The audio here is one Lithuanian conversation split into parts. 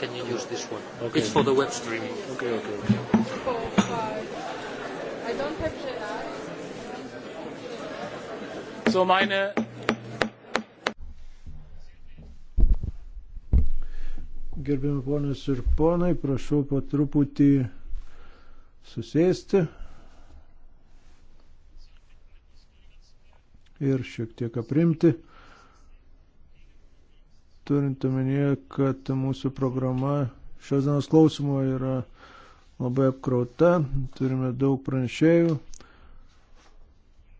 can you use this one? Okay. It's for the web streaming. Okay, okay. okay. Four, five. I don't have Jedi. So meine. Gerbiami ponės ir ponai, prašau po truputį susėsti ir šiek tiek aprimti turint omenyje, kad mūsų programa šios dienos klausimo yra labai apkrauta, turime daug pranešėjų,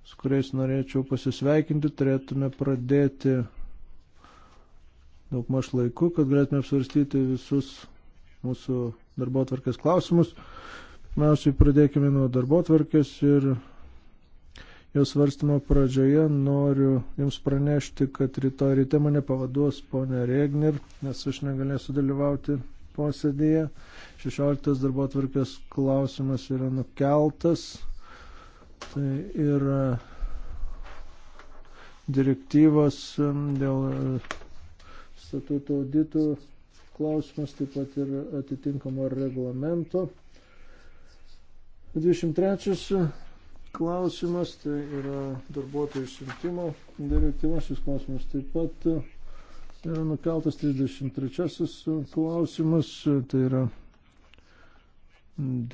su kuriais norėčiau pasisveikinti, turėtume pradėti daug maž laiku, kad galėtume apsvarstyti visus mūsų darbo tvarkės klausimus. Pirmiausiai pradėkime nuo darbo tvarkės ir jau svarstymo pradžioje noriu Jums pranešti, kad rytoj ryte mane pavaduos ponė Regner, nes aš negalėsiu dalyvauti posėdėje. 16 darbo atvarkės klausimas yra nukeltas. Tai yra direktyvos um, dėl uh, statuto auditų klausimas, taip pat ir atitinkamo reglamento. 23 klausimas, tai yra darbuotojų išsiuntimo direktyva, šis klausimas taip pat yra nukeltas 33 klausimas, tai yra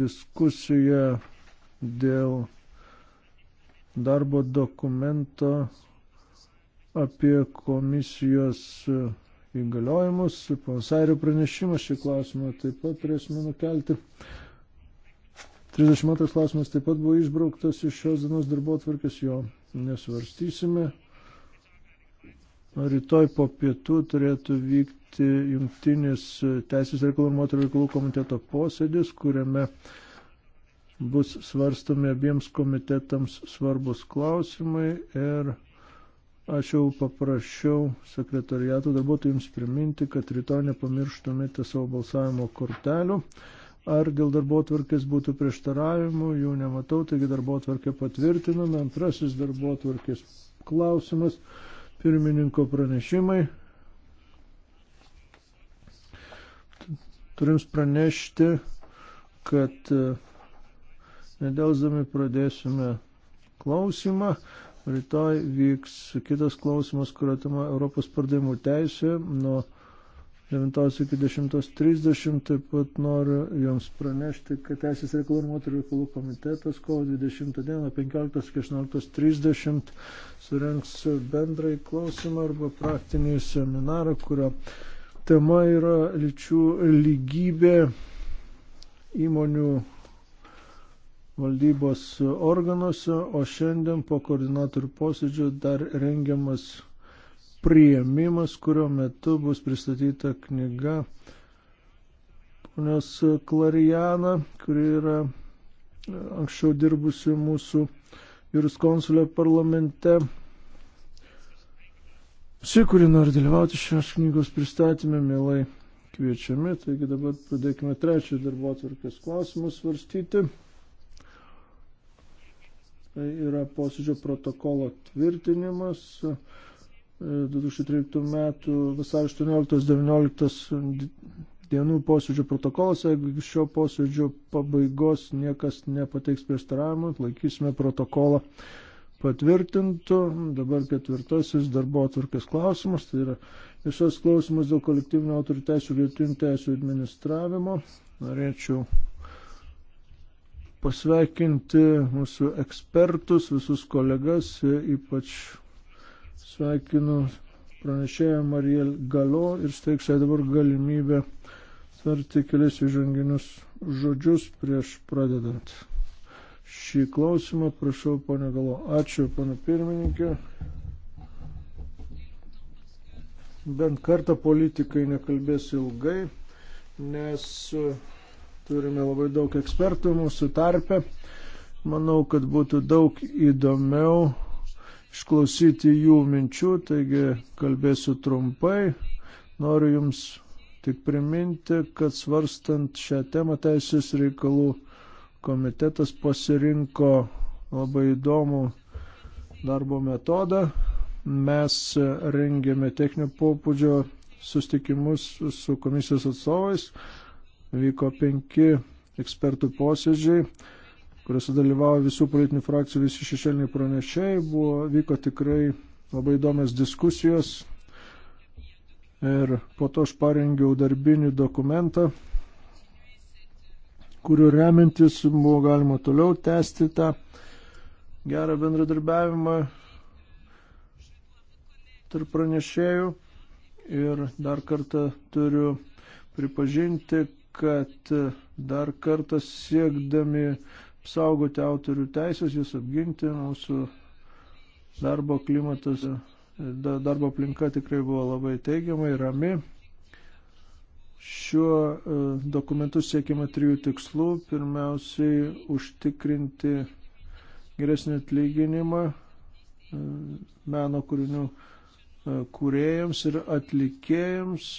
diskusija dėl darbo dokumento apie komisijos įgaliojimus, pansairių pranešimas, šį klausimą taip pat turėsime nukelti. 32 klausimas taip pat buvo išbrauktas iš šios dienos darbo atvarkės, jo nesvarstysime. Rytoj po pietų turėtų vykti jungtinis Teisės reikalų ir moterų reikalų komiteto posėdis, kuriame bus svarstomi abiems komitetams svarbus klausimai ir aš jau paprašiau sekretariato darbuotojams priminti, kad rytoj nepamirštumėte savo balsavimo kortelių. Ar dėl darbo tvarkės būtų prieštaravimų, jų nematau, taigi darbo tvarkę patvirtiname. Antrasis darbo tvarkės klausimas, pirmininko pranešimai. Turim pranešti, kad e, nedelsdami pradėsime klausimą. Rytoj vyks kitas klausimas, kurio tema Europos pardavimų teisė nuo 9 iki 10.30. Taip pat noriu Jums pranešti, kad Teisės reikalų ir moterų reikalų komitetas kovo 20 dieną 15.16.30 surenks bendrai klausimą arba praktinį seminarą, kurio tema yra lyčių lygybė įmonių valdybos organuose, o šiandien po koordinatorių posėdžio dar rengiamas prieimimas, kurio metu bus pristatyta knyga ponios Klarijana, kuri yra e, anksčiau dirbusi mūsų juriskonsulė parlamente. Visi, kurie nori dalyvauti šios knygos pristatymė, mielai kviečiami. Taigi dabar pradėkime trečią darbo atvarkės klausimą svarstyti. Tai yra posėdžio protokolo tvirtinimas. 2013 metų vasario 18-19 dienų posėdžio protokolas, jeigu šio posėdžio pabaigos niekas nepateiks prieštaravimų, laikysime protokolą patvirtintų. Dabar ketvirtasis darbo atvarkės klausimas, tai yra visos klausimas dėl kolektyvinio autorių teisų ir lietinių teisų administravimo. Norėčiau pasveikinti mūsų ekspertus, visus kolegas, ypač Sveikinu pranešėją Mariel Galo ir steiksiu dabar galimybę tarti kelias įžanginius žodžius prieš pradedant. Šį klausimą prašau, ponė Galo. Ačiū, ponė pirmininkė. Bent kartą politikai nekalbės ilgai, nes turime labai daug ekspertų mūsų tarpe. Manau, kad būtų daug įdomiau išklausyti jų minčių, taigi kalbėsiu trumpai. Noriu Jums tik priminti, kad svarstant šią temą Teisės reikalų komitetas pasirinko labai įdomų darbo metodą. Mes rengėme techninio popūdžio sustikimus su komisijos atstovais. Vyko penki ekspertų posėdžiai kuriuose dalyvavo visų politinių frakcijų, visi šešėliniai pranešėjai, buvo, vyko tikrai labai įdomios diskusijos. Ir po to aš parengiau darbinį dokumentą, kuriuo remintis buvo galima toliau tęsti tą gerą bendradarbiavimą tarp pranešėjų. Ir dar kartą turiu pripažinti, kad dar kartą siekdami apsaugoti autorių teisės, jas apginti, mūsų darbo klimatas, darbo aplinka tikrai buvo labai teigiamai, rami. Šiuo e, dokumentu siekiama trijų tikslų. Pirmiausiai, užtikrinti geresnį atlyginimą e, meno kūrinių e, kūrėjams ir atlikėjams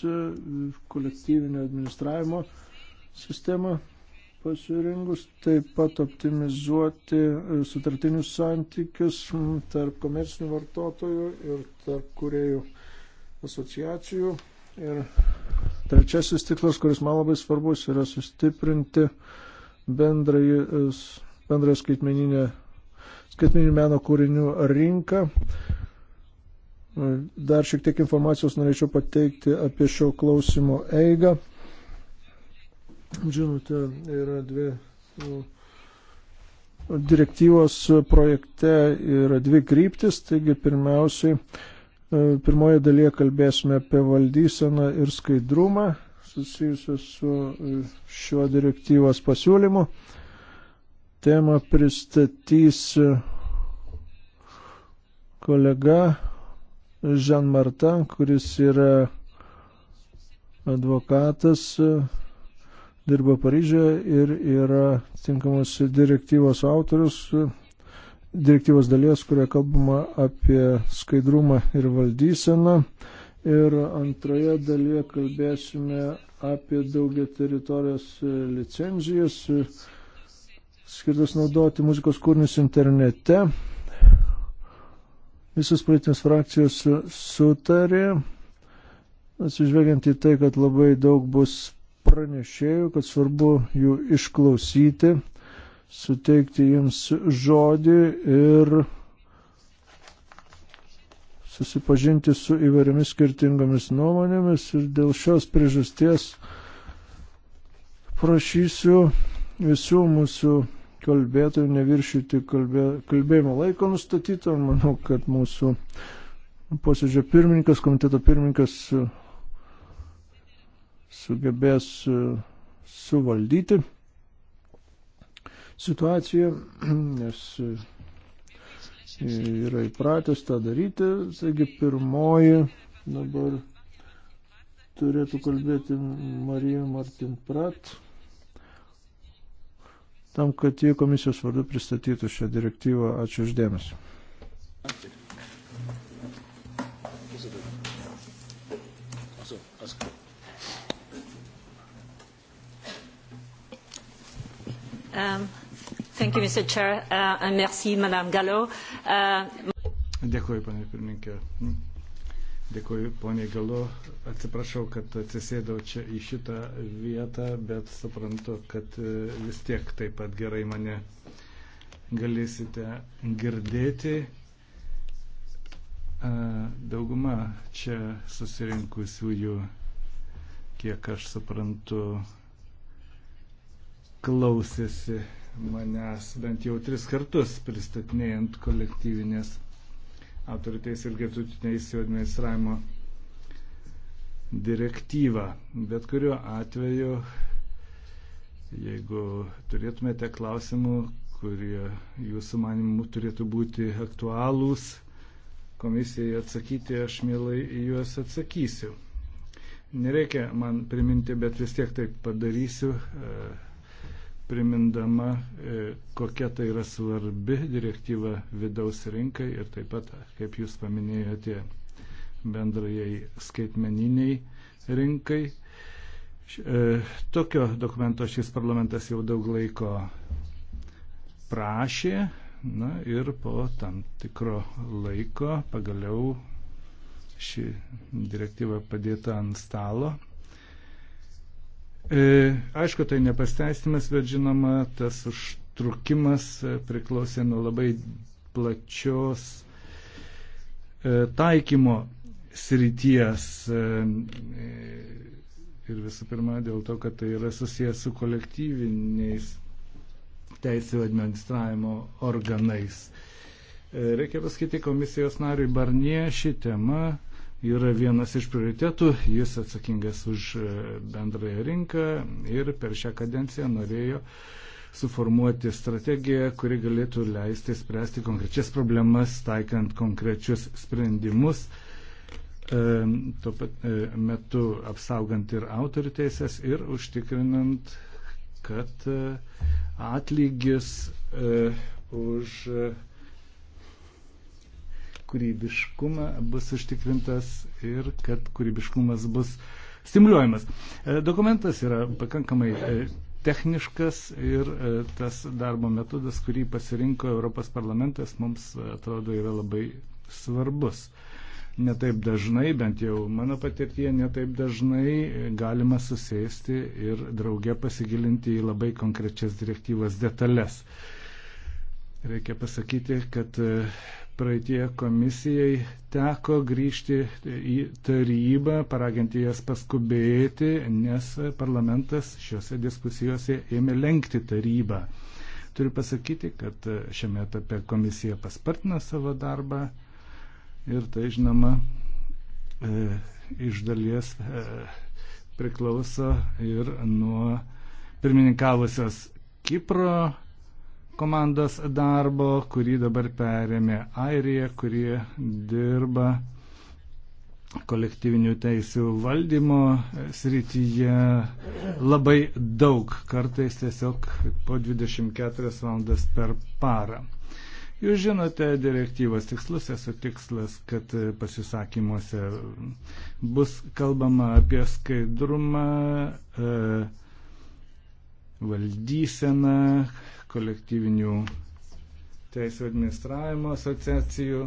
kolektyvinio administravimo sistemą pasirengus taip pat optimizuoti e, sutartinius santykius tarp komercinių vartotojų ir tarp kuriejų asociacijų. Ir trečiasis tiklas, kuris man labai svarbus, yra sustiprinti e, bendrąją bendrą skaitmeninę skaitmeninių meno kūrinių rinką. E, dar šiek tiek informacijos norėčiau pateikti apie šio klausimo eigą. Žinote, yra dvi nu, direktyvos projekte yra dvi kryptis, taigi pirmiausiai e, pirmoje dalyje kalbėsime apie valdyseną ir skaidrumą susijusius su e, šiuo direktyvos pasiūlymu. Temą pristatys e, kolega Žan Martin, kuris yra advokatas dirba Paryžioje ir yra tinkamos direktyvos autorius, direktyvos dalies, kurioje kalbama apie skaidrumą ir valdyseną. Ir antroje dalyje kalbėsime apie daugia teritorijos licenzijas, skirtas naudoti muzikos kūrinius internete. Visos politinės frakcijos sutarė, atsižvelgiant į tai, kad labai daug bus pranešėjų, kad svarbu jų išklausyti, suteikti jiems žodį ir susipažinti su įvairiomis skirtingomis nuomonėmis ir dėl šios priežasties prašysiu visų mūsų kalbėtojų neviršyti kalbė, kalbėjimo laiko nustatyto. Manau, kad mūsų posėdžio pirmininkas, komiteto pirmininkas sugebės e, suvaldyti situaciją, nes e, yra įpratęs tą daryti. Taigi pirmoji dabar turėtų kalbėti Marija Martin Prat, tam, kad jie komisijos vardu pristatytų šią direktyvą. Ačiū uždėmesi. Ačiū. Um, thank you, Mr. Chair, uh, and merci, Madame Gallo. Uh, Dėkuoju, panė pirmininkė. Dėkuoju, ponė Galo. Atsiprašau, kad atsisėdau čia į šitą vietą, bet suprantu, kad e, vis tiek taip pat gerai mane galėsite girdėti. E, dauguma čia susirinkusiųjų, kiek aš suprantu, klausėsi manęs bent jau tris kartus pristatinėjant kolektyvinės autorių teisų ir gretutinio teisų administravimo direktyvą. Bet kuriuo atveju, jeigu turėtumėte klausimų, kurie jūsų manimų turėtų būti aktualūs, komisijai atsakyti, aš mielai į juos atsakysiu. Nereikia man priminti, bet vis tiek taip padarysiu. E, primindama, e, kokia tai yra svarbi direktyva vidaus rinkai ir taip pat, kaip jūs paminėjote, bendrajai skaitmeniniai rinkai. E, tokio dokumento šis parlamentas jau daug laiko prašė na, ir po tam tikro laiko pagaliau ši direktyva padėta ant stalo. E, aišku, tai nepasteistimas, bet žinoma, tas užtrukimas e, priklausė nuo labai plačios e, taikymo srities. Ir visų pirma, dėl to, kad tai yra susijęs su kolektyviniais teisėjų administravimo organais. Reikia pasakyti komisijos nariui Barnie, ši tema yra vienas iš prioritetų, jis atsakingas už e, bendrąją rinką ir per šią kadenciją norėjo suformuoti strategiją, kuri galėtų leisti spręsti konkrečias problemas, taikant konkrečius sprendimus, e, tuo pat e, metu apsaugant ir autorių teisės ir užtikrinant, kad atlygis už kūrybiškumą bus užtikrintas ir kad kūrybiškumas bus stimuliuojamas. E, dokumentas yra pakankamai e, techniškas ir e, tas darbo metodas, kurį pasirinko Europos parlamentas, mums atrodo yra labai svarbus. Netaip dažnai, bent jau mano patirtyje, netaip dažnai galima susėsti ir drauge pasigilinti į labai konkrečias direktyvos detalės. Reikia pasakyti, kad Praeitie komisijai teko grįžti į tarybą, paraginti jas paskubėti, nes parlamentas šiuose diskusijose ėmė lenkti tarybą. Turiu pasakyti, kad šiame etape komisija paspartina savo darbą ir tai žinoma e, iš dalies e, priklauso ir nuo pirmininkavusios Kipro komandos darbo, kurį dabar perėmė Airija, kurie dirba kolektyvinių teisių valdymo srityje labai daug, kartais tiesiog po 24 valandas per parą. Jūs žinote direktyvos tikslus, esu tikslas, kad pasisakymuose bus kalbama apie skaidrumą, e, valdyseną, kolektyvinių teisų administravimo asociacijų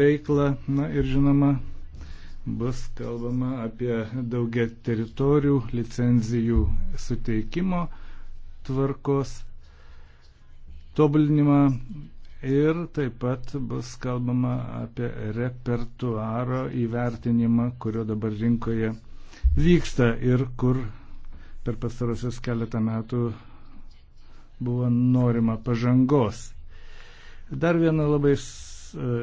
veiklą. Na ir žinoma, bus kalbama apie daugia teritorijų licenzijų suteikimo tvarkos tobulinimą ir taip pat bus kalbama apie repertuaro įvertinimą, kurio dabar rinkoje vyksta ir kur per pastarosius keletą metų buvo norima pažangos. Dar viena labai e,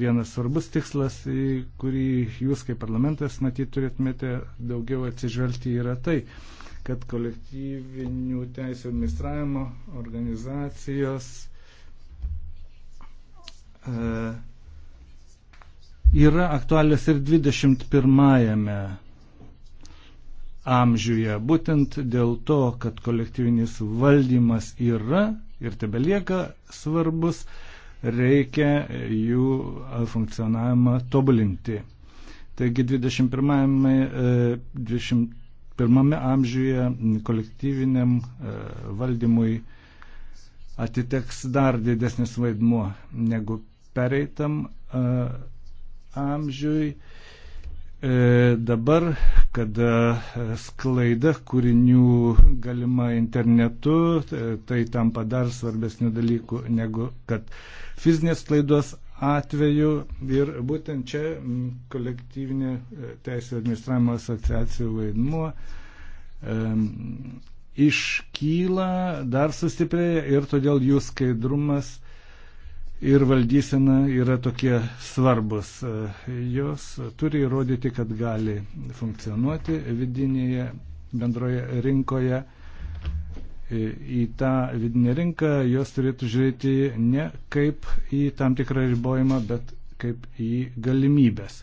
vienas svarbus tikslas, į kurį jūs kaip parlamentas matyt turėtumėte daugiau atsižvelgti yra tai, kad kolektyvinių teisų administravimo organizacijos e, yra aktualios ir 21-ame amžiuje. Būtent dėl to, kad kolektyvinis valdymas yra ir tebelieka svarbus, reikia jų funkcionavimą tobulinti. Taigi 21-ame 21 e, amžiuje kolektyviniam e, valdymui atiteks dar didesnis vaidmuo negu pereitam e, amžiui E, dabar, kada sklaida kūrinių galima internetu, e, tai tampa dar svarbesnių dalykų negu kad fizinės sklaidos atveju. Ir būtent čia kolektyvinė e, teisė administravimo asociacijų vaidmuo iškyla, dar sustiprėja ir todėl jų skaidrumas ir valdysena yra tokie svarbus. E, jos turi įrodyti, kad gali funkcionuoti vidinėje bendroje rinkoje. E, į tą vidinę rinką jos turėtų žiūrėti ne kaip į tam tikrą ribojimą, bet kaip į galimybės.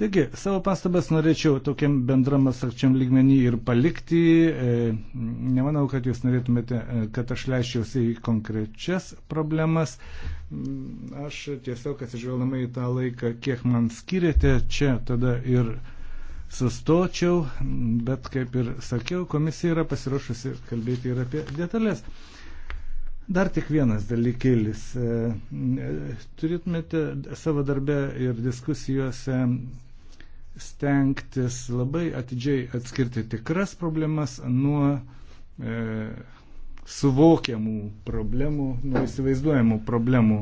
Taigi, savo pastabas norėčiau tokiam bendram abstrakčiam lygmenį ir palikti. E, nemanau, kad jūs norėtumėte, e, kad aš leiščiausi į konkrečias problemas. Mm, aš tiesiog atsižvelgdama į tą laiką, kiek man skiriate, čia tada ir sustočiau, bet kaip ir sakiau, komisija yra pasiruošusi kalbėti ir apie detalės. Dar tik vienas dalykėlis. E, turėtumėte savo darbę ir diskusijose stengtis labai atidžiai atskirti tikras problemas nuo e, suvokiamų problemų, nuo įsivaizduojamų problemų.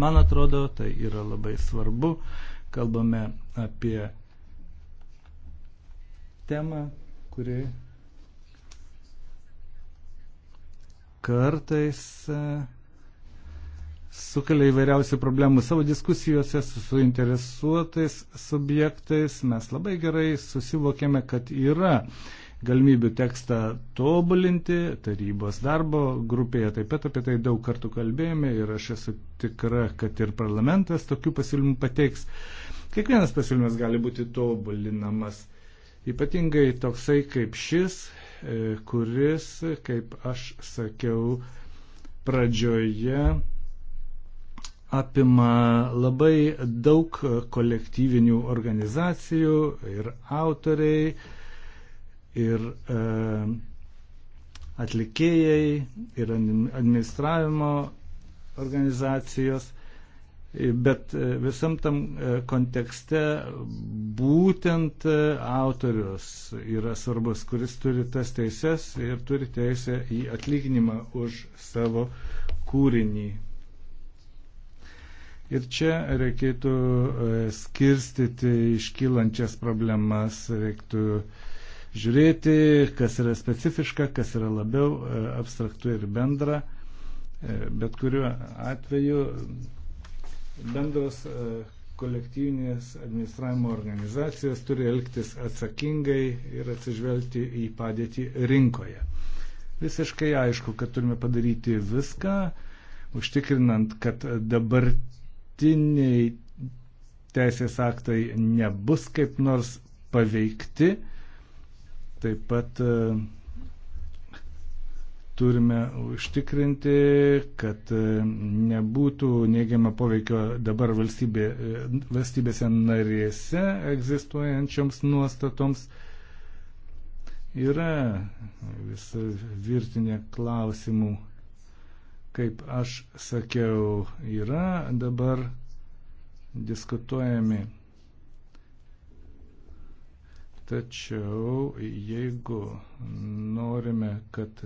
Man atrodo, tai yra labai svarbu. Kalbame apie temą, kuri kartais e, sukelia įvairiausių problemų. Savo diskusijose su suinteresuotais subjektais mes labai gerai susivokėme, kad yra galimybių tekstą tobulinti, tarybos darbo grupėje taip pat apie tai daug kartų kalbėjome ir aš esu tikra, kad ir parlamentas tokių pasiūlymų pateiks. Kiekvienas pasiūlymas gali būti tobulinamas, ypatingai toksai kaip šis, e, kuris, kaip aš sakiau, pradžioje apima labai daug kolektyvinių organizacijų ir autoriai, ir e, atlikėjai, ir administravimo organizacijos. Bet e, visam tam e, kontekste būtent e, autorius yra svarbus, kuris turi tas teises ir turi teisę į atlyginimą už savo kūrinį. Ir čia reikėtų e, skirstyti iškylančias problemas, reiktų žiūrėti, kas yra specifiška, kas yra labiau e, abstraktu ir bendra. E, bet kuriuo atveju bendros kolektyvinės administravimo organizacijos turi elgtis atsakingai ir atsižvelgti į padėtį rinkoje. Visiškai aišku, kad turime padaryti viską, užtikrinant, kad dabar dabartiniai teisės aktai nebus kaip nors paveikti. Taip pat e, turime užtikrinti, kad e, nebūtų neigiama poveikio dabar valstybė, e, valstybėse narėse egzistuojančioms nuostatoms. Yra visa virtinė klausimų Kaip aš sakiau, yra dabar diskutuojami. Tačiau jeigu norime, kad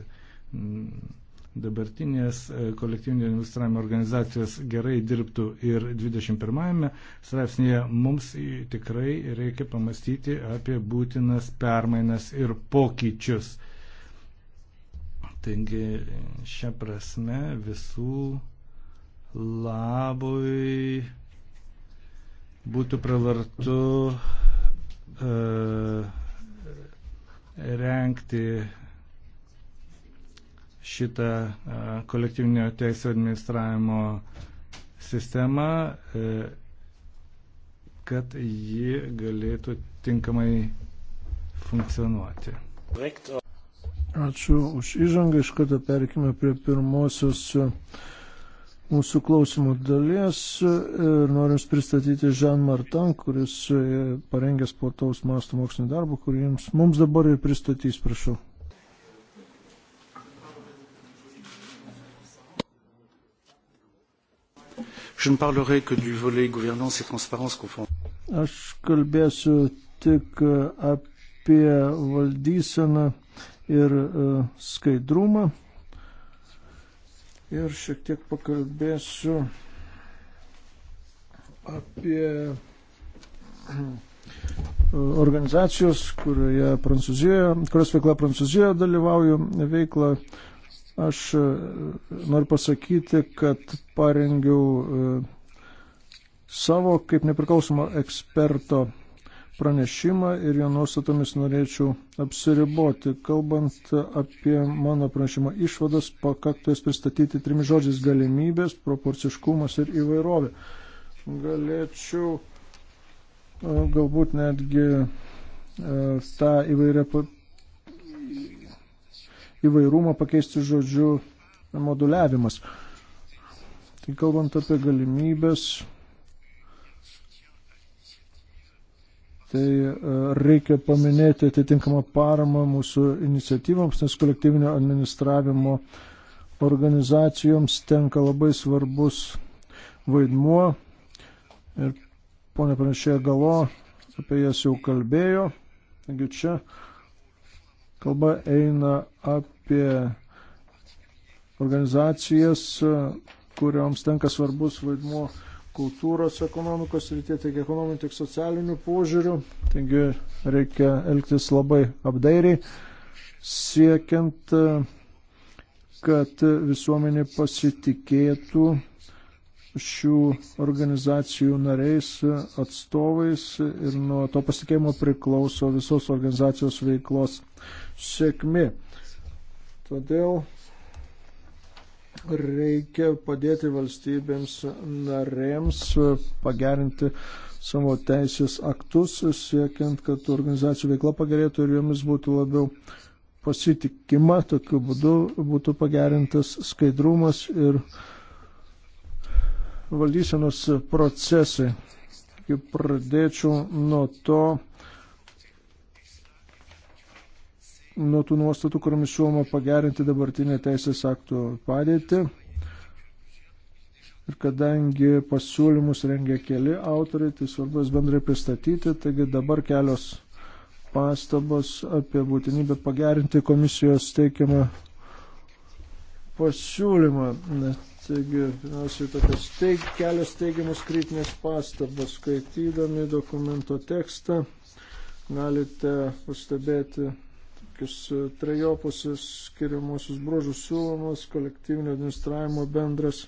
dabartinės kolektyvinio investavimo organizacijos gerai dirbtų ir 21-ame straipsnėje mums tikrai reikia pamastyti apie būtinas permainas ir pokyčius. Taigi šią prasme visų labui būtų pravartu e, renkti šitą e, kolektyvinio teisų administravimo sistemą, e, kad ji galėtų tinkamai funkcionuoti. Rektor. Ačiū už įžangą, iš karto perkime prie pirmosios e, mūsų klausimų dalies ir e, noriu jums pristatyti Žan Martan, kuris e, parengęs plataus masto mokslinį darbą, kurį jums, mums dabar ir pristatys, prašau. Je ne parlerai que du volet gouvernance et transparence confond. Aš kalbėsiu tik apie valdyseną ir e, skaidrumą. Ir šiek tiek pakalbėsiu apie e, organizacijos, kurioje Prancūzijoje, kurios veikla Prancūzijoje dalyvauju, veikla. Aš e, noriu pasakyti, kad parengiau savo kaip nepriklausomo eksperto pranešimą ir jo nuostatomis norėčiau apsiriboti. Kalbant apie mano pranešimo išvadas, pakaktų jas pristatyti trimis žodžiais - galimybės, proporciškumas ir įvairovė. Galėčiau e, galbūt netgi e, tą įvairią įvairumą pakeisti žodžiu moduliavimas. Tai kalbant apie galimybės, tai e, reikia paminėti atitinkamą paramą mūsų iniciatyvams, nes kolektyvinio administravimo organizacijoms tenka labai svarbus vaidmuo. Ir ponė panašėja galo, apie jas jau kalbėjo. Taigi čia kalba eina apie organizacijas, kurioms tenka svarbus vaidmuo kultūros ekonomikos rytie, tiek ekonominių, tiek socialinių požiūrių. Taigi reikia elgtis labai apdairiai, siekiant, kad visuomenė pasitikėtų šių organizacijų nariais, atstovais ir nuo to pasitikėjimo priklauso visos organizacijos veiklos sėkmi. Todėl reikia padėti valstybėms narėms pagerinti savo teisės aktus, siekiant, kad organizacijų veikla pagerėtų ir jomis būtų labiau pasitikima, tokiu būdu būtų pagerintas skaidrumas ir valdysenos procesai. Kaip pradėčiau nuo to, nuo tų nuostatų, kuriomis siūloma pagerinti dabartinę teisės aktų padėtį. Ir kadangi pasiūlymus rengia keli autoriai, tai svarbu jas bendrai pristatyti. Taigi dabar kelios pastabos apie būtinybę pagerinti komisijos teikiamą pasiūlymą. Taigi, pirmiausiai, tokios teik, kelios teigiamos kritinės pastabos. Skaitydami dokumento tekstą galite pastebėti tokius e, trejopus skiriamusius bruožus siūlomas kolektyvinio administravimo bendras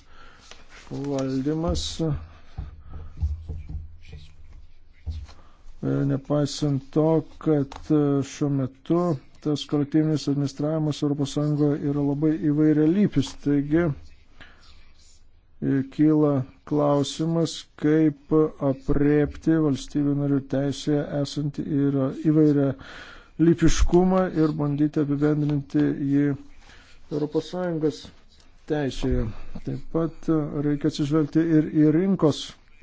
valdymas. E, nepaisant to, kad e, šiuo metu tas kolektyvinis administravimas ES yra labai įvairialypis. Taigi kyla klausimas, kaip apriepti valstybių narių teisėje esantį įvairią lypiškumą ir bandyti apibendrinti jį ES teisėje. Taip pat e, reikia atsižvelgti ir į rinkos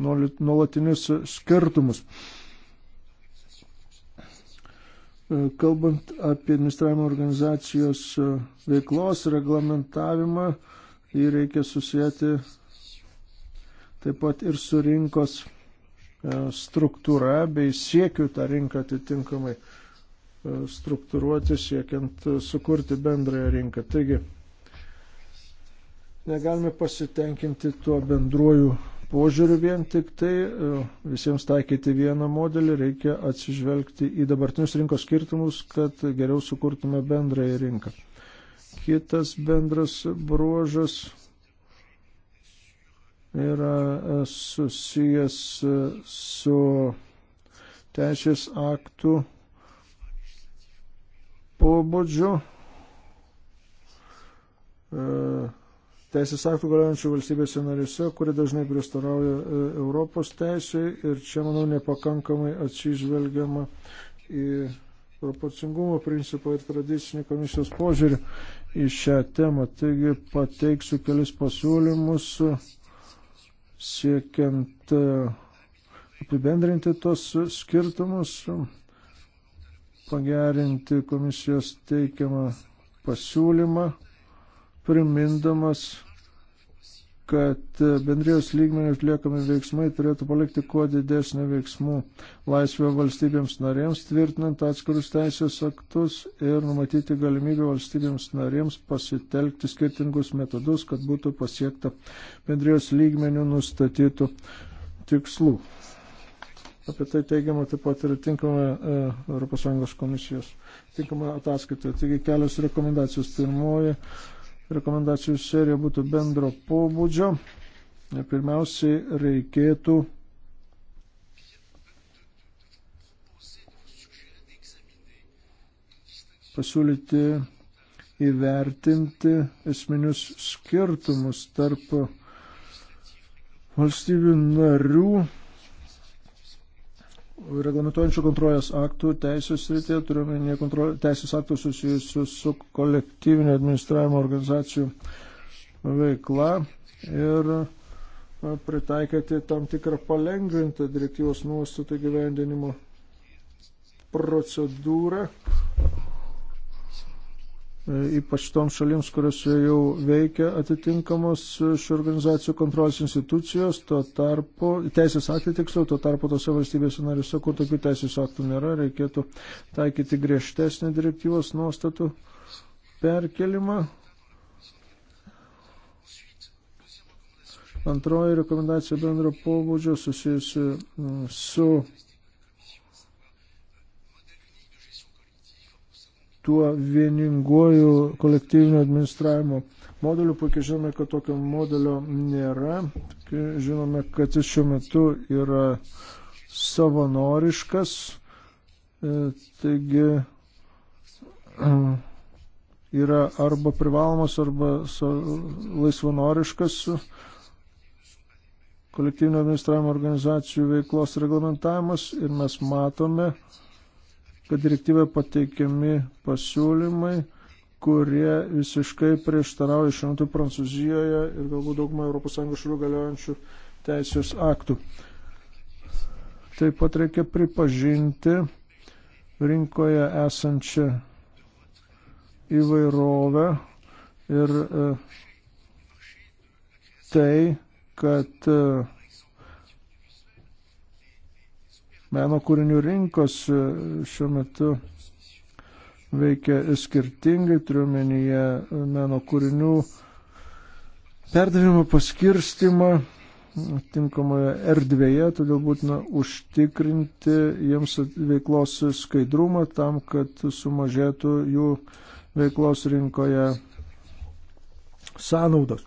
nuolatinius skirtumus. E, kalbant apie administravimo organizacijos e, veiklos reglamentavimą, jį reikia susijęti taip pat ir su rinkos struktūra bei siekiu tą rinką atitinkamai struktūruoti siekiant sukurti bendrąją rinką. Taigi, negalime pasitenkinti tuo bendruoju požiūriu vien tik tai, e, visiems taikyti vieną modelį, reikia atsižvelgti į dabartinius rinkos skirtumus, kad geriau sukurtume bendrąją rinką. Kitas bendras bruožas yra e, susijęs e, su teisės aktų pobūdžių e, teisės aktų galiojančių valstybėse narise, kuri dažnai prieštarauja e, Europos teisui ir čia, manau, nepakankamai atsižvelgiama į proporcingumo principą ir tradicinį komisijos požiūrį į šią temą. Taigi pateiksiu kelis pasiūlymus e, siekiant apibendrinti tos skirtumus pagerinti komisijos teikiamą pasiūlymą, primindamas, kad bendrijos lygmenių atliekami veiksmai turėtų palikti kuo didesnį veiksmų laisvę valstybėms narėms, tvirtinant atskirus teisės aktus ir numatyti galimybę valstybėms narėms pasitelkti skirtingus metodus, kad būtų pasiekta bendrijos lygmenių nustatytų tikslų apie tai teigiama taip pat ir tinkamoje ES komisijos tinkamoje ataskaitoje. Taigi kelios rekomendacijos. Pirmoji rekomendacijų serija būtų bendro pobūdžio. E, pirmiausiai reikėtų pasiūlyti įvertinti esminius skirtumus tarp valstybių narių reglamentuojančių kontrolės aktų teisės srityje, turiuomenė teisės aktų susijusių su kolektyvinio administravimo organizacijų veikla ir pritaikyti tam tikrą palengvintą direktyvos nuostatų gyvendinimo procedūrą, E, ypač toms šalims, kuriuose jau veikia atitinkamos e, šių organizacijų kontrolės institucijos, tuo tarpu, teisės aktai tiksliau, tuo tarpu tose valstybėse narėse, kur tokių teisės aktų nėra, reikėtų taikyti griežtesnį direktyvos nuostatų perkelimą. Antroji rekomendacija bendro pobūdžio susijusi mm, su tuo vieninguoju kolektyvinio administravimo modeliu. Puikiai žinome, kad tokio modelio nėra. Žinome, kad jis šiuo metu yra savanoriškas. E, taigi yra arba privalomas, arba laisvanoriškas kolektyvinio administravimo organizacijų veiklos reglamentavimas ir mes matome, kad direktyvoje pateikiami pasiūlymai, kurie visiškai prieštarauja šiuo metu Prancūzijoje ir galbūt daugumą ES šalių galiojančių teisės aktų. Taip pat reikia pripažinti rinkoje esančią įvairovę ir e, tai, kad e, Meno kūrinių rinkos e, šiuo metu veikia skirtingai, turiuomenyje e, meno kūrinių perdavimo paskirstimą tinkamoje erdvėje, todėl būtina užtikrinti jiems veiklos skaidrumą tam, kad sumažėtų jų veiklos rinkoje sąnaudos.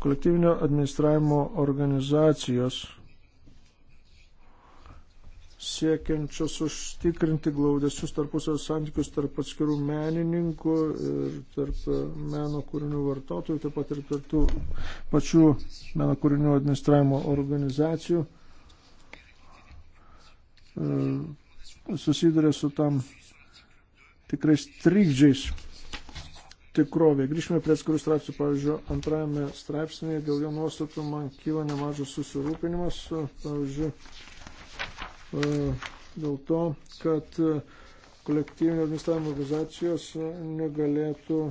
Kolektyvinio administravimo organizacijos siekiančios užtikrinti glaudesius tarpusio santykius tarp atskirų menininkų ir tarp meno kūrinių vartotojų, taip pat ir tarp tų pačių meno kūrinių administravimo organizacijų e, susiduria su tam tikrais trikdžiais tikrovė. Grįžkime prie atskirų straipsnių, pavyzdžiui, antrajame straipsnėje dėl jo nuostatų man kyla nemažas susirūpinimas, pavyzdžiui, e, dėl to, kad kolektyvinio administravimo organizacijos negalėtų e,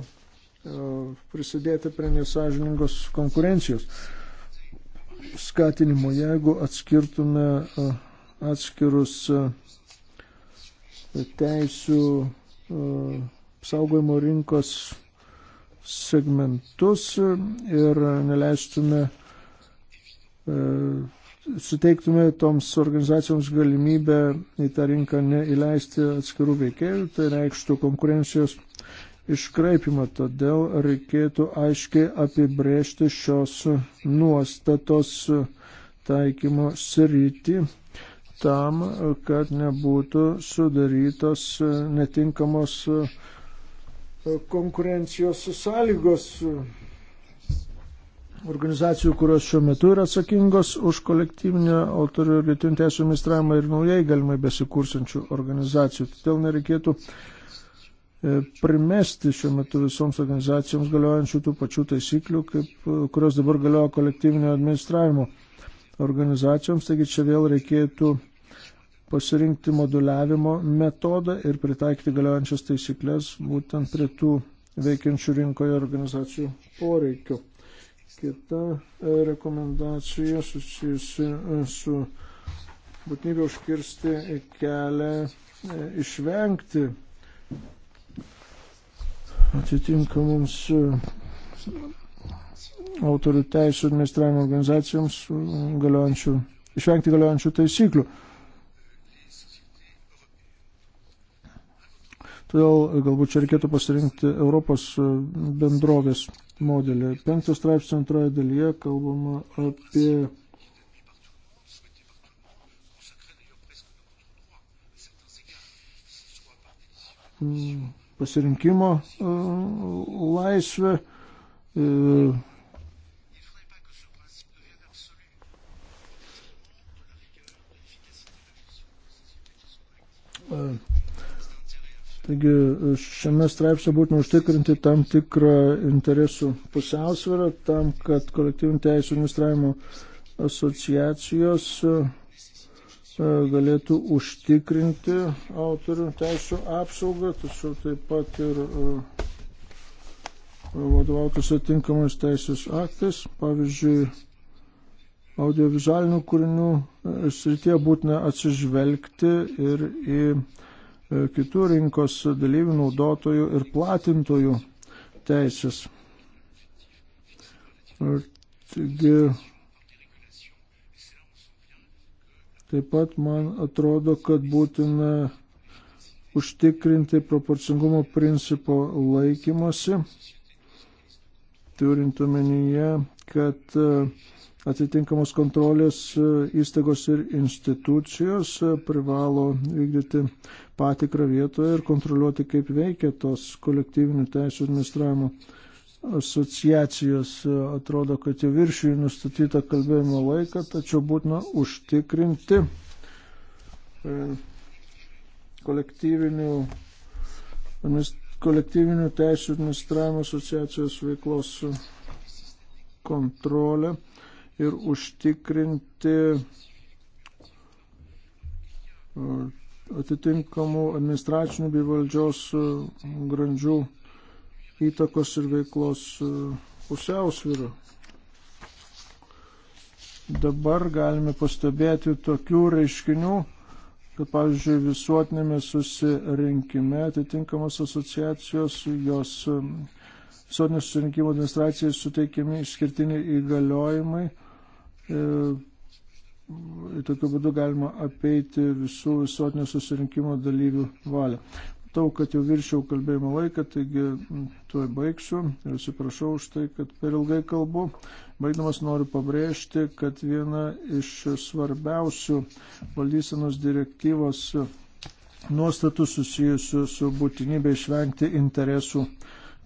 prisidėti prie nesažiningos konkurencijos skatinimo. Jeigu atskirtume e, atskirus teisų saugojimo rinkos segmentus ir neleistume, e, suteiktume toms organizacijoms galimybę į tą rinką neįleisti atskirų veikėjų, tai reikštų konkurencijos iškraipimą, todėl reikėtų aiškiai apibrėžti šios nuostatos taikymo sritį tam, kad nebūtų sudarytos netinkamos konkurencijos sąlygos organizacijų, kurios šiuo metu yra atsakingos už kolektyvinę autorių ir lietuvų teisų administravimą ir naujai galimai besikursančių organizacijų. Todėl nereikėtų e, primesti šiuo metu visoms organizacijoms galiojančių tų pačių taisyklių, kaip, e, kurios dabar galioja kolektyvinio administravimo organizacijoms. Taigi čia vėl reikėtų pasirinkti moduliavimo metodą ir pritaikyti galiojančias taisyklės būtent prie tų veikiančių rinkoje organizacijų poreikių. Kita e, rekomendacija susijusi e, su būtinybė užkirsti kelią e, išvengti atitinkamoms autorių teisų administravimo organizacijoms galiojančių, išvengti galiojančių taisyklių. Todėl galbūt čia reikėtų pasirinkti Europos e, bendrovės modelį. Penktas straipsnio antroje dalyje kalbama apie pasirinkimo e, laisvę. Uh, Taigi e, šiame straipsnė būtina užtikrinti tam tikrą interesų pusiausvyrą tam, kad kolektyvinių teisų administravimo asociacijos e, e, galėtų užtikrinti autorių teisų apsaugą, tačiau taip pat ir vadovautis atinkamais teisės aktais. Pavyzdžiui, audiovizualinių kūrinių srityje būtina atsižvelgti ir į E, kitų rinkos dalyvių, naudotojų ir platintojų teisės. Taigi, taip pat man atrodo, kad būtina užtikrinti proporcingumo principo laikymosi, turint omenyje, kad uh, atitinkamos kontrolės e, įstaigos ir institucijos e, privalo vykdyti patikrą vietoje ir kontroliuoti, kaip veikia tos kolektyvinių teisų administravimo asociacijos. E, atrodo, kad jau viršijų nustatytą kalbėjimo laiką, tačiau būtina užtikrinti kolektyvinių, kolektyvinių teisų administravimo asociacijos veiklos kontrolę ir užtikrinti e, atitinkamų administracinių bei valdžios e, grandžių įtakos ir veiklos e, pusiausvyrą. Dabar galime pastebėti tokių reiškinių, kad, pavyzdžiui, visuotinėme susirinkime atitinkamos asociacijos, jos visuotinio susirinkimo administracijai suteikiami išskirtiniai įgaliojimai E, tokiu būdu galima apeiti visų visuotinio susirinkimo dalyvių valią. Tau, kad jau viršiau kalbėjimo laiką, taigi tuoj baigsiu ir atsiprašau už tai, kad per ilgai kalbu. Baigdamas noriu pabrėžti, kad viena iš svarbiausių valdysenos direktyvos nuostatų susijusių su būtinybė išvengti interesų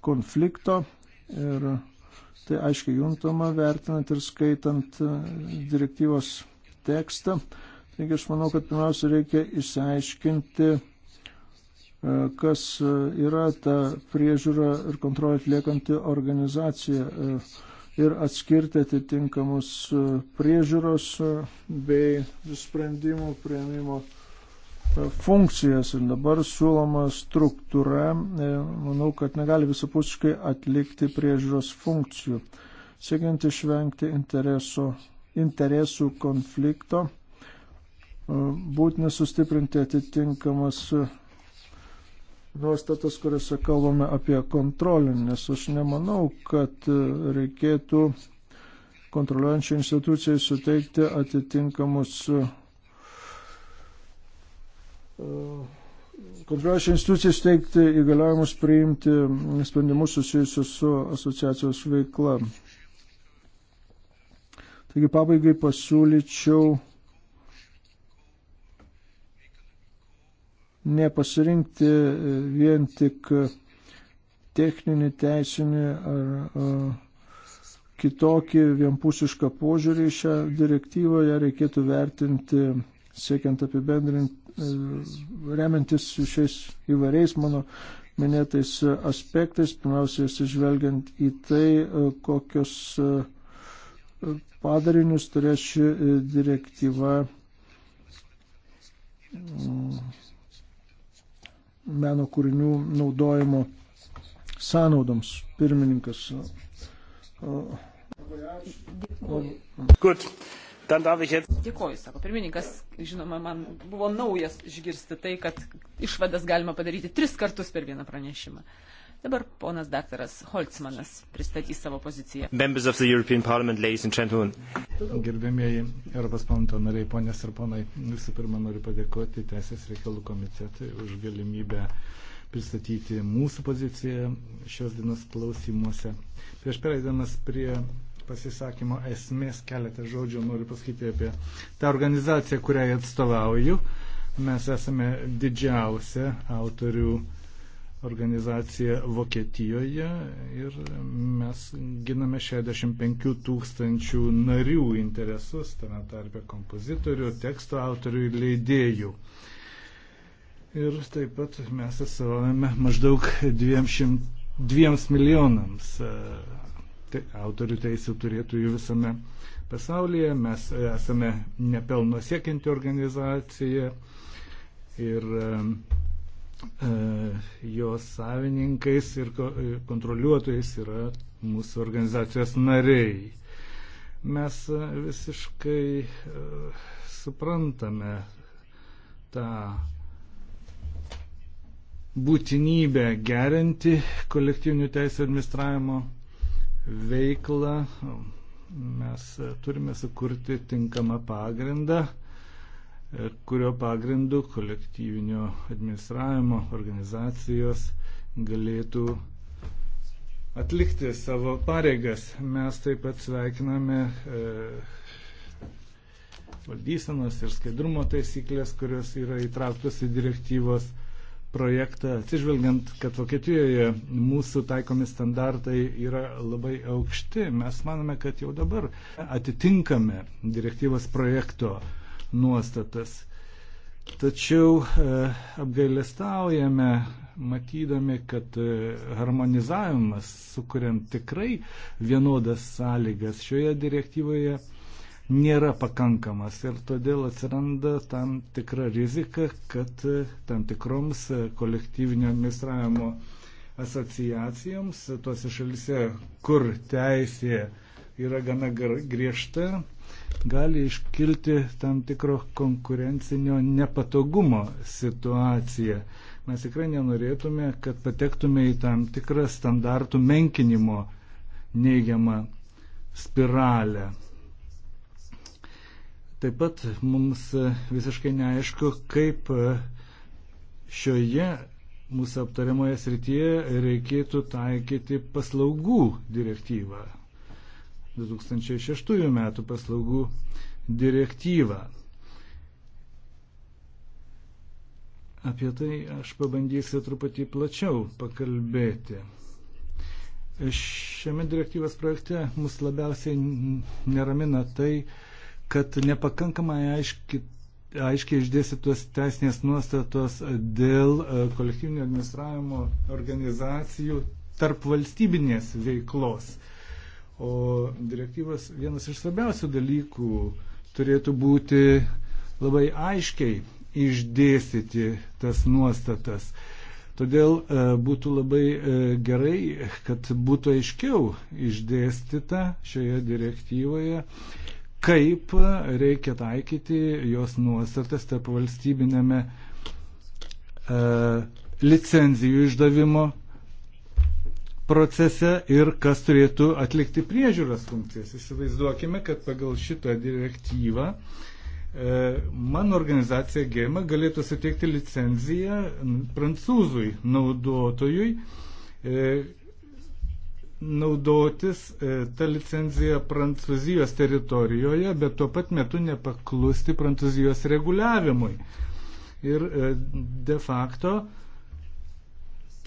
konflikto ir Tai aiškiai juntama, vertinant ir skaitant e, direktyvos tekstą. Taigi aš manau, kad pirmiausia reikia išsiaiškinti, e, kas e, yra ta priežiūra ir kontrolė atliekanti organizacija ir atskirti atitinkamus priežiūros bei sprendimų prieimimo funkcijas ir dabar siūloma struktūra, e, manau, kad negali visapusiškai atlikti priežiūros funkcijų. Siekiant išvengti interesų, interesų konflikto, e, būtina sustiprinti atitinkamas nuostatas, kuriuose kalbame apie kontrolę, nes aš nemanau, kad e, reikėtų kontroliuojančiai institucijai suteikti atitinkamus kontroliuojančią instituciją steigti įgaliojimus priimti mm, sprendimus susijusius su asociacijos veikla. Taigi pabaigai pasiūlyčiau nepasirinkti e, vien tik techninį, teisinį ar a, e, kitokį vienpusišką požiūrį šią direktyvą, ją reikėtų vertinti siekiant apibendrinti E, remiantis šiais įvairiais mano minėtais aspektais, pirmiausiai atsižvelgiant į tai, e, kokius e, padarinius turės ši direktyva mm, meno kūrinių naudojimo sąnaudoms. Pirmininkas. Dėkuoju. Good. Dėkoju, sako pirmininkas. Žinoma, man buvo naujas išgirsti tai, kad išvadas galima padaryti tris kartus per vieną pranešimą. Dabar ponas daktaras Holtzmanas pristatys savo poziciją. Gerbėmieji Europos parlamento nariai, ponės ir ponai, visų pirma noriu padėkoti Teisės reikalų komitetui už galimybę pristatyti mūsų poziciją šios dienos klausimuose. Prieš pereidamas prie pasisakymo esmės keletą žodžių noriu pasakyti apie tą organizaciją, kuriai atstovauju. Mes esame didžiausia autorių organizacija Vokietijoje ir mes giname 65 tūkstančių narių interesus, tame tarpe kompozitorių, teksto autorių ir leidėjų. Ir taip pat mes atstovavome maždaug 200, 2 milijonams te, autorių teisų turėtųjų visame pasaulyje. Mes esame nepelno siekianti organizacija ir e, jos savininkais ir e, kontroliuotojais yra mūsų organizacijos nariai. Mes e, visiškai e, suprantame tą būtinybę gerinti kolektyvinių teisų administravimo veiklą. Mes turime sukurti tinkamą pagrindą, kurio pagrindu kolektyvinio administravimo organizacijos galėtų atlikti savo pareigas. Mes taip pat sveikiname e, valdysenos ir skaidrumo taisyklės, kurios yra įtrauktos į direktyvos projektą, atsižvelgiant, kad Vokietijoje mūsų taikomi standartai yra labai aukšti, mes manome, kad jau dabar atitinkame direktyvos projekto nuostatas. Tačiau e, apgailestaujame, matydami, kad e, harmonizavimas, sukuriant tikrai vienodas sąlygas šioje direktyvoje, nėra pakankamas ir todėl atsiranda tam tikra rizika, kad e, tam tikroms e, kolektyvinio administravimo asociacijoms e, tuose šalise, kur teisė yra gana griežta, gali iškilti tam tikro konkurencinio nepatogumo situacija. Mes tikrai nenorėtume, kad patektume į tam tikrą standartų menkinimo neigiamą spiralę. Taip pat mums e, visiškai neaišku, kaip e, šioje mūsų aptariamoje srityje reikėtų taikyti paslaugų direktyvą. 2006 metų paslaugų direktyvą. Apie tai aš pabandysiu truputį plačiau pakalbėti. Šiame direktyvos projekte mus labiausiai neramina tai, kad nepakankamai aiški, aiškiai išdėstytos teisinės nuostatos dėl e, kolektyvinio administravimo organizacijų tarp valstybinės veiklos. O direktyvas vienas iš svarbiausių dalykų turėtų būti labai aiškiai išdėstyti tas nuostatas. Todėl e, būtų labai e, gerai, kad būtų aiškiau išdėstyta šioje direktyvoje, kaip reikia taikyti jos nuostatas tarp valstybinėme e, licenzijų išdavimo procese ir kas turėtų atlikti priežiūros funkcijas. Įsivaizduokime, kad pagal šitą direktyvą e, mano organizacija GEMA galėtų suteikti licenciją prancūzui naudotojui, e, naudotis e, tą licenciją Prancūzijos teritorijoje, bet tuo pat metu nepaklusti Prancūzijos reguliavimui. Ir e, de facto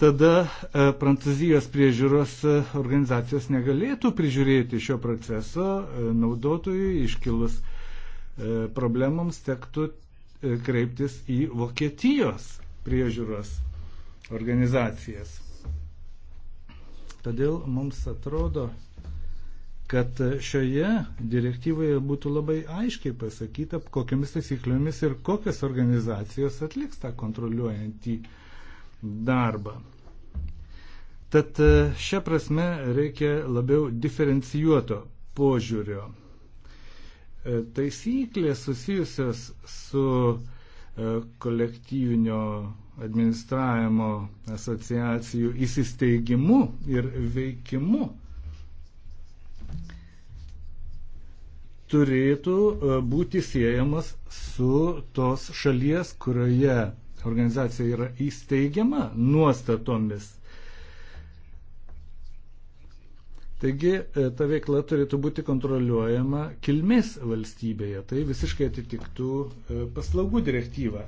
tada e, Prancūzijos priežiūros organizacijos negalėtų prižiūrėti šio proceso naudotojui iškilus problemams tektų kreiptis į Vokietijos priežiūros organizacijas. Todėl mums atrodo, kad šioje direktyvoje būtų labai aiškiai pasakyta, kokiamis taisyklėmis ir kokias organizacijos atliks tą kontroliuojantį darbą. Tad e, šią prasme reikia labiau diferencijuoto požiūrio. E, taisyklės susijusios su e, kolektyvinio administravimo asociacijų įsisteigimu ir veikimu turėtų e, būti siejamas su tos šalies, kurioje organizacija yra įsteigiama nuostatomis. Taigi e, ta veikla turėtų būti kontroliuojama kilmės valstybėje. Tai visiškai atitiktų e, paslaugų direktyvą.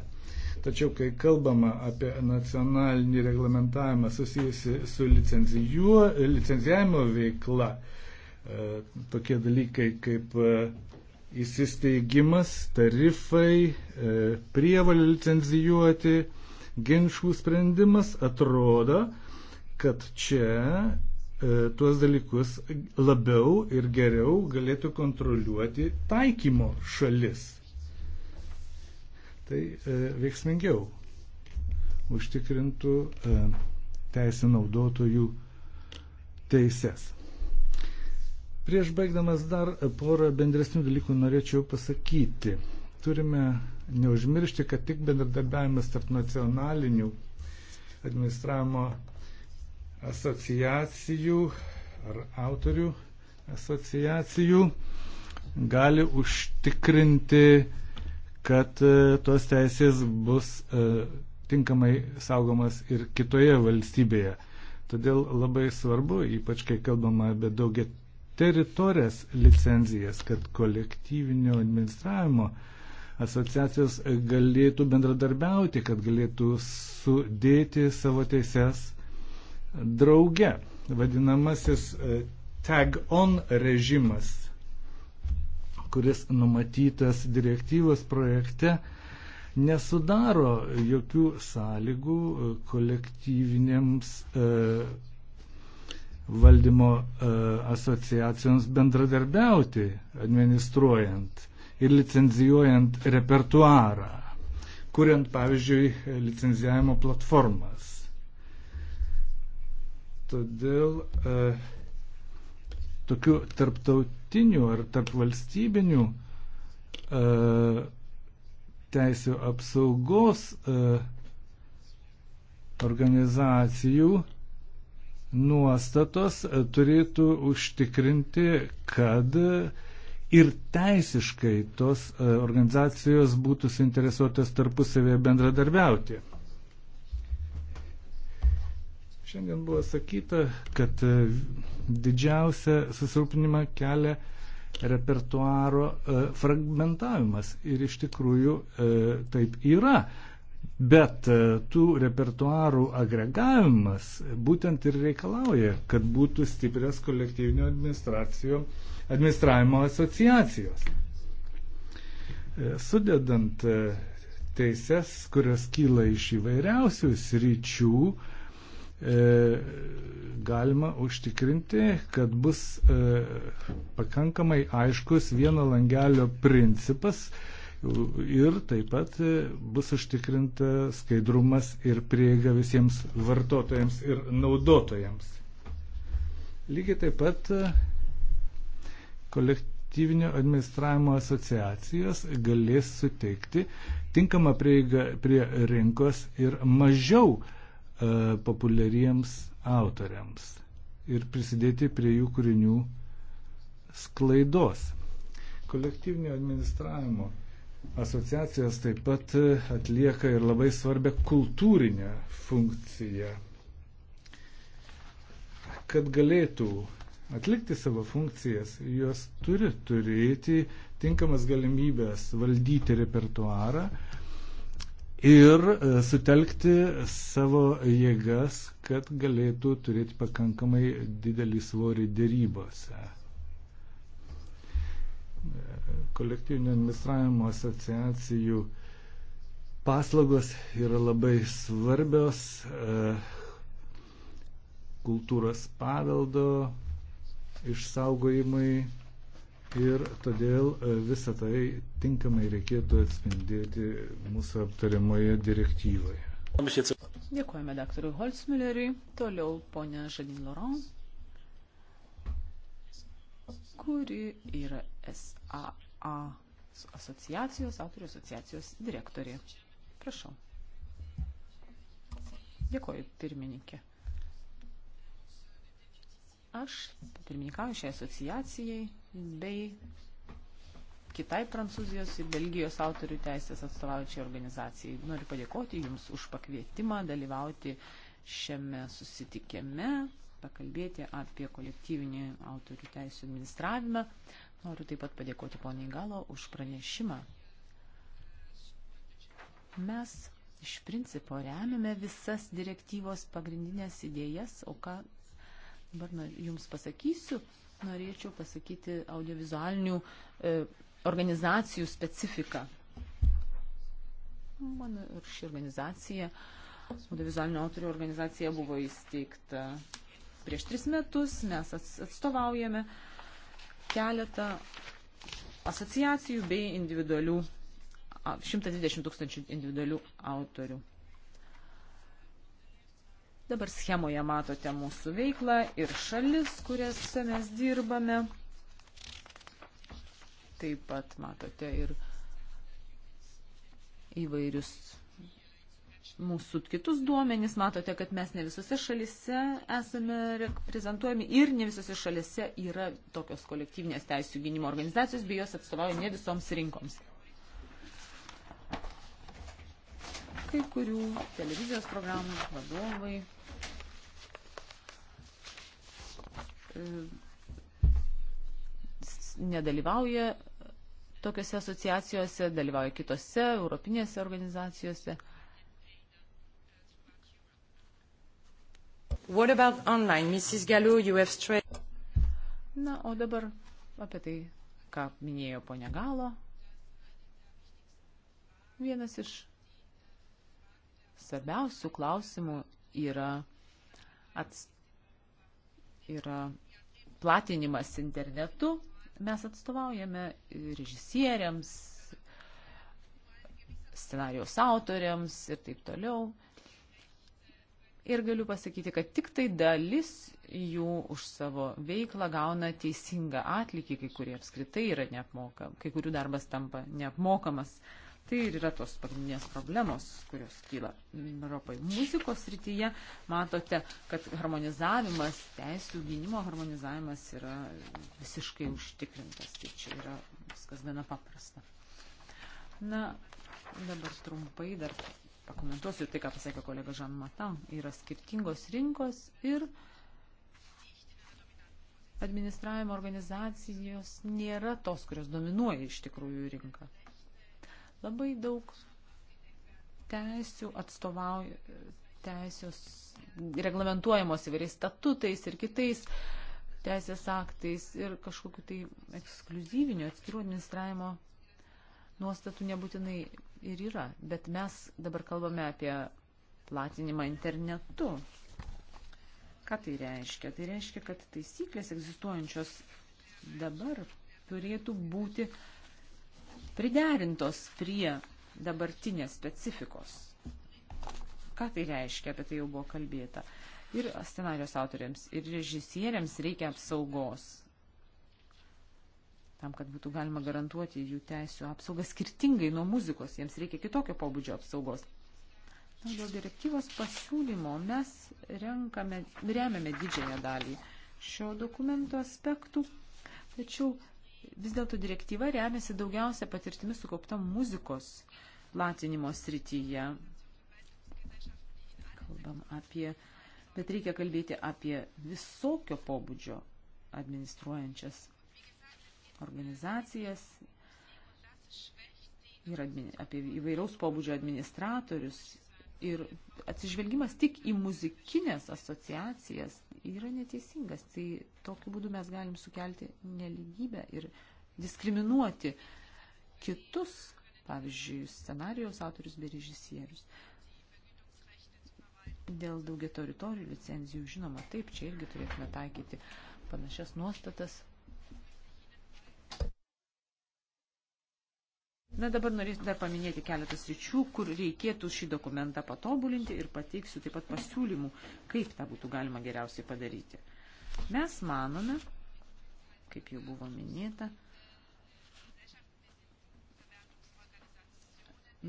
Tačiau, kai kalbama apie nacionalinį reglamentavimą susijusi su licenzijavimo veikla, e, tokie dalykai kaip e, įsisteigimas, tarifai, e, prievalė licenzijuoti, ginčių sprendimas, atrodo, kad čia tuos dalykus labiau ir geriau galėtų kontroliuoti taikymo šalis tai e, veiksmingiau užtikrintų e, teisę naudotojų teises. Prieš baigdamas dar porą bendresnių dalykų norėčiau pasakyti. Turime neužmiršti, kad tik bendradarbiavimas tarp nacionalinių administravimo asociacijų ar autorių asociacijų gali užtikrinti kad e, tos teisės bus e, tinkamai saugomas ir kitoje valstybėje. Todėl labai svarbu, ypač kai kalbama apie daugia teritorijas licenzijas, kad kolektyvinio administravimo asociacijos galėtų bendradarbiauti, kad galėtų sudėti savo teises drauge. Vadinamasis e, tag-on režimas kuris numatytas direktyvos projekte, nesudaro jokių sąlygų kolektyvinėms e, valdymo e, asociacijoms bendradarbiauti, administruojant ir licenzijuojant repertuarą, kuriant, pavyzdžiui, licenzijavimo platformas. Todėl e, tokiu tarptautiniu tarptautinių ar tarpvalstybinių e, teisų apsaugos e, organizacijų nuostatos e, turėtų užtikrinti, kad ir teisiškai tos e, organizacijos būtų suinteresuotas tarpusavėje bendradarbiauti. Šiandien buvo sakyta, kad e, didžiausia susirūpinimą kelia repertuaro e, fragmentavimas ir iš tikrųjų e, taip yra. Bet tų repertuarų agregavimas būtent ir reikalauja, kad būtų stiprias kolektyvinio administravimo asociacijos. Sudedant teises, kurios kyla iš įvairiausių sričių, E, galima užtikrinti, kad bus e, pakankamai aiškus vieno langelio principas ir taip pat e, bus užtikrinta skaidrumas ir prieiga visiems vartotojams ir naudotojams. Lygiai taip pat e, kolektyvinio administravimo asociacijos galės suteikti tinkamą prieigą prie rinkos ir mažiau e, E, populiariems autoriams ir prisidėti prie jų kūrinių sklaidos. Kolektyvinio administravimo asociacijos taip pat atlieka ir labai svarbę kultūrinę funkciją. Kad galėtų atlikti savo funkcijas, jos turi turėti tinkamas galimybės valdyti repertuarą, ir e, sutelkti savo jėgas, kad galėtų turėti pakankamai didelį svorį dėrybose. Kolektyvinio administravimo asociacijų paslaugos yra labai svarbios e, kultūros paveldo išsaugojimai ir todėl e, visą tai tinkamai reikėtų atspindėti mūsų aptariamoje direktyvoje. Dėkojame daktarui Holzmülleriui. Toliau ponia Žanin Laurent, kuri yra SAA asociacijos, autorių asociacijos direktorė. Prašau. Dėkoju, pirmininkė. Aš pirmininkauju šiai asociacijai bei kitai Prancūzijos ir Belgijos autorių teisės atstovaujančiai organizacijai. Noriu padėkoti Jums už pakvietimą dalyvauti šiame susitikime, pakalbėti apie kolektyvinį autorių teisų administravimą. Noriu taip pat padėkoti poniai Galo už pranešimą. Mes iš principo remiame visas direktyvos pagrindinės idėjas, o ką dabar nu, jums pasakysiu, norėčiau pasakyti audiovizualinių e, organizacijų specifiką. Mano ir ši organizacija, audiovizualinių autorių organizacija buvo įsteigta prieš tris metus. Mes atstovaujame keletą asociacijų bei individualių, 120 tūkstančių individualių autorių. Dabar schemoje matote mūsų veiklą ir šalis, kuriuose mes dirbame. Taip pat matote ir įvairius mūsų kitus duomenys. Matote, kad mes ne visose šalise esame reprezentuojami ir ne visose šalise yra tokios kolektyvinės teisų gynimo organizacijos, bei jos atstovauja ne visoms rinkoms. kai kurių televizijos programų vadovai E, nedalyvauja tokiuose asociacijose, dalyvauja kitose europinėse organizacijose. What about online? Mrs. Gallo, you have straight. Na, o dabar apie tai, ką minėjo ponia Galo. Vienas iš svarbiausių klausimų yra atstatymų yra platinimas internetu. Mes atstovaujame režisieriams, scenarijos autoriams ir taip toliau. Ir galiu pasakyti, kad tik tai dalis jų už savo veiklą gauna teisingą atlygį, kai kurie apskritai yra neapmokami, kai kurių darbas tampa neapmokamas. Uh, Tai ir yra tos pagrindinės problemos, kurios kyla Europoje. Muzikos srityje matote, kad harmonizavimas, teisų gynimo harmonizavimas yra visiškai užtikrintas. Tai čia yra viskas gana paprasta. Na, dabar trumpai dar pakomentuosiu tai, ką pasakė kolega Žan Matan. Yra skirtingos rinkos ir administravimo organizacijos nėra tos, kurios dominuoja iš tikrųjų rinką. Labai daug teisių atstovauja, teisios reglamentuojamos įvairiais statutais ir kitais teisės aktais ir kažkokiu tai ekskluzyviniu atskirų administravimo nuostatų nebūtinai ir yra, bet mes dabar kalbame apie platinimą internetu. Ką tai reiškia? Tai reiškia, kad taisyklės egzistuojančios dabar turėtų būti uh, priderintos prie dabartinės specifikos. Ką tai reiškia, apie tai jau buvo kalbėta. Ir scenarijos autoriams, ir režisieriams reikia apsaugos, tam, kad būtų galima garantuoti jų teisų apsaugą skirtingai nuo muzikos, jiems reikia kitokio pobūdžio apsaugos. Na, dėl direktyvos pasiūlymo mes renkame, remiame didžiąją dalį šio dokumento aspektų, tačiau Vis dėlto direktyva remiasi daugiausia patirtimi sukaupta muzikos platinimo srityje. Kalbam apie, bet reikia kalbėti apie visokio pobūdžio administruojančias organizacijas ir admini, apie įvairaus pobūdžio administratorius. Ir atsižvelgimas tik į muzikinės asociacijas yra neteisingas. Tai tokiu būdu mes galim sukelti neligybę ir diskriminuoti kitus, pavyzdžiui, scenarijos autorius bei režisierius. Dėl daugia teritorijų licenzijų, žinoma, taip, čia irgi turėtume taikyti panašias nuostatas Na dabar norėsiu dar paminėti keletas ryčių, kur reikėtų šį dokumentą patobulinti ir pateiksiu taip pat pasiūlymų, kaip tą būtų galima geriausiai padaryti. Mes manome, kaip jau buvo minėta,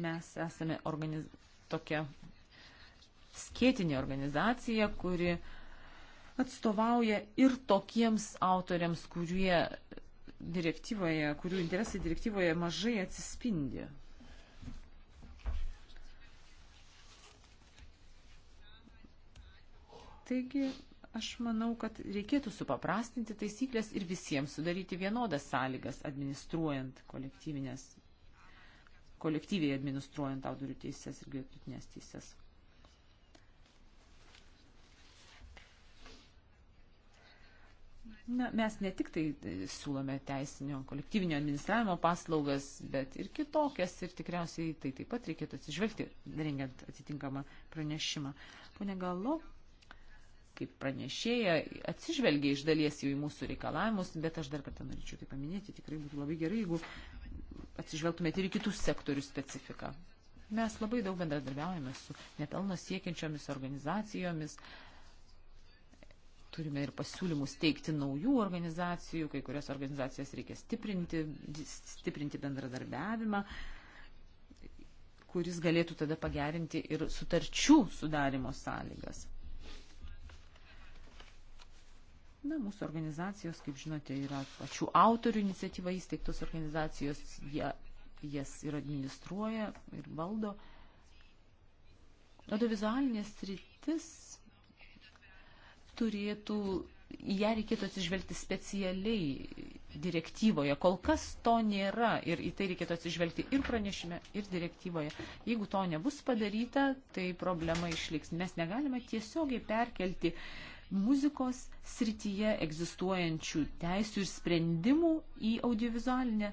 mes esame organiz... tokia skėtinė organizacija, kuri atstovauja ir tokiems autoriams, kurie direktyvoje, kurių interesai direktyvoje mažai atsispindi. Taigi, aš manau, kad reikėtų supaprastinti taisyklės ir visiems sudaryti vienodas sąlygas administruojant kolektyvinės, kolektyviai administruojant autorių teises ir gretutinės teises. Na, mes ne tik tai e, siūlome teisinio kolektyvinio administravimo paslaugas, bet ir kitokias ir tikriausiai tai taip pat reikėtų atsižvelgti, rengiant atitinkamą pranešimą. Pone Galo, kaip pranešėja, atsižvelgia iš dalies jau į mūsų reikalavimus, bet aš dar kartą norėčiau tai paminėti, tikrai būtų labai gerai, jeigu atsižvelgtumėte ir į kitų sektorių specifiką. Mes labai daug bendradarbiaujame su nepelno siekiančiomis organizacijomis, turime ir pasiūlymus teikti naujų organizacijų, kai kurias organizacijas reikia stiprinti, stiprinti bendradarbiavimą, kuris galėtų tada pagerinti ir sutarčių sudarimo sąlygas. Na, mūsų organizacijos, kaip žinote, yra pačių autorių iniciatyva įsteigtos organizacijos, jie, jas ir administruoja, ir valdo. Audiovizualinės rytis turėtų, ją reikėtų atsižvelgti specialiai direktyvoje. Kol kas to nėra ir į tai reikėtų atsižvelgti ir pranešime, ir direktyvoje. Jeigu to nebus padaryta, tai problema išliks. Mes negalime tiesiogiai perkelti muzikos srityje egzistuojančių teisų ir sprendimų į audiovizualinę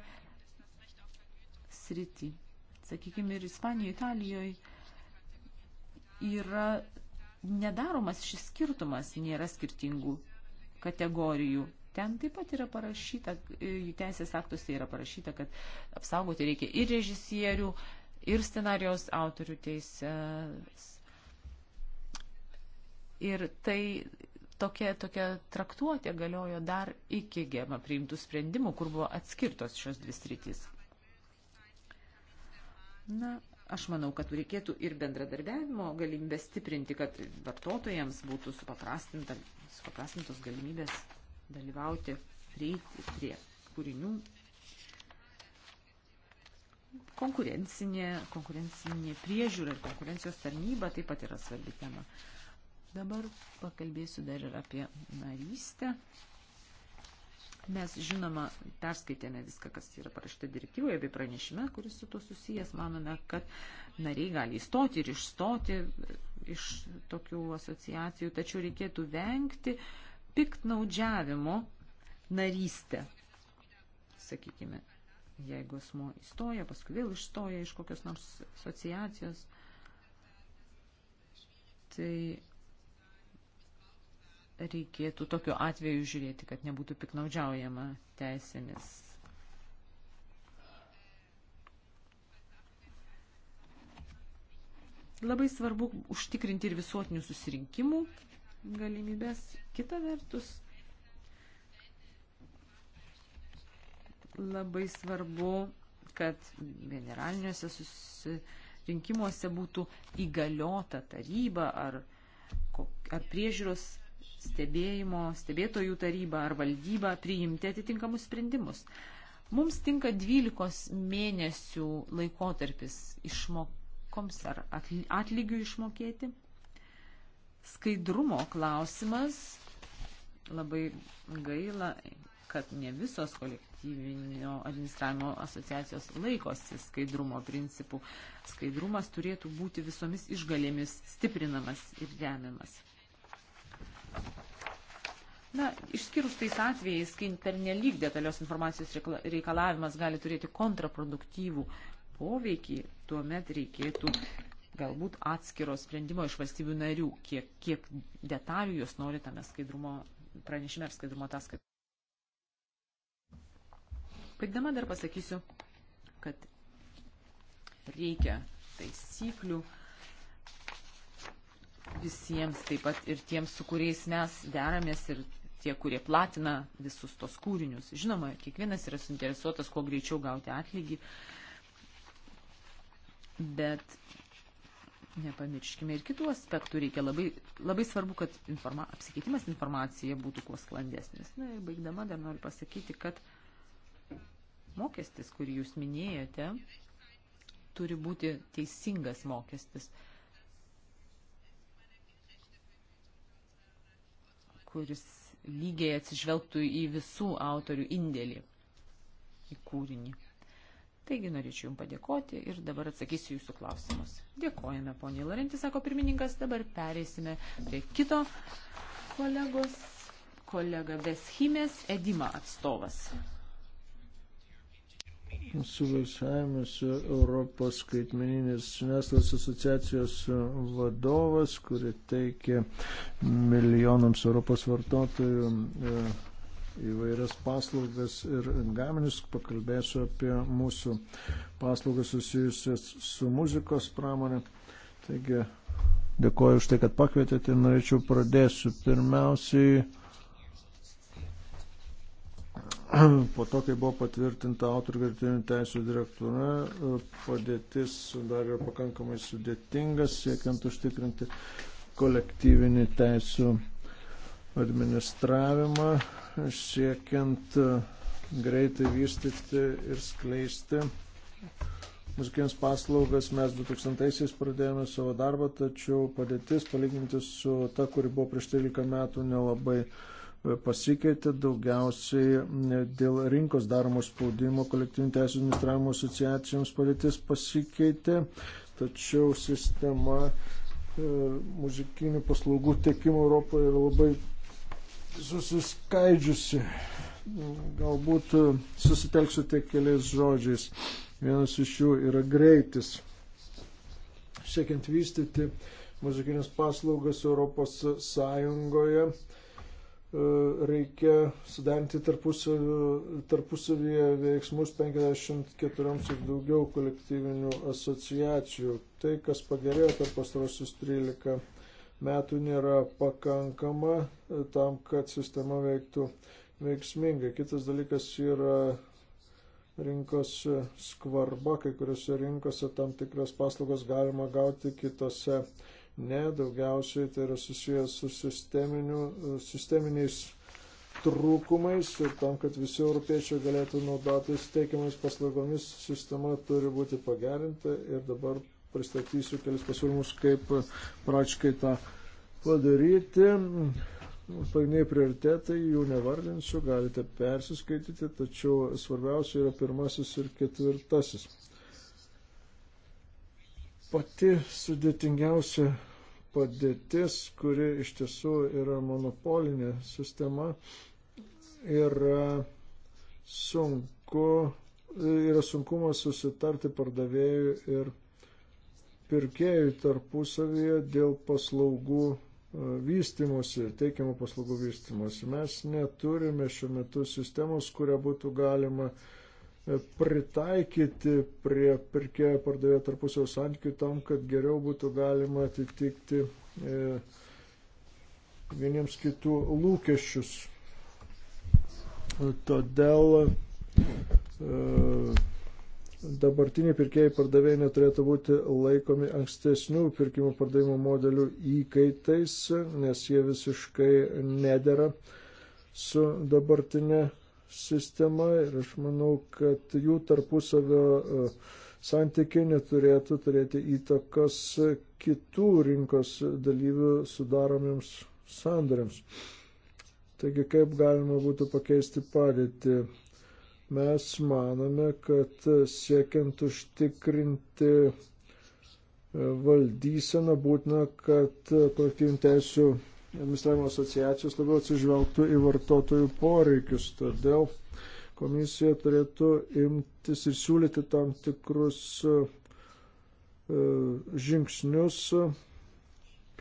sritį. Sakykime, ir Ispanijoje, Italijoje yra nedaromas šis skirtumas, nėra skirtingų kategorijų. Ten taip pat yra parašyta, e, jų teisės aktuose yra parašyta, kad apsaugoti reikia ir režisierių, ir scenarijos autorių teisės. Ir tai tokia, tokia traktuotė galiojo dar iki gema priimtų sprendimų, kur buvo atskirtos šios dvi sritys. Na, Aš manau, kad reikėtų ir bendradarbiavimo galimybę stiprinti, kad vartotojams būtų supaprastintos galimybės dalyvauti, prieiti prie kūrinių. Konkurencinė, konkurencinė priežiūra ir konkurencijos tarnyba taip pat yra svarbi tema. Dabar pakalbėsiu dar ir apie narystę Mes, žinoma, perskaitėme viską, kas yra parašyta direktyvoje bei pranešime, kuris su to susijęs. Manome, kad nariai gali įstoti ir išstoti iš tokių asociacijų, tačiau reikėtų vengti piktnaudžiavimo narystę. Sakykime, jeigu asmo įstoja, paskui vėl išstoja iš kokios nors asociacijos, tai reikėtų tokiu atveju žiūrėti, kad nebūtų piknaudžiaujama teisėmis. Labai svarbu užtikrinti ir visuotinių susirinkimų galimybės. Kita vertus, labai svarbu, kad generaliniuose susirinkimuose būtų įgaliota taryba ar, ar priežiūros stebėjimo, stebėtojų taryba ar valdyba priimti atitinkamus sprendimus. Mums tinka 12 mėnesių laikotarpis išmokoms ar atlygių išmokėti. Skaidrumo klausimas. Labai gaila, kad ne visos kolektyvinio administravimo asociacijos laikosi skaidrumo principų. Skaidrumas turėtų būti visomis išgalėmis stiprinamas ir remiamas. Na, išskyrus tais atvejais, kai pernelyg detalios informacijos reikalavimas gali turėti kontraproduktyvų poveikį, tuomet reikėtų galbūt atskiro sprendimo iš valstybių narių, kiek, kiek detalių jūs nori tame skaidrumo pranešime ar skaidrumo ataskaitoje. Baigdama dar pasakysiu, kad reikia taisyklių, visiems, taip pat ir tiems, su kuriais mes deramės ir tie, kurie platina visus tos kūrinius. Žinoma, kiekvienas yra suinteresuotas kuo greičiau gauti atlygį, bet nepamirškime ir kitų aspektų. Reikia labai, labai svarbu, kad informa apsikeitimas informacija būtų kuo sklandesnis. Na ir baigdama dar noriu pasakyti, kad mokestis, kurį jūs minėjote, turi būti teisingas mokestis. Uh, kuris lygiai atsižvelgtų į visų autorių indėlį į kūrinį. Taigi norėčiau Jums padėkoti ir dabar atsakysiu Jūsų klausimus. Dėkojame, poniai Larinti, sako pirmininkas, dabar pereisime prie kito kolegos, kolega Veshimės Edima atstovas. Suvasavimas Europos skaitmeninės žiniasklaidos asociacijos vadovas, kuri teikia milijonams Europos vartotojų e, įvairias paslaugas ir gaminius. Pakalbėsiu apie mūsų paslaugas susijusias su muzikos pramonė. Taigi, dėkoju už tai, kad pakvietėte ir norėčiau pradėsiu pirmiausiai Po to, kai buvo patvirtinta autorių vertinių teisų direktūra, e, padėtis dar yra pakankamai sudėtingas, siekiant užtikrinti kolektyvinį teisų administravimą, siekiant e, greitai vystyti ir skleisti muzikinės paslaugas. Mes 2000-aisiais pradėjome savo darbą, tačiau padėtis palyginti su ta, kuri buvo prieš 13 metų, nelabai pasikeitė daugiausiai dėl rinkos daromo spaudimo kolektyvinių teisų administravimo asociacijoms padėtis pasikeitė, tačiau sistema e, muzikinių paslaugų tiekimo Europoje yra labai susiskaidžiusi. Galbūt e, susitelksiu tiek keliais žodžiais. Vienas iš jų yra greitis. Siekiant vystyti muzikinės paslaugas Europos Sąjungoje, E, reikia sudarinti tarpusavyje veiksmus 54 ir daugiau kolektyvinių asociacijų. Tai, kas pagerėjo per pastarosius 13 metų, nėra pakankama e, tam, kad sistema veiktų veiksmingai. Kitas dalykas yra rinkos skvarba, kai kuriuose rinkose tam tikras paslaugas galima gauti kitose rinkose Ne, daugiausiai tai yra susijęs su sisteminiais trūkumais ir tam, kad visi europiečiai galėtų naudotis teikiamais paslaugomis, sistema turi būti pagerinta ir dabar pristatysiu kelis pasiūlymus, kaip praktiškai tą padaryti. Pagrindiniai prioritetai, jų nevardinsiu, galite persiskaityti, tačiau svarbiausia yra pirmasis ir ketvirtasis. Pati sudėtingiausia padėtis, kuri iš tiesų yra monopolinė sistema, yra sunku, yra sunkumas susitarti pardavėjų ir pirkėjų tarpusavyje dėl paslaugų e, vystimosi, teikiamų paslaugų vystimosi. Mes neturime šiuo metu sistemos, kurią būtų galima uh, pritaikyti prie pirkėjo pardavėjo tarpusio santykių tam, kad geriau būtų galima atitikti e, vieniems kitų lūkesčius. Todėl e, dabartiniai pirkėjai pardavėjai neturėtų būti laikomi ankstesnių pirkimo pardavimo modelių įkaitais, nes jie visiškai nedėra su dabartinė sistema ir aš manau, kad jų tarpusavio e, santykiai neturėtų turėti įtakos kitų rinkos dalyvių sudaromiems sandoriams. Taigi kaip galima būtų pakeisti padėtį? Mes manome, kad siekiant užtikrinti e, valdyseną būtina, kad kolektyvinių teisų administravimo asociacijos labiau atsižvelgtų į vartotojų poreikius. Todėl komisija turėtų imtis ir siūlyti tam tikrus e, žingsnius,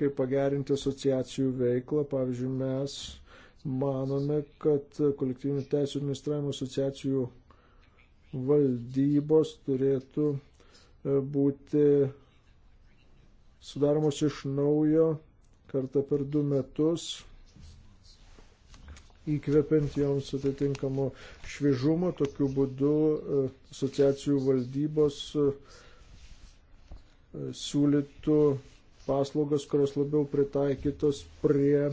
kaip pagerinti asociacijų veiklą. Pavyzdžiui, mes manome, kad kolektyvinių teisų administravimo asociacijų valdybos turėtų e, būti sudaromos iš naujo kartą per du metus, įkvepiant joms atitinkamo šviežumo, tokiu būdu e, asociacijų valdybos e, siūlytų paslaugas, kurios labiau pritaikytos prie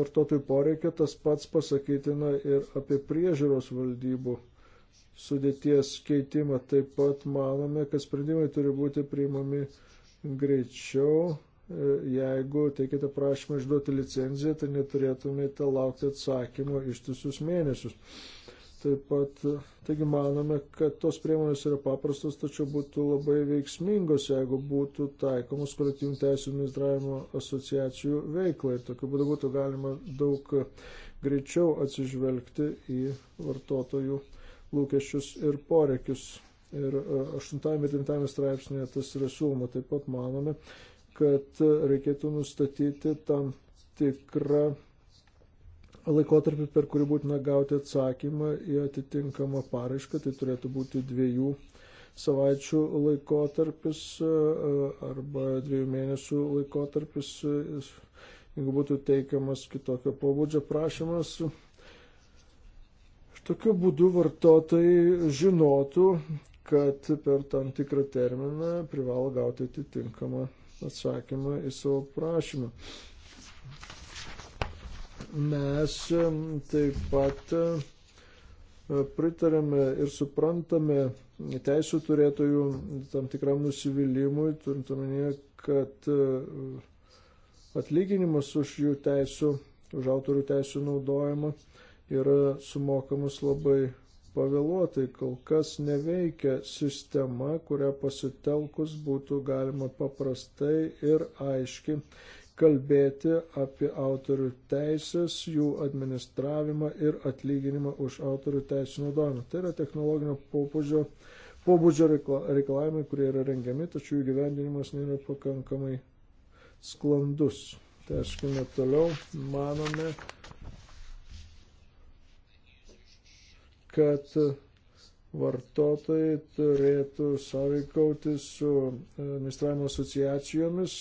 vartotojų poreikio, tas pats pasakytina ir apie priežiūros valdybų sudėties keitimą. Taip pat manome, kad sprendimai turi būti priimami greičiau, jeigu teikite prašymą išduoti licenciją, tai neturėtumėte laukti atsakymo ištisus mėnesius. Taip pat, taigi manome, kad tos priemonės yra paprastos, tačiau būtų labai veiksmingos, jeigu būtų taikomos kolektyvinių teisų administravimo asociacijų veiklai. Tokiu būdu būtų galima daug greičiau atsižvelgti į vartotojų lūkesčius ir poreikius. Ir 8 ir 9 straipsnėje tas yra siūloma. Taip pat manome, kad reikėtų nustatyti tam tikrą laikotarpį, per kurį būtina gauti atsakymą į atitinkamą paraišką. Tai turėtų būti dviejų savaičių laikotarpis e, arba dviejų mėnesių laikotarpis, e, jeigu būtų teikiamas kitokio pobūdžio prašymas. Tokiu būdu vartotojai žinotų, kad per tam tikrą terminą privalo gauti atitinkamą atsakymą į savo prašymą. Mes taip pat e, pritarėme ir suprantame teisų turėtojų tam tikram nusivylimui, turint omenyje, kad e, atlyginimas už jų teisų, už autorių teisų naudojimą yra sumokamas labai pavėluotai, kol kas neveikia sistema, kurią pasitelkus būtų galima paprastai ir aiškiai kalbėti apie autorių teisės, jų administravimą ir atlyginimą už autorių teisų naudojimą. Tai yra technologinio pobūdžio, pobūdžio reikalavimai, kurie yra rengiami, tačiau jų gyvendinimas nėra pakankamai sklandus. Teškime toliau, manome, kad vartotojai turėtų sąveikauti su e, administravimo asociacijomis,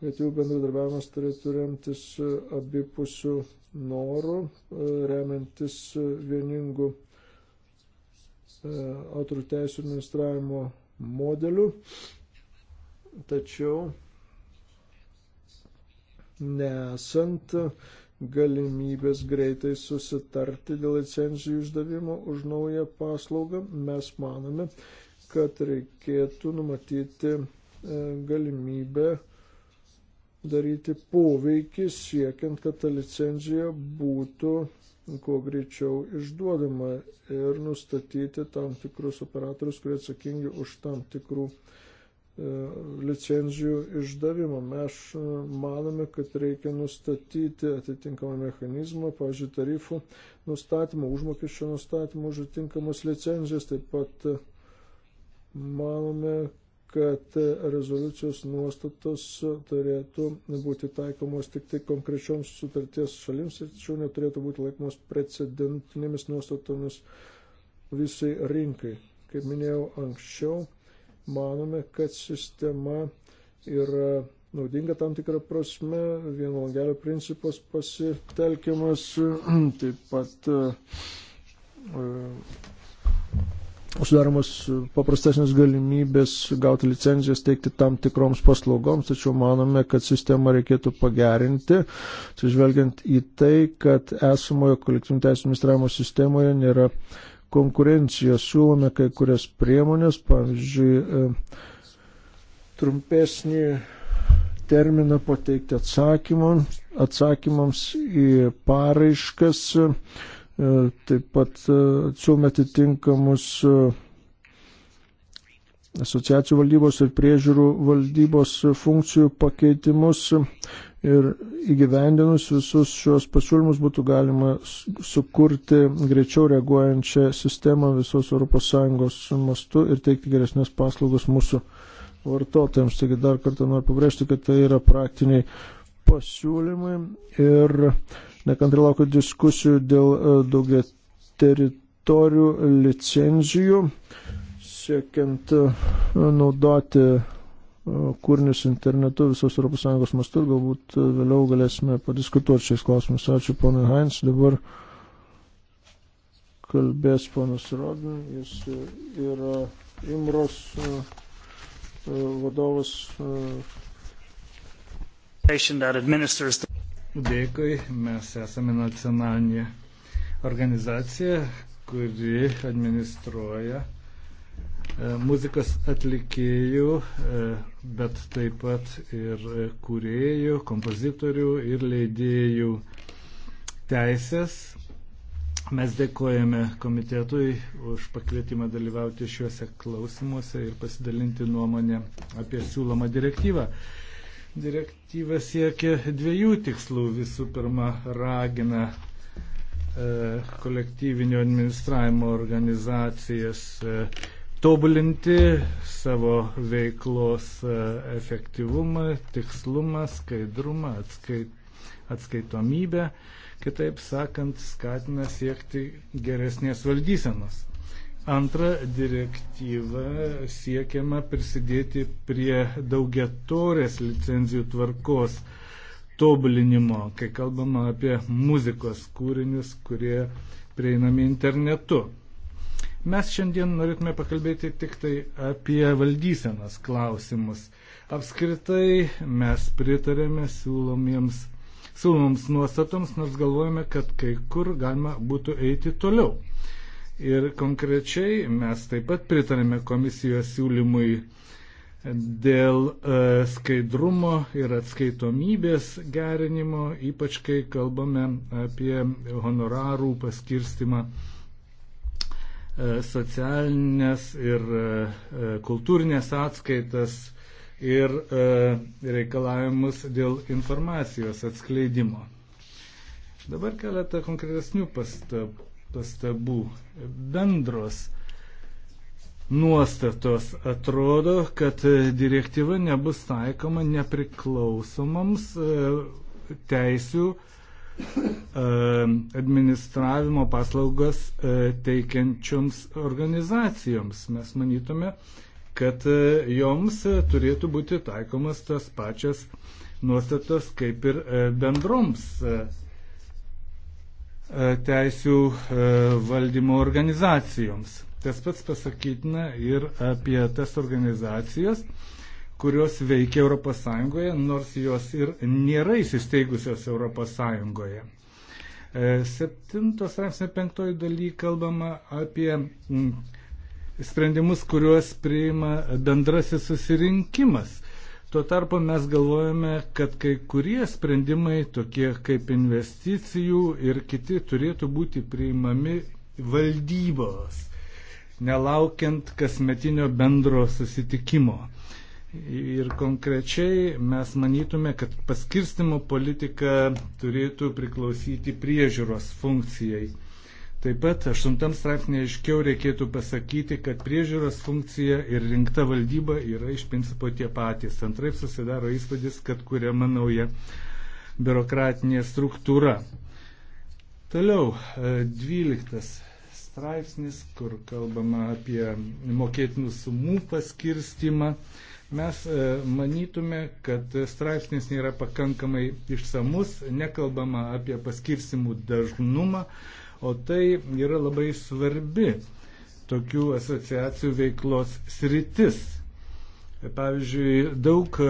kad jų bendradarbiavimas turėtų remtis abipusių norų, e, remiantis vieningų e, autorių teisų administravimo modeliu. Tačiau nesant galimybės greitai susitarti dėl licenzijų išdavimo už naują paslaugą, mes manome, kad reikėtų numatyti e, galimybę daryti poveikį siekiant, kad ta licenzija būtų kuo greičiau išduodama ir nustatyti tam tikrus operatorius, kurie atsakingi už tam tikrų uh, licenzijų išdavimo. Mes e, manome, kad reikia nustatyti atitinkamą mechanizmą, pavyzdžiui, tarifų nustatymą, užmokesčio nustatymą už atitinkamas licenzijas. Taip pat e, manome, kad rezoliucijos nuostatos turėtų būti taikomos tik tai konkrečioms sutarties šalims, tačiau neturėtų būti laikomos precedentinėmis nuostatomis visai rinkai. Kaip minėjau anksčiau, manome, kad sistema yra naudinga tam tikrą prasme, vieno langelio principas pasitelkiamas, taip pat e, e, uždaromas paprastesnės galimybės gauti licenzijas teikti tam tikroms paslaugoms, tačiau manome, kad sistemą reikėtų pagerinti, atsižvelgiant į tai, kad esamojo kolektyvinio teisų administravimo sistemoje nėra konkurenciją. Siūlome kai kurias priemonės, pavyzdžiui, e, trumpesnį terminą pateikti atsakymams, atsakymams į paraiškas, e, taip pat e, siūlome atitinkamus asociacijų valdybos ir priežiūrų valdybos funkcijų pakeitimus ir įgyvendinus visus šios pasiūlymus būtų galima sukurti greičiau reaguojančią sistemą visos ES mastu ir teikti geresnės paslaugas mūsų vartotojams. Taigi dar kartą noriu pabrėžti, kad tai yra praktiniai pasiūlymai ir nekantri laukiu diskusijų dėl e, daugia teritorijų licenzijų siekiant e, naudoti E, kūrinius internetu visos ES mastu ir galbūt e, vėliau galėsime padiskutuoti šiais klausimais. Ačiū ponui Heinz, dabar kalbės ponas Robin, jis e, yra Imros vadovas. Dėkui, mes esame nacionalinė organizacija, kuri administruoja E, muzikos atlikėjų, e, bet taip pat ir kūrėjų, kompozitorių ir leidėjų teisės. Mes dėkojame komitetui už pakvietimą dalyvauti šiuose klausimuose ir pasidalinti nuomonę apie siūlomą direktyvą. Direktyva siekia dviejų tikslų. Visų pirma, ragina e, kolektyvinio administravimo organizacijas e, tobulinti savo veiklos e, efektyvumą, tikslumą, skaidrumą, atskait, atskaitomybę, kitaip sakant, skatina siekti geresnės valdysenos. Antra direktyva siekiama prisidėti prie daugiatorės licenzijų tvarkos tobulinimo, kai kalbama apie muzikos kūrinius, kurie prieinami internetu. Mes šiandien norėtume pakalbėti tik tai apie valdysenas klausimus. Apskritai mes pritarėme siūlomiems, siūlomoms nuostatoms, nors galvojame, kad kai kur galima būtų eiti toliau. Ir konkrečiai mes taip pat pritarėme komisijos siūlymui dėl e, skaidrumo ir atskaitomybės gerinimo, ypač kai kalbame apie honorarų paskirstimą E, socialinės ir e, e, kultūrinės atskaitas ir reikalavimus dėl informacijos atskleidimo. Dabar keletą konkretesnių pastabų. Bendros nuostatos atrodo, kad direktyva nebus taikoma nepriklausomams teisių E, administravimo paslaugas e, teikiančioms organizacijoms. Mes manytume, kad e, joms turėtų būti taikomas tas pačias nuostatas kaip ir bendroms teisių valdymo organizacijoms. Tas pats pasakytina ir apie tas organizacijas, kurios veikia ES, nors jos ir nėra įsisteigusios ES. E, septintos straipsnio penktoji daly kalbama apie mm, sprendimus, kuriuos priima bendrasis susirinkimas. Tuo tarpu mes galvojame, kad kai kurie sprendimai, tokie kaip investicijų ir kiti, turėtų būti priimami valdybos, nelaukiant kasmetinio bendro susitikimo. Ir konkrečiai mes manytume, kad paskirstimo politika turėtų priklausyti priežiūros funkcijai. Taip pat aštuntam straipsnėje aiškiau reikėtų pasakyti, kad priežiūros funkcija ir rinkta valdyba yra iš principo tie patys. Antraip susidaro įspūdis, kad kuriama nauja biurokratinė struktūra. Toliau, e, dvyliktas straipsnis, kur kalbama apie mokėtinų sumų paskirstimą. Mes e, manytume, kad straipsnis nėra pakankamai išsamus, nekalbama apie paskirsimų dažnumą, o tai yra labai svarbi tokių asociacijų veiklos sritis. Pavyzdžiui, daug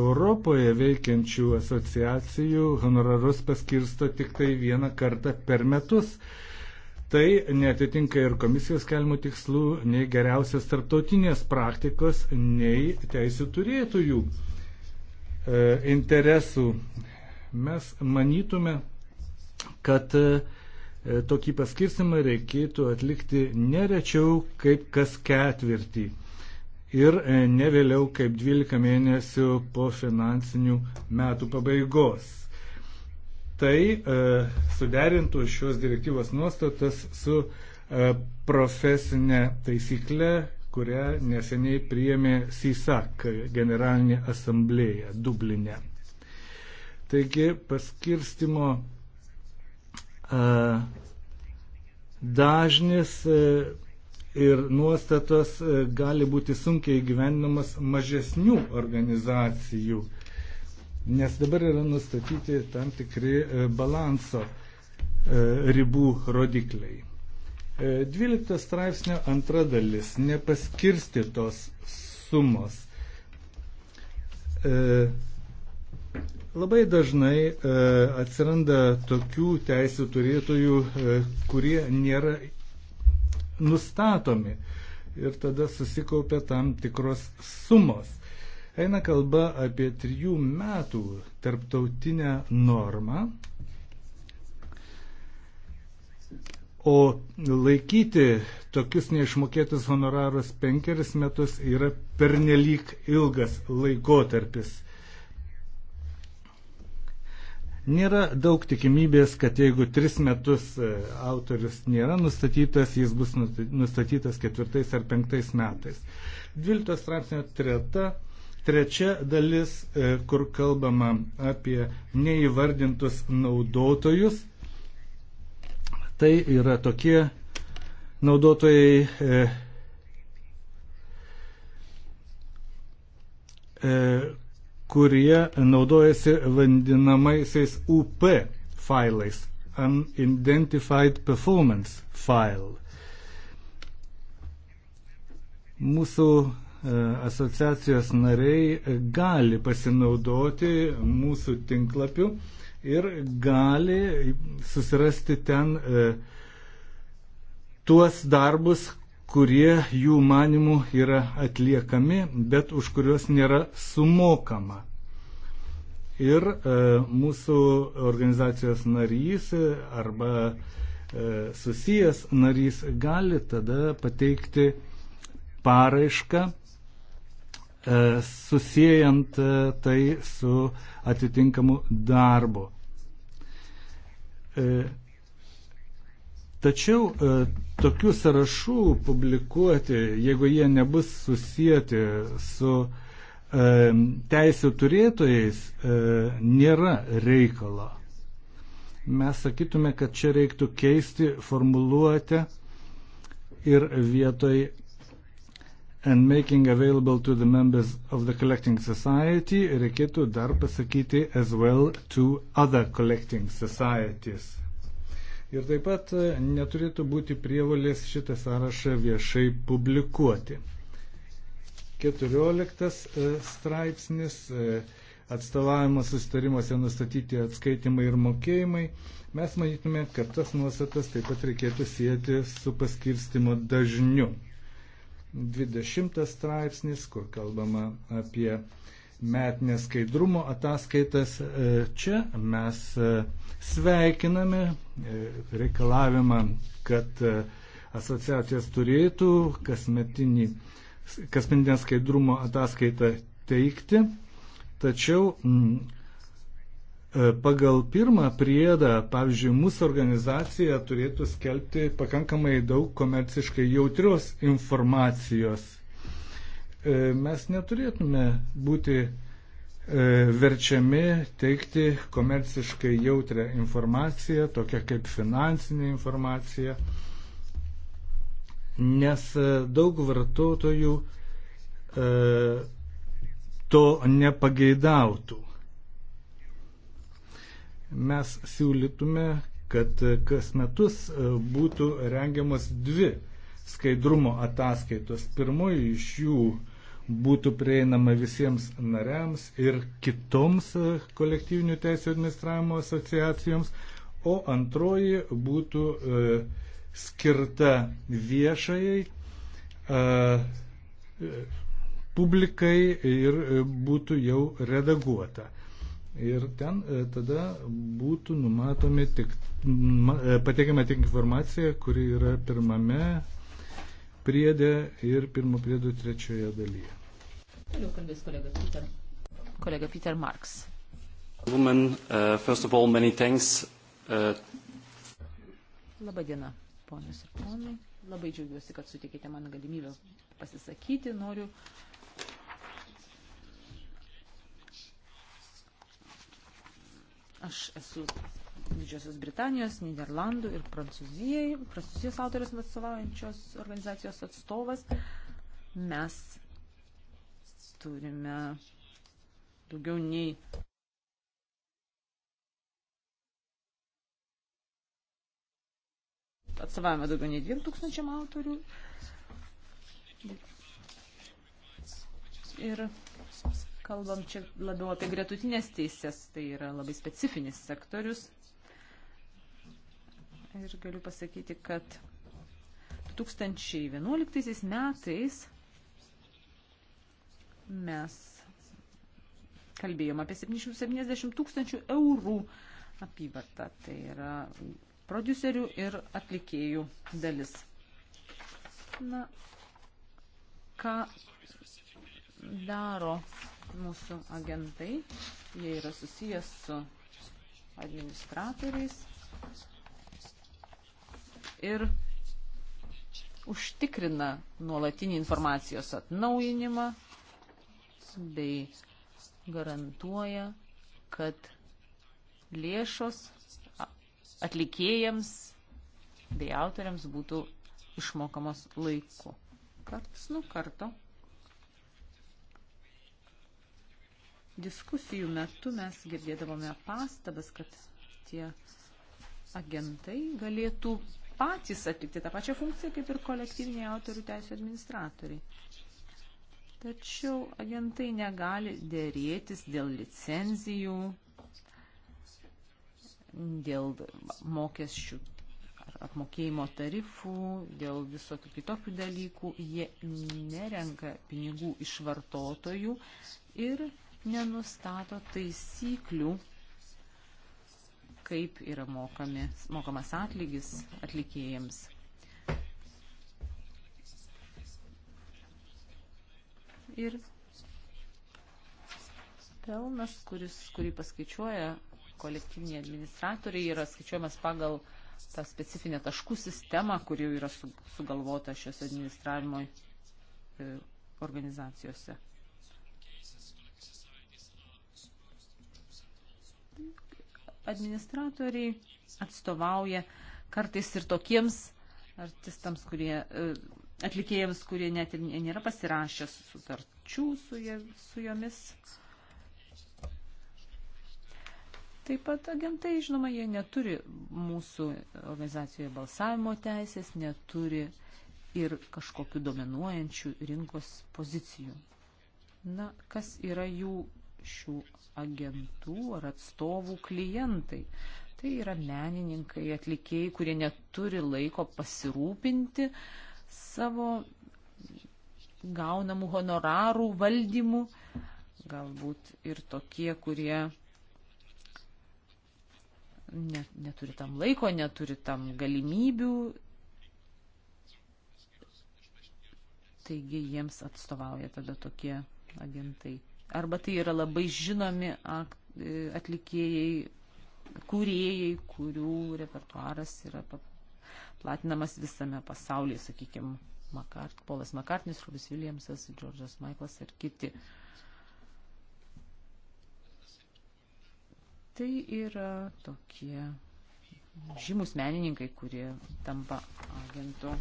Europoje veikiančių asociacijų honorarus paskirsto tik tai vieną kartą per metus. Tai netitinka ir komisijos kelmų tikslų, nei geriausios tarptautinės praktikos, nei teisų turėtojų e, interesų. Mes manytume, kad e, tokį paskirstimą reikėtų atlikti nerečiau kaip kas ketvirtį ir e, ne vėliau kaip 12 mėnesių po finansinių metų pabaigos tai e, suderintų šios direktyvos nuostatas su e, profesinė taisyklė, kurią neseniai priėmė SISAK generalinė asamblėja Dublinė. Taigi paskirstimo e, dažnis ir nuostatos gali būti sunkiai gyvenamas mažesnių organizacijų nes dabar yra nustatyti tam tikri e, balanso e, ribų rodikliai. 12 e, straipsnio antra dalis - nepaskirstytos sumos. Labai dažnai atsiranda tokių teisų turėtojų, kurie nėra nustatomi ir tada susikaupia tam tikros sumos. Eina kalba apie trijų metų tarptautinę normą, o laikyti tokius neišmokėtus honorarus penkeris metus yra pernelyg ilgas laikotarpis. Nėra daug tikimybės, kad jeigu tris metus e, autorius nėra nustatytas, jis bus nustatytas ketvirtais ar penktais metais. 12 straipsnio treta Trečia dalis, e, kur kalbama apie neįvardintus naudotojus, tai yra tokie naudotojai, e, e, kurie naudojasi vadinamaisiais UP failais, Unidentified Performance File. Mūsų E, asociacijos nariai gali pasinaudoti mūsų tinklapiu ir gali susirasti ten e, tuos darbus, kurie jų manimų yra atliekami, bet už kuriuos nėra sumokama. Ir e, mūsų organizacijos narys e, arba e, susijęs narys gali tada pateikti paraišką E, susijęjant e, tai su atitinkamu darbu. E, tačiau tokių sąrašų publikuoti, jeigu jie nebus susijęti su teisų turėtojais, nėra reikalo. Mes sakytume, kad čia reiktų keisti formuluotę ir vietoj and making available to the members of the collecting society reikėtų dar pasakyti as well to other collecting societies. Ir taip pat e, neturėtų būti prievalės šitą sąrašą viešai publikuoti. 14 e, straipsnis e, atstovavimo sustarimuose nustatyti atskaitimai ir mokėjimai, mes manytume, kad tas nuostatas taip pat reikėtų sieti su paskirstimo dažniu. 20 straipsnis, kur kalbama apie metinę skaidrumo ataskaitas. E, čia mes e, sveikiname e, reikalavimą, kad asociacijas turėtų kasmetinį kasmetinę skaidrumo ataskaitą teikti, tačiau E, pagal pirmą priedą, pavyzdžiui, mūsų organizacija turėtų skelbti pakankamai daug komerciškai jautrios informacijos. E, mes neturėtume būti e, verčiami teikti komerciškai jautrę informaciją, tokią kaip finansinė informacija, nes daug vartotojų to nepageidautų mes siūlytume, kad kas metus e, būtų rengiamas dvi skaidrumo ataskaitos. Pirmoji iš jų būtų prieinama visiems nariams ir kitoms e, kolektyvinių teisų administravimo asociacijoms, o antroji būtų e, skirta viešai e, e, publikai ir būtų jau redaguota. Ir ten e, tada būtų numatomi tik, e, pateikiama tik informacija, kuri yra pirmame priedė ir pirmo priedo trečioje dalyje. Toliau kalbės kolega Peter, kolega Peter Marks. Woman, uh, first of all, many thanks. Uh... Labadiena, ponios ir ponai. Labai džiaugiuosi, kad sutikite man galimybę pasisakyti. Noriu uh, Aš esu Didžiosios Britanijos, Niderlandų ir Prancūzijai, Prancūzijos autorius atstovaujančios organizacijos atstovas. Mes turime daugiau nei atsavavome daugiau nei 2000 autorių. Ir kalbam čia labiau apie gretutinės teisės, tai yra labai specifinis sektorius. Ir galiu pasakyti, kad 2011 metais mes kalbėjom apie 770 tūkstančių eurų apyvartą. Tai yra producerių ir atlikėjų dalis. Na, ką daro mūsų agentai, jie yra susijęs su administratoriais ir užtikrina nuolatinį informacijos atnaujinimą bei garantuoja, kad lėšos atlikėjams bei autoriams būtų išmokamos laiku. Karts nuo karto. diskusijų metu mes girdėdavome pastabas, kad tie agentai galėtų patys atlikti tą pačią funkciją kaip ir kolektyviniai autorių teisų administratoriai. Tačiau agentai negali dėrėtis dėl licenzijų, dėl mokesčių ar apmokėjimo tarifų, dėl visokių kitokių dalykų. Jie nerenka pinigų iš vartotojų ir nenustato taisyklių, kaip yra mokami, mokamas atlygis atlikėjams. Ir pelnas, kuris, kurį paskaičiuoja kolektyviniai administratoriai, yra skaičiuojamas pagal tą specifinę taškų sistemą, kuri jau yra sugalvota šios administravimo e, organizacijose. administratoriai atstovauja kartais ir tokiems artistams, kurie, e, atlikėjams, kurie net ir nėra pasirašę sutarčių su, jie, su jomis. Taip pat agentai, žinoma, jie neturi mūsų organizacijoje balsavimo teisės, neturi ir kažkokių dominuojančių rinkos pozicijų. Na, kas yra jų šių agentų ar atstovų klientai. Tai yra menininkai, atlikėjai, kurie neturi laiko pasirūpinti savo gaunamų honorarų valdymų, galbūt ir tokie, kurie net, neturi tam laiko, neturi tam galimybių. Taigi jiems atstovauja tada tokie agentai arba tai yra labai žinomi atlikėjai, kūrėjai, kurių repertuaras yra platinamas visame pasaulyje, sakykime, Makart, Polas Makartnis, Rubis Williamsas, Džordžas Maiklas ir kiti. Tai yra tokie žymus menininkai, kurie tampa agentų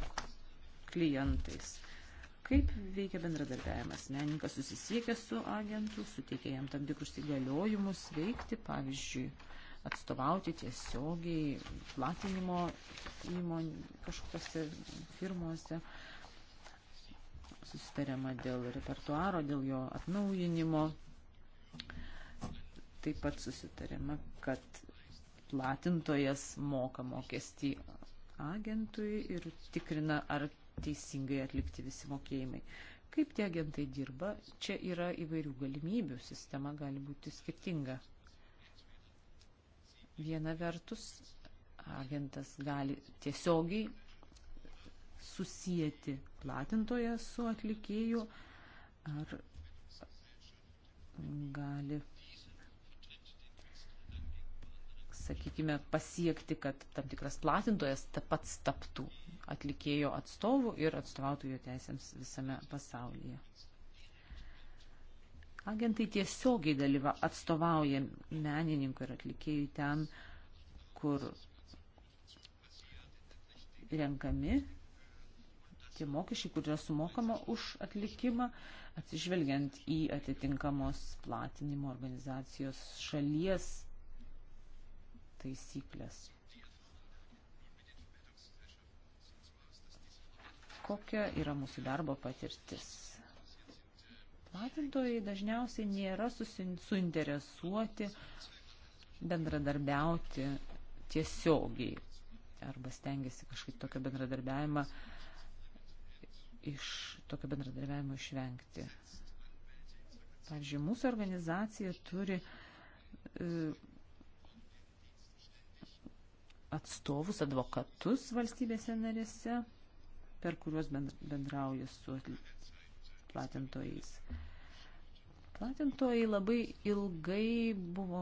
klientais. Kaip veikia bendradarbiavimas? Menininkas susisiekia su agentu, suteikia jam tam tikrus įgaliojimus veikti, pavyzdžiui, atstovauti tiesiogiai platinimo įmonė kažkokiose firmose. Susitariama dėl repertuaro, dėl jo atnaujinimo. Taip pat susitariama, kad platintojas moka mokestį agentui ir tikrina, ar teisingai atlikti visi mokėjimai. Kaip tie agentai dirba, čia yra įvairių galimybių, sistema gali būti skirtinga. Viena vertus, agentas gali tiesiogiai susijęti platintoje su atlikėju ar gali, sakykime, pasiekti, kad tam tikras platintojas ta pats taptų atlikėjo atstovų ir atstovautų jo teisėms visame pasaulyje. Agentai tiesiogiai dalyva atstovauja menininkų ir atlikėjų ten, kur renkami tie mokesčiai, kur yra sumokama už atlikimą, atsižvelgiant į atitinkamos platinimo organizacijos šalies taisyklės. kokia yra mūsų darbo patirtis. Platintojai dažniausiai nėra suinteresuoti bendradarbiauti tiesiogiai arba stengiasi kažkaip tokio bendradarbiavimą iš tokio bendradarbiavimo išvengti. Pavyzdžiui, mūsų organizacija turi e, atstovus, advokatus valstybėse narėse, per kuriuos bendrauja su platintojais. Platintojai labai ilgai buvo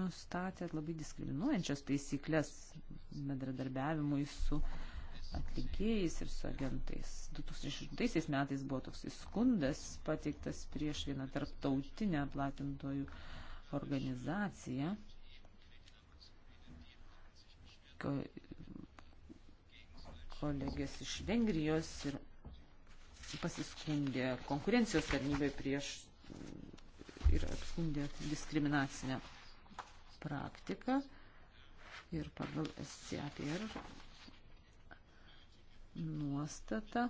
nustatę labai diskriminuojančias taisyklės bendradarbiavimui su atlikėjais ir su agentais. 2006 metais buvo toks skundas pateiktas prieš vieną tarptautinę platintojų organizaciją kolegės iš Vengrijos ir pasiskundė konkurencijos tarnybai prieš ir apskundė diskriminacinę praktiką ir pagal SCAPR nuostatą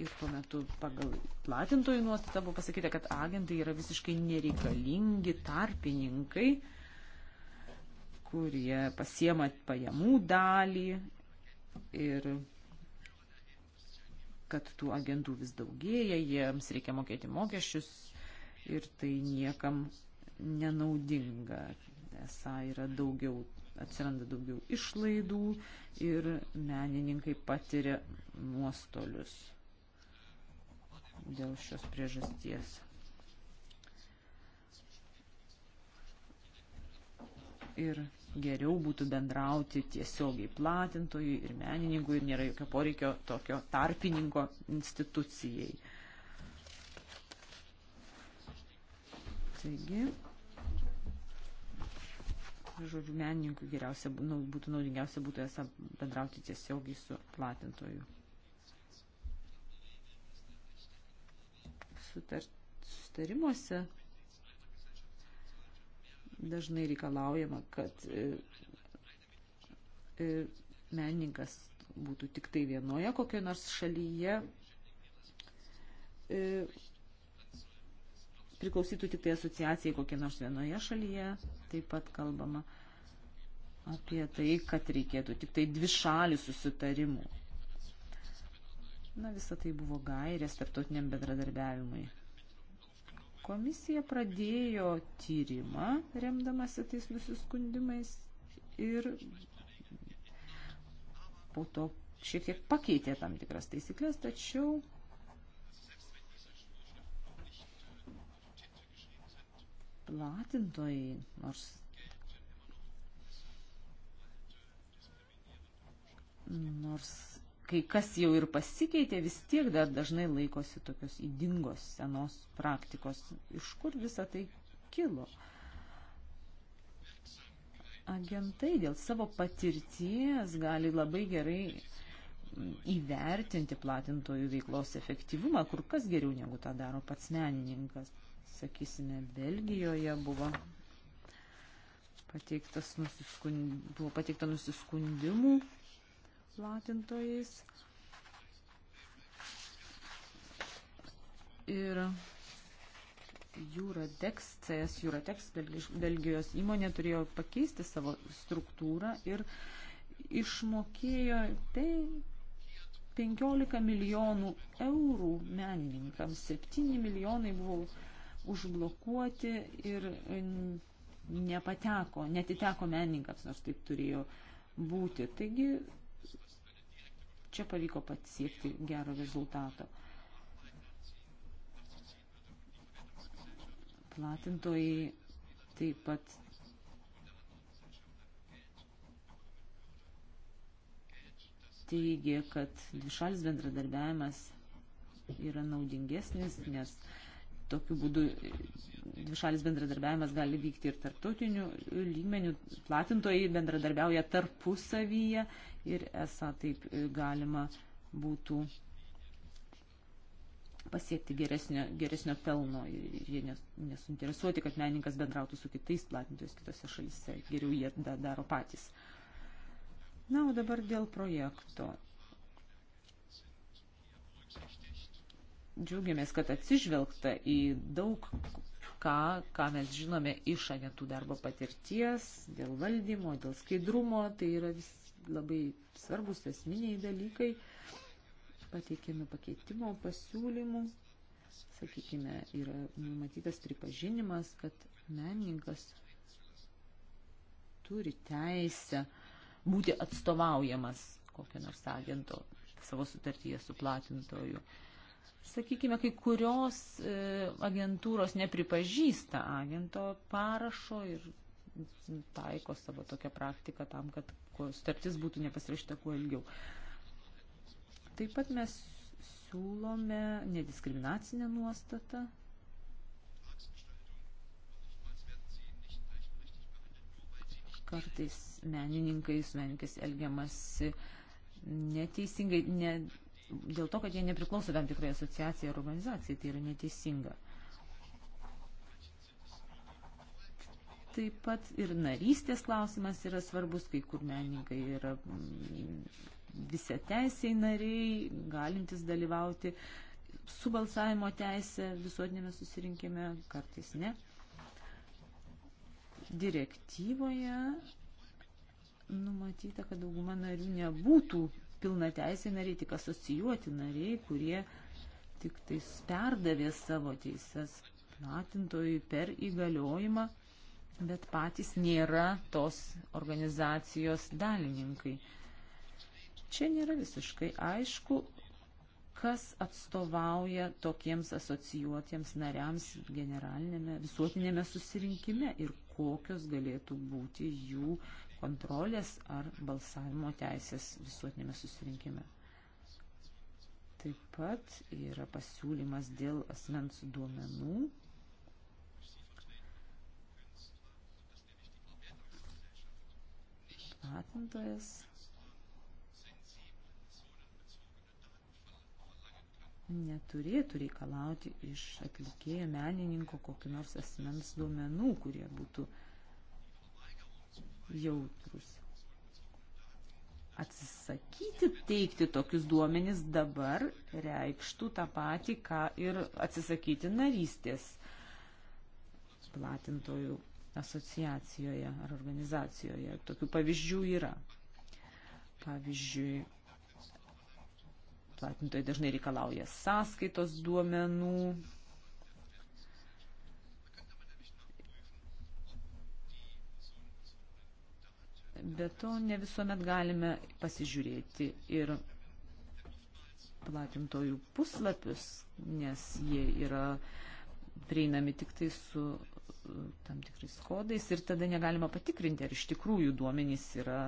ir tuo metu pagal platintojų nuostatą buvo pasakyta, kad agentai yra visiškai nereikalingi tarpininkai, kurie pasiema pajamų dalį ir kad tų agentų vis daugėja, jiems reikia mokėti mokesčius ir tai niekam nenaudinga. Esą yra daugiau, atsiranda daugiau išlaidų ir menininkai patiria nuostolius dėl šios priežasties. Ir geriau būtų bendrauti tiesiogiai platintojui ir menininkui ir nėra jokio poreikio tokio tarpininko institucijai. Taigi, žodžiu, menininkui geriausia nu, būtų naudingiausia būtų esą bendrauti tiesiogiai su platintoju. Sutarimuose dažnai reikalaujama, kad e, e, menininkas būtų tik tai vienoje kokioje nors šalyje, e, priklausytų tik tai asociacijai kokie nors vienoje šalyje, taip pat kalbama apie tai, kad reikėtų tik tai dvi šalių susitarimų. Na, visa tai buvo gairės tarptautiniam bendradarbiavimui. Komisija pradėjo tyrimą, remdamasi tais nusiskundimais ir po to šiek tiek pakeitė tam tikras taisyklės, tačiau platintojai, nors nors kai kas jau ir pasikeitė, vis tiek dar dažnai laikosi tokios įdingos senos praktikos. Iš kur visa tai kilo? Agentai dėl savo patirties gali labai gerai įvertinti platintojų veiklos efektyvumą, kur kas geriau negu tą daro pats menininkas. Sakysime, Belgijoje buvo, pateiktas nusiskund... buvo pateikta nusiskundimų platintojais. Ir Juradex, CS Juradex, Belgijos įmonė turėjo pakeisti savo struktūrą ir išmokėjo tai 15 milijonų eurų menininkams, 7 milijonai buvo užblokuoti ir nepateko, netiteko menininkams, nors taip turėjo būti. Taigi Čia pavyko pasiekti gero rezultato. Platintojai taip pat teigia, kad dvišalis bendradarbiavimas yra naudingesnis, nes uh, tokiu būdu e, dvišalis bendradarbiavimas gali vykti ir tarptautiniu lygmeniu, platintojai bendradarbiauja tarpusavyje ir esą taip e, galima būtų pasiekti geresnio, geresnio pelno ir jie nesuinteresuoti, kad menininkas bendrautų su kitais platintojais kitose šalyse, geriau jie da, daro patys. Na, o dabar dėl projekto. džiaugiamės, kad atsižvelgta į daug ką, ką mes žinome iš agentų darbo patirties, dėl valdymo, dėl skaidrumo, tai yra vis labai svarbus esminiai dalykai. Pateikėme pakeitimo pasiūlymų, sakykime, yra numatytas pripažinimas, kad menininkas turi teisę būti atstovaujamas kokio nors agento savo sutartyje su platintoju. Uh, sakykime, kai kurios e, agentūros nepripažįsta agento parašo ir taiko savo tokią praktiką tam, kad sutartis būtų nepasirašyta kuo ilgiau. Taip pat mes siūlome nediskriminacinę nuostatą. Kartais menininkais, menininkais elgiamasi neteisingai, ne, dėl to, kad jie nepriklauso tam tikrai asociacijai ar organizacijai, tai yra neteisinga. Taip pat ir narystės klausimas yra svarbus, kai kur menininkai yra mm, visi teisiai nariai, galintis dalyvauti su balsavimo teisė visuotinėme susirinkime, kartais ne. Direktyvoje numatyta, kad dauguma narių nebūtų pilna teisė nariai, tik asocijuoti nariai, kurie tik tais perdavė savo teises platintojui per įgaliojimą, bet patys nėra tos organizacijos dalininkai. Čia nėra visiškai aišku, kas atstovauja tokiems asocijuotiems nariams generalinėme visuotinėme susirinkime ir kokios galėtų būti jų uh, kontrolės ar balsavimo teisės visuotinėme susirinkime. Taip pat yra pasiūlymas dėl asmens duomenų. Platintojas neturėtų reikalauti iš atlikėjo menininko kokiu nors asmens duomenų, kurie būtų uh, jautrus. Atsisakyti teikti tokius duomenis dabar reikštų tą patį, ką ir atsisakyti narystės platintojų asociacijoje ar organizacijoje. Tokių pavyzdžių yra. Pavyzdžiui, platintojai dažnai reikalauja sąskaitos duomenų, Bet to ne visuomet galime pasižiūrėti ir platintojų puslapius, nes jie yra prieinami tik tai su e, tam tikrais kodais ir tada negalima patikrinti, ar iš tikrųjų duomenys yra,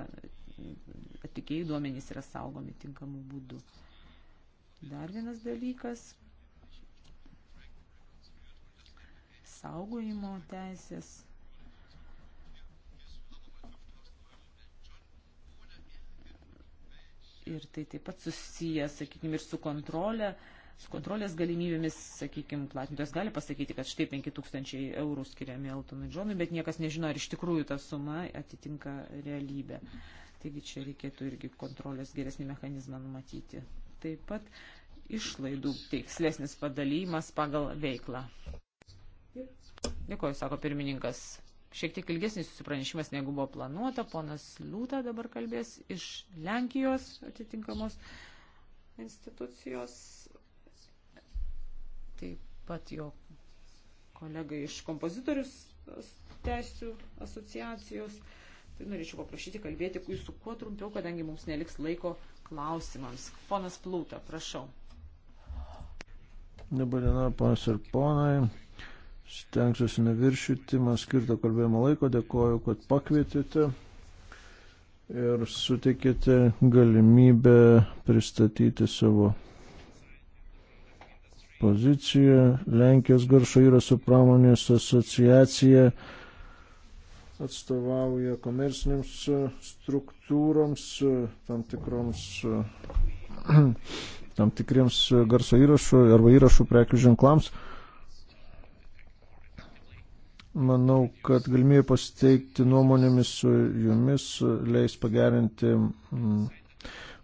atikėjų duomenys yra saugomi tinkamu būdu. Dar vienas dalykas - saugojimo teisės ir tai taip pat susijęs, sakykime, ir su kontrolė, su kontrolės galimybėmis, sakykime, platintojas gali pasakyti, kad štai 5000 eurų skiriami Eltonui Džonui, bet niekas nežino, ar iš tikrųjų ta suma atitinka realybę. Taigi čia reikėtų irgi kontrolės geresnį mechanizmą numatyti. Taip pat išlaidų tikslesnis padalymas pagal veiklą. Dėkuoju, sako pirmininkas. Šiek tiek ilgesnis jūsų pranešimas negu buvo planuota. Ponas Liūta dabar kalbės iš Lenkijos atitinkamos institucijos. Taip pat jo kolega iš kompozitorius teisų asociacijos. Tai norėčiau paprašyti kalbėti jūsų kuo trumpiau, kadangi mums neliks laiko klausimams. Ponas Plūta, prašau. Dabar diena, ponas ir ponai. Stengsiuosi neviršyti man skirto kalbėjimo laiko. Dėkoju, kad pakvietėte ir suteikėte galimybę pristatyti savo poziciją. Lenkijos garšo įrašų pramonės asociacija atstovauja komersinėms struktūroms, tam tikroms tam tikriems garso įrašų arba įrašų prekių ženklams. Manau, kad galimybė pasiteikti nuomonėmis su jumis leis pagerinti mm,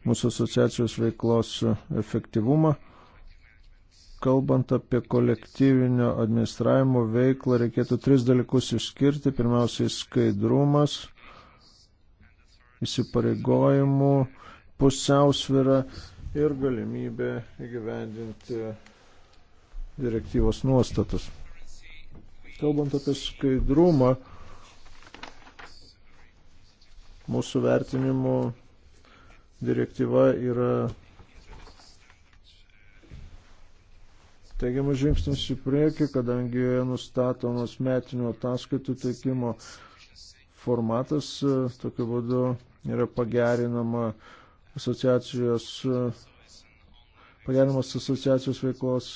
mūsų asociacijos veiklos efektyvumą. Kalbant apie kolektyvinio administravimo veiklą, reikėtų tris dalykus išskirti. Pirmiausiai skaidrumas, įsipareigojimų, pusiausvyrą ir galimybę įgyvendinti direktyvos nuostatus. Kalbant apie skaidrumą, mūsų vertinimų direktyva yra teigiamas žingsnis į priekį, kadangi nustatomas metinių ataskaitų teikimo formatas, tokiu būdu yra pagerinama asociacijos, pagerinamas asociacijos veiklos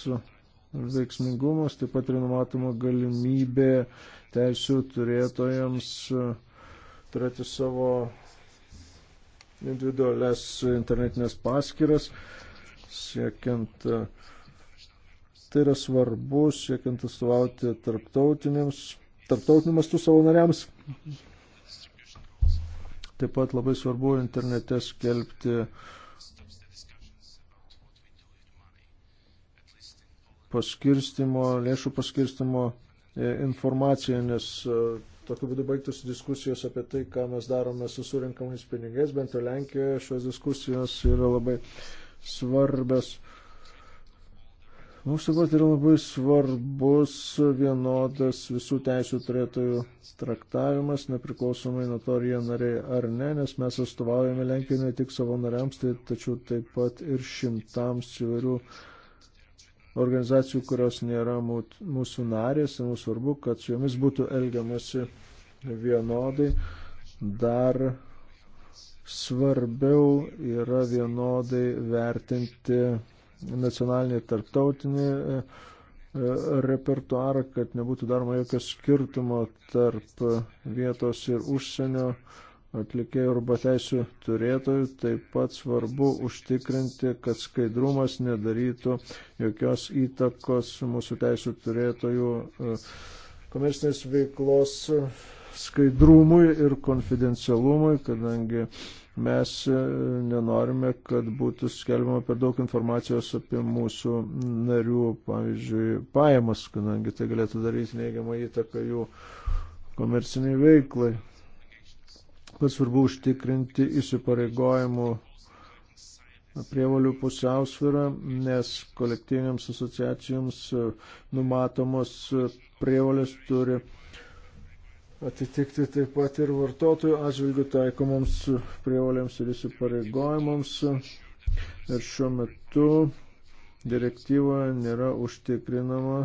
veiksmingumas, taip pat yra numatoma galimybė teisų turėtojams e, turėti savo individualias internetinės paskiras, siekiant, e, tai yra svarbu, siekiant atstovauti tarptautiniams, tarptautiniu mastu savo nariams. Taip pat labai svarbu internete skelbti uh, paskirstimo, lėšų paskirstimo e, informaciją, nes e, tokiu būdu baigtųsi diskusijos apie tai, ką mes darome su surinkamais pinigais, bent jau Lenkijoje šios diskusijos yra labai svarbios. Mums taip pat yra labai svarbus vienodas visų teisų turėtojų traktavimas, nepriklausomai nuo to, ar jie nariai ar ne, nes mes atstovaujame Lenkiją ne tik savo nariams, tai, tačiau taip pat ir šimtams įvairių organizacijų, kurios nėra mūsų narės ir mūsų svarbu, kad su jomis būtų elgiamasi vienodai. Dar svarbiau yra vienodai vertinti nacionalinį ir tarptautinį e, repertuarą, kad nebūtų daroma jokio skirtumo tarp vietos ir užsienio uh, atlikėjų arba teisų turėtojų, taip pat svarbu užtikrinti, kad skaidrumas nedarytų jokios įtakos mūsų teisų turėtojų e, komercinės veiklos skaidrumui ir konfidencialumui, kadangi mes e, nenorime, kad būtų skelbiama per daug informacijos apie mūsų narių, pavyzdžiui, pajamas, kadangi tai galėtų daryti neigiamą įtaką jų komerciniai veiklai. Bet svarbu užtikrinti įsipareigojimų prievalių pusiausvyrą, nes kolektyviniams asociacijoms e, numatomos e, prievalės turi atitikti taip pat ir vartotojų atžvilgių taikomoms prievalėms ir įsipareigojimams. Ir šiuo metu direktyvoje nėra užtikrinama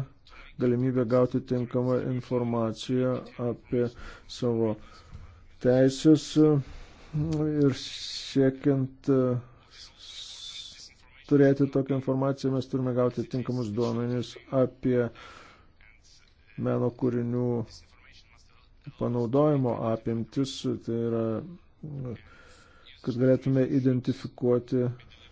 galimybė gauti tinkamą informaciją apie savo teisės ir siekiant turėti tokią informaciją mes turime gauti tinkamus duomenys apie meno kūrinių panaudojimo apimtis, tai yra, kad galėtume identifikuoti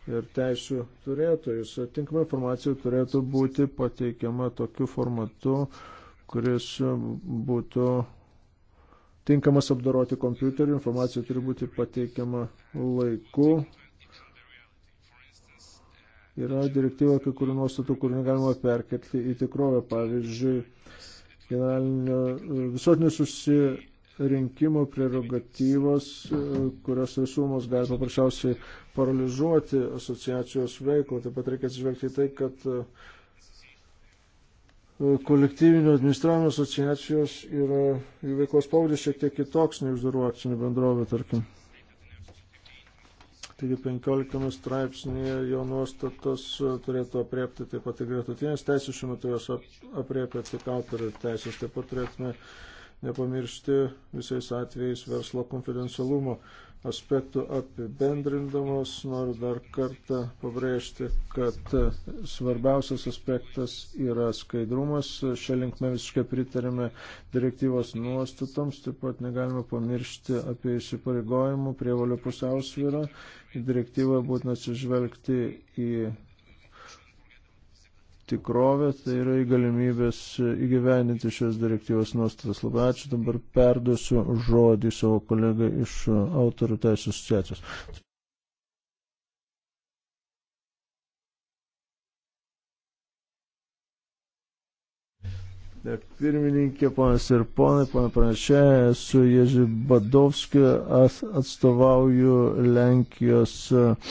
ir teisų turėtojus. Tinkama informacija turėtų būti pateikiama tokiu formatu, kuris būtų tinkamas apdoroti kompiuterį, informacija turi būti pateikiama laiku. Yra direktyva, kai kurių nuostatų, kur negalima perkelti į tikrovę, pavyzdžiui, generalinio e, visuotinio susirinkimo prerogatyvos, e, kurios visuomos gali paprasčiausiai paralizuoti asociacijos veiklą. Taip pat reikia atsižvelgti į tai, kad e, kolektyvinio administravimo asociacijos yra jų veiklos paudis šiek tiek kitoks nei uždarų akcinių bendrovė, tarkim. Taigi 15 straipsnėje jo nuostatos e, turėtų apriepti taip pat ir gretutinės teisės, šiuo metu jos apriepia tik autorių teisės, taip pat turėtume nepamiršti visais atvejais verslo konfidencialumo aspektų apibendrindamos. Noriu dar kartą pabrėžti, kad svarbiausias aspektas yra skaidrumas. Šią linkmę visiškai pritarėme direktyvos nuostatoms, taip pat negalime pamiršti apie įsipareigojimų prievalių pusiausvyrą. Direktyvoje būtina atsižvelgti į tikrovę, tai yra į galimybės įgyveninti šios direktyvos nuostatas. Labai ačiū, dabar perduosiu žodį savo kolegai iš autorių teisės asociacijos. Pirmininkė, ponas ir ponai, pana pranešėja, esu Ježi Badovskiu, atstovauju Lenkijos uh,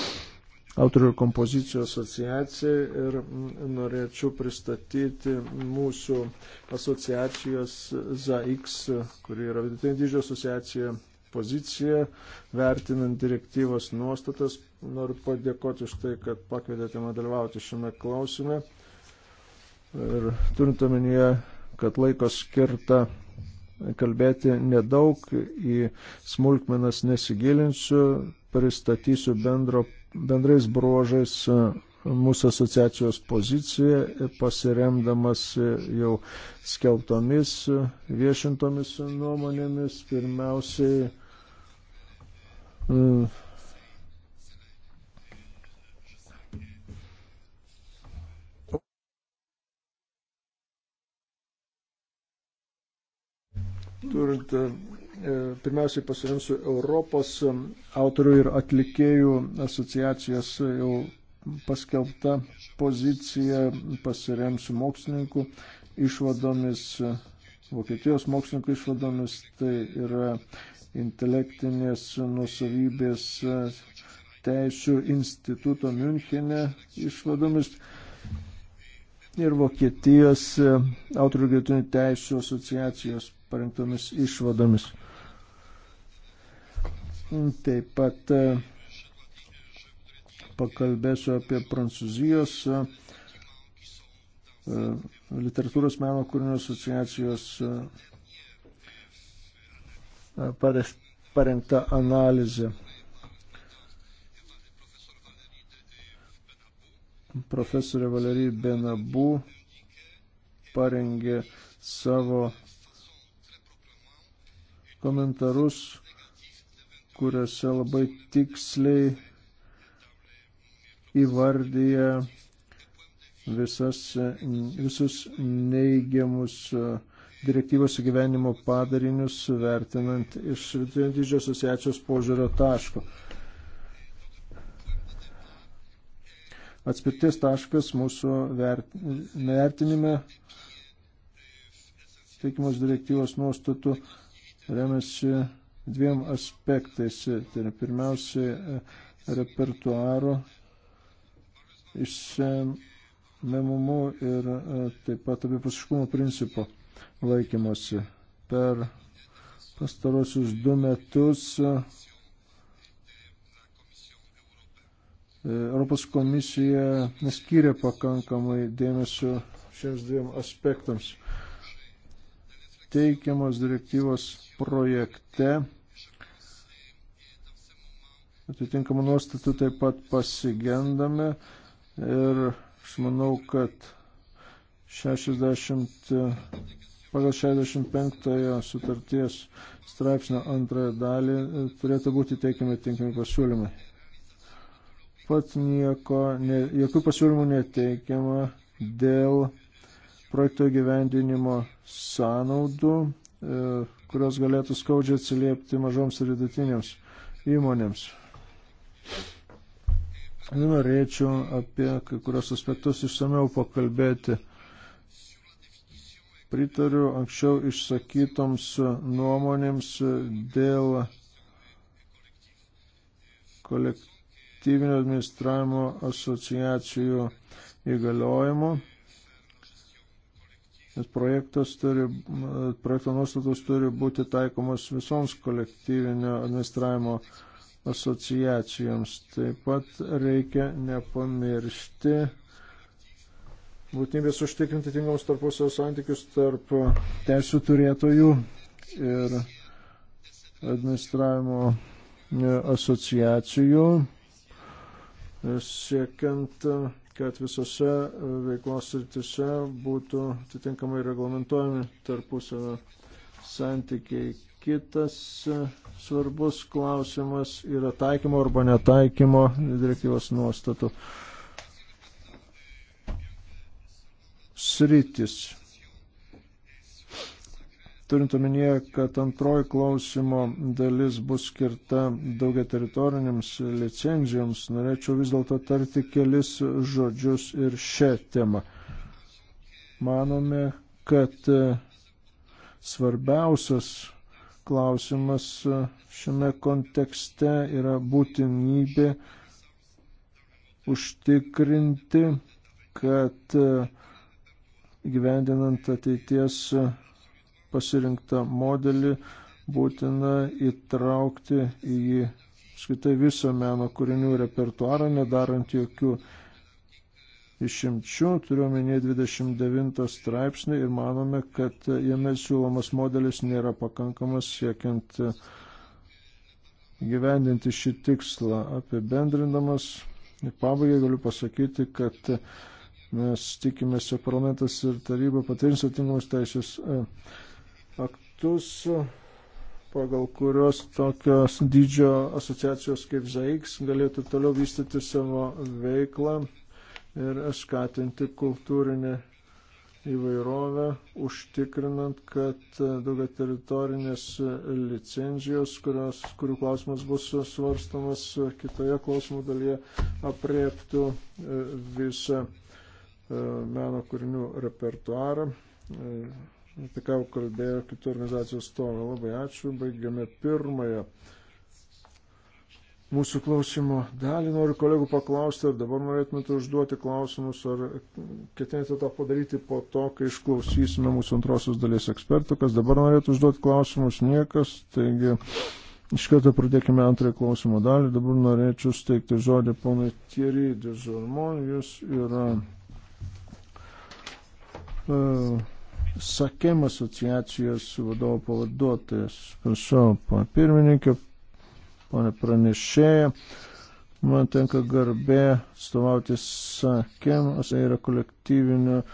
autorių ir kompozicijų asociacijai ir norėčiau pristatyti mūsų asociacijos ZAX, kuri yra vidutinė dydžio asociacija poziciją, vertinant direktyvos nuostatas. Noriu padėkoti už tai, kad pakvietėte man dalyvauti šiame klausime. Ir turint omenyje, kad laiko skirta kalbėti nedaug, į smulkmenas nesigilinsiu, pristatysiu bendro bendrais bruožais e, mūsų asociacijos poziciją, e, pasiremdamas e, jau skeltomis, viešintomis nuomonėmis, pirmiausiai turint E, pirmiausiai pasiremsiu Europos autorių ir atlikėjų asociacijos jau paskelbta pozicija, pasiremsiu mokslininkų išvadomis, Vokietijos mokslininkų išvadomis, tai yra intelektinės nusavybės teisų instituto Münchenė išvadomis ir Vokietijos autorių gretinių teisų asociacijos parengtomis išvadomis. Taip pat e, pakalbėsiu apie Prancūzijos e, e, literatūros meno kūrinio asociacijos parengta analizė. Profesorė Valerija Benabu parengė savo komentarus kuriuose labai tiksliai įvardyja visas, visus neigiamus direktyvos įgyvenimo padarinius, vertinant iš didžio asociacijos požiūrio taško. Atspirties taškas mūsų vertinime teikiamos direktyvos nuostatų remiasi dviem aspektais. Tai yra pirmiausia e, repertuaro išsemimumu ir e, taip pat abipusiškumo principo laikymosi. Per pastarosius du metus e, Europos komisija neskyrė pakankamai dėmesio šiems dviem aspektams. Teikiamos direktyvos projekte Atitinkamų nuostatų taip pat pasigendame ir aš manau, kad 60, pagal 65 sutarties straipsnio antrąją dalį e, turėtų būti teikiami tinkami pasiūlymai. Pat nieko, ne, jokių pasiūlymų neteikiama dėl projekto gyvendinimo sąnaudų, e, kurios galėtų skaudžiai atsiliepti mažoms ir vidutinėms įmonėms. Norėčiau apie kai kurios aspektus išsameu pakalbėti. Pritariu anksčiau išsakytoms nuomonėms dėl kolektyvinio administravimo asociacijų įgaliojimo. Nes projektas turi, projekto nuostatos turi būti taikomos visoms kolektyvinio administravimo asociacijų asociacijoms. Taip pat reikia nepamiršti būtinybės užtikrinti tinkamus tarpusio santykius tarp teisų turėtojų ir administravimo e, asociacijų, e, siekiant, e, kad visose veiklos sritise būtų atitinkamai reglamentuojami tarpusio santykiai, Kitas svarbus klausimas yra taikymo arba netaikymo direktyvos nuostatų sritis. Turint omenyje, kad antroji klausimo dalis bus skirta daugia teritorinėms licenzijoms, norėčiau vis dėlto tarti kelis žodžius ir šią temą. Manome, kad svarbiausias klausimas e, šiame kontekste yra būtinybė užtikrinti, kad e, gyvendinant ateities pasirinktą modelį būtina įtraukti į skaitai visą meno kūrinių repertuarą, nedarant jokių išimčių, turiuomenė 29 straipsnį ir manome, kad jame siūlomas modelis nėra pakankamas siekiant gyvendinti šį tikslą. Apibendrindamas, pabaigai galiu pasakyti, kad mes tikimės, jog parlamentas ir taryba patvirtins atinkamus teisės e, aktus pagal kurios tokios dydžio asociacijos kaip ZAIX galėtų toliau vystyti savo veiklą ir skatinti kultūrinę įvairovę, užtikrinant, kad e, daugia teritorinės e, licenzijos, kurios, kurių klausimas bus svarstamas e, kitoje klausimų dalyje, apriektų visą meno kūrinių repertuarą. Apie tai ką jau kalbėjo kitų organizacijų stovai. Labai ačiū. Baigiame pirmąją mūsų klausimo dalį. Noriu kolegų paklausti, ar dabar norėtumėte užduoti klausimus, ar ketinate tą padaryti po to, kai išklausysime mūsų antrosios dalies ekspertų, kas dabar norėtų užduoti klausimus, niekas. Taigi, iš karto pradėkime antrąją klausimo dalį. Dabar norėčiau steigti žodį ponai Thierry de Žormon. Jis yra. Uh, e, Sakėm asociacijos vadovo pavaduotojas. Prašau, pirmininkė, ponė pranešėja. Man tenka garbė atstovauti SAKEM, tai yra kolektyvinio e,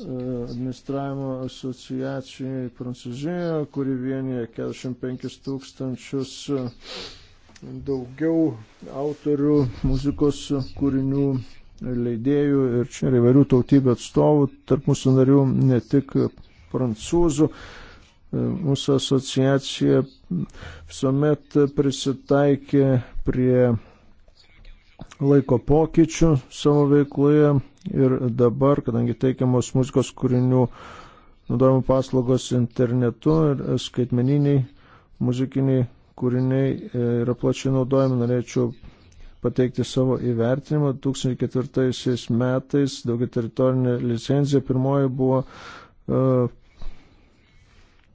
administravimo asociacijai Prancūzijoje, kuri vienyje 45 tūkstančius e, daugiau autorių muzikos kūrinių leidėjų ir čia yra įvairių tautybių atstovų, tarp mūsų narių ne tik prancūzų. Mūsų asociacija visuomet prisitaikė prie laiko pokyčių savo veikloje ir dabar, kadangi teikiamos muzikos kūrinių naudojimo paslaugos internetu ir skaitmeniniai muzikiniai kūriniai e, yra plačiai naudojami, norėčiau pateikti savo įvertinimą. 2004 metais daugia teritorinė licencija pirmoji buvo uh,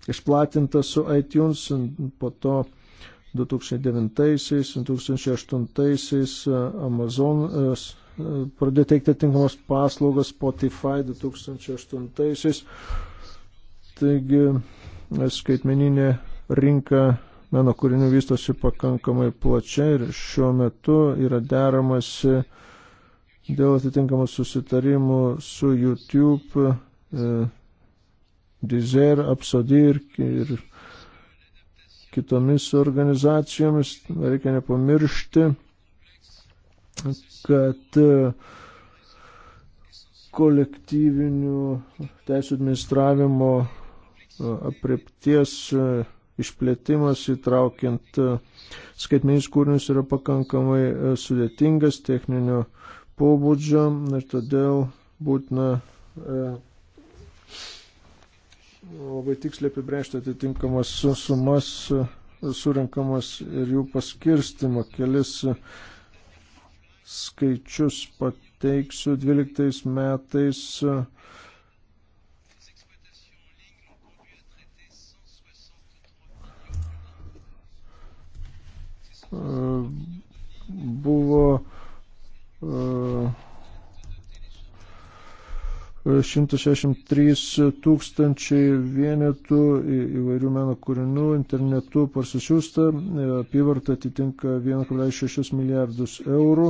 išplatinta su iTunes, po to 2009-aisiais, 2008-aisiais e, Amazon e, e, pradėjo teikti tinkamos paslaugos Spotify 2008-aisiais. Taigi skaitmeninė rinka meno kūrinių vystosi pakankamai plačiai ir šiuo metu yra deramasi dėl atitinkamų susitarimų su YouTube Dizer, Apsody ir, ir kitomis organizacijomis. Reikia nepamiršti, kad e, kolektyvinių teisų administravimo e, apriepties e, išplėtimas įtraukiant skaitmeninis kūrinius yra pakankamai sudėtingas techninio pobūdžio ir todėl būtina labai tiksliai apibrėžti atitinkamas sumas surinkamas ir jų paskirstimą. Kelis skaičius pateiksiu 12 metais. Buvo uh, 163 tūkstančiai vienetų įvairių meno kūrinių internetu parsisiųsta, e, apyvarta atitinka 1,6 milijardus eurų.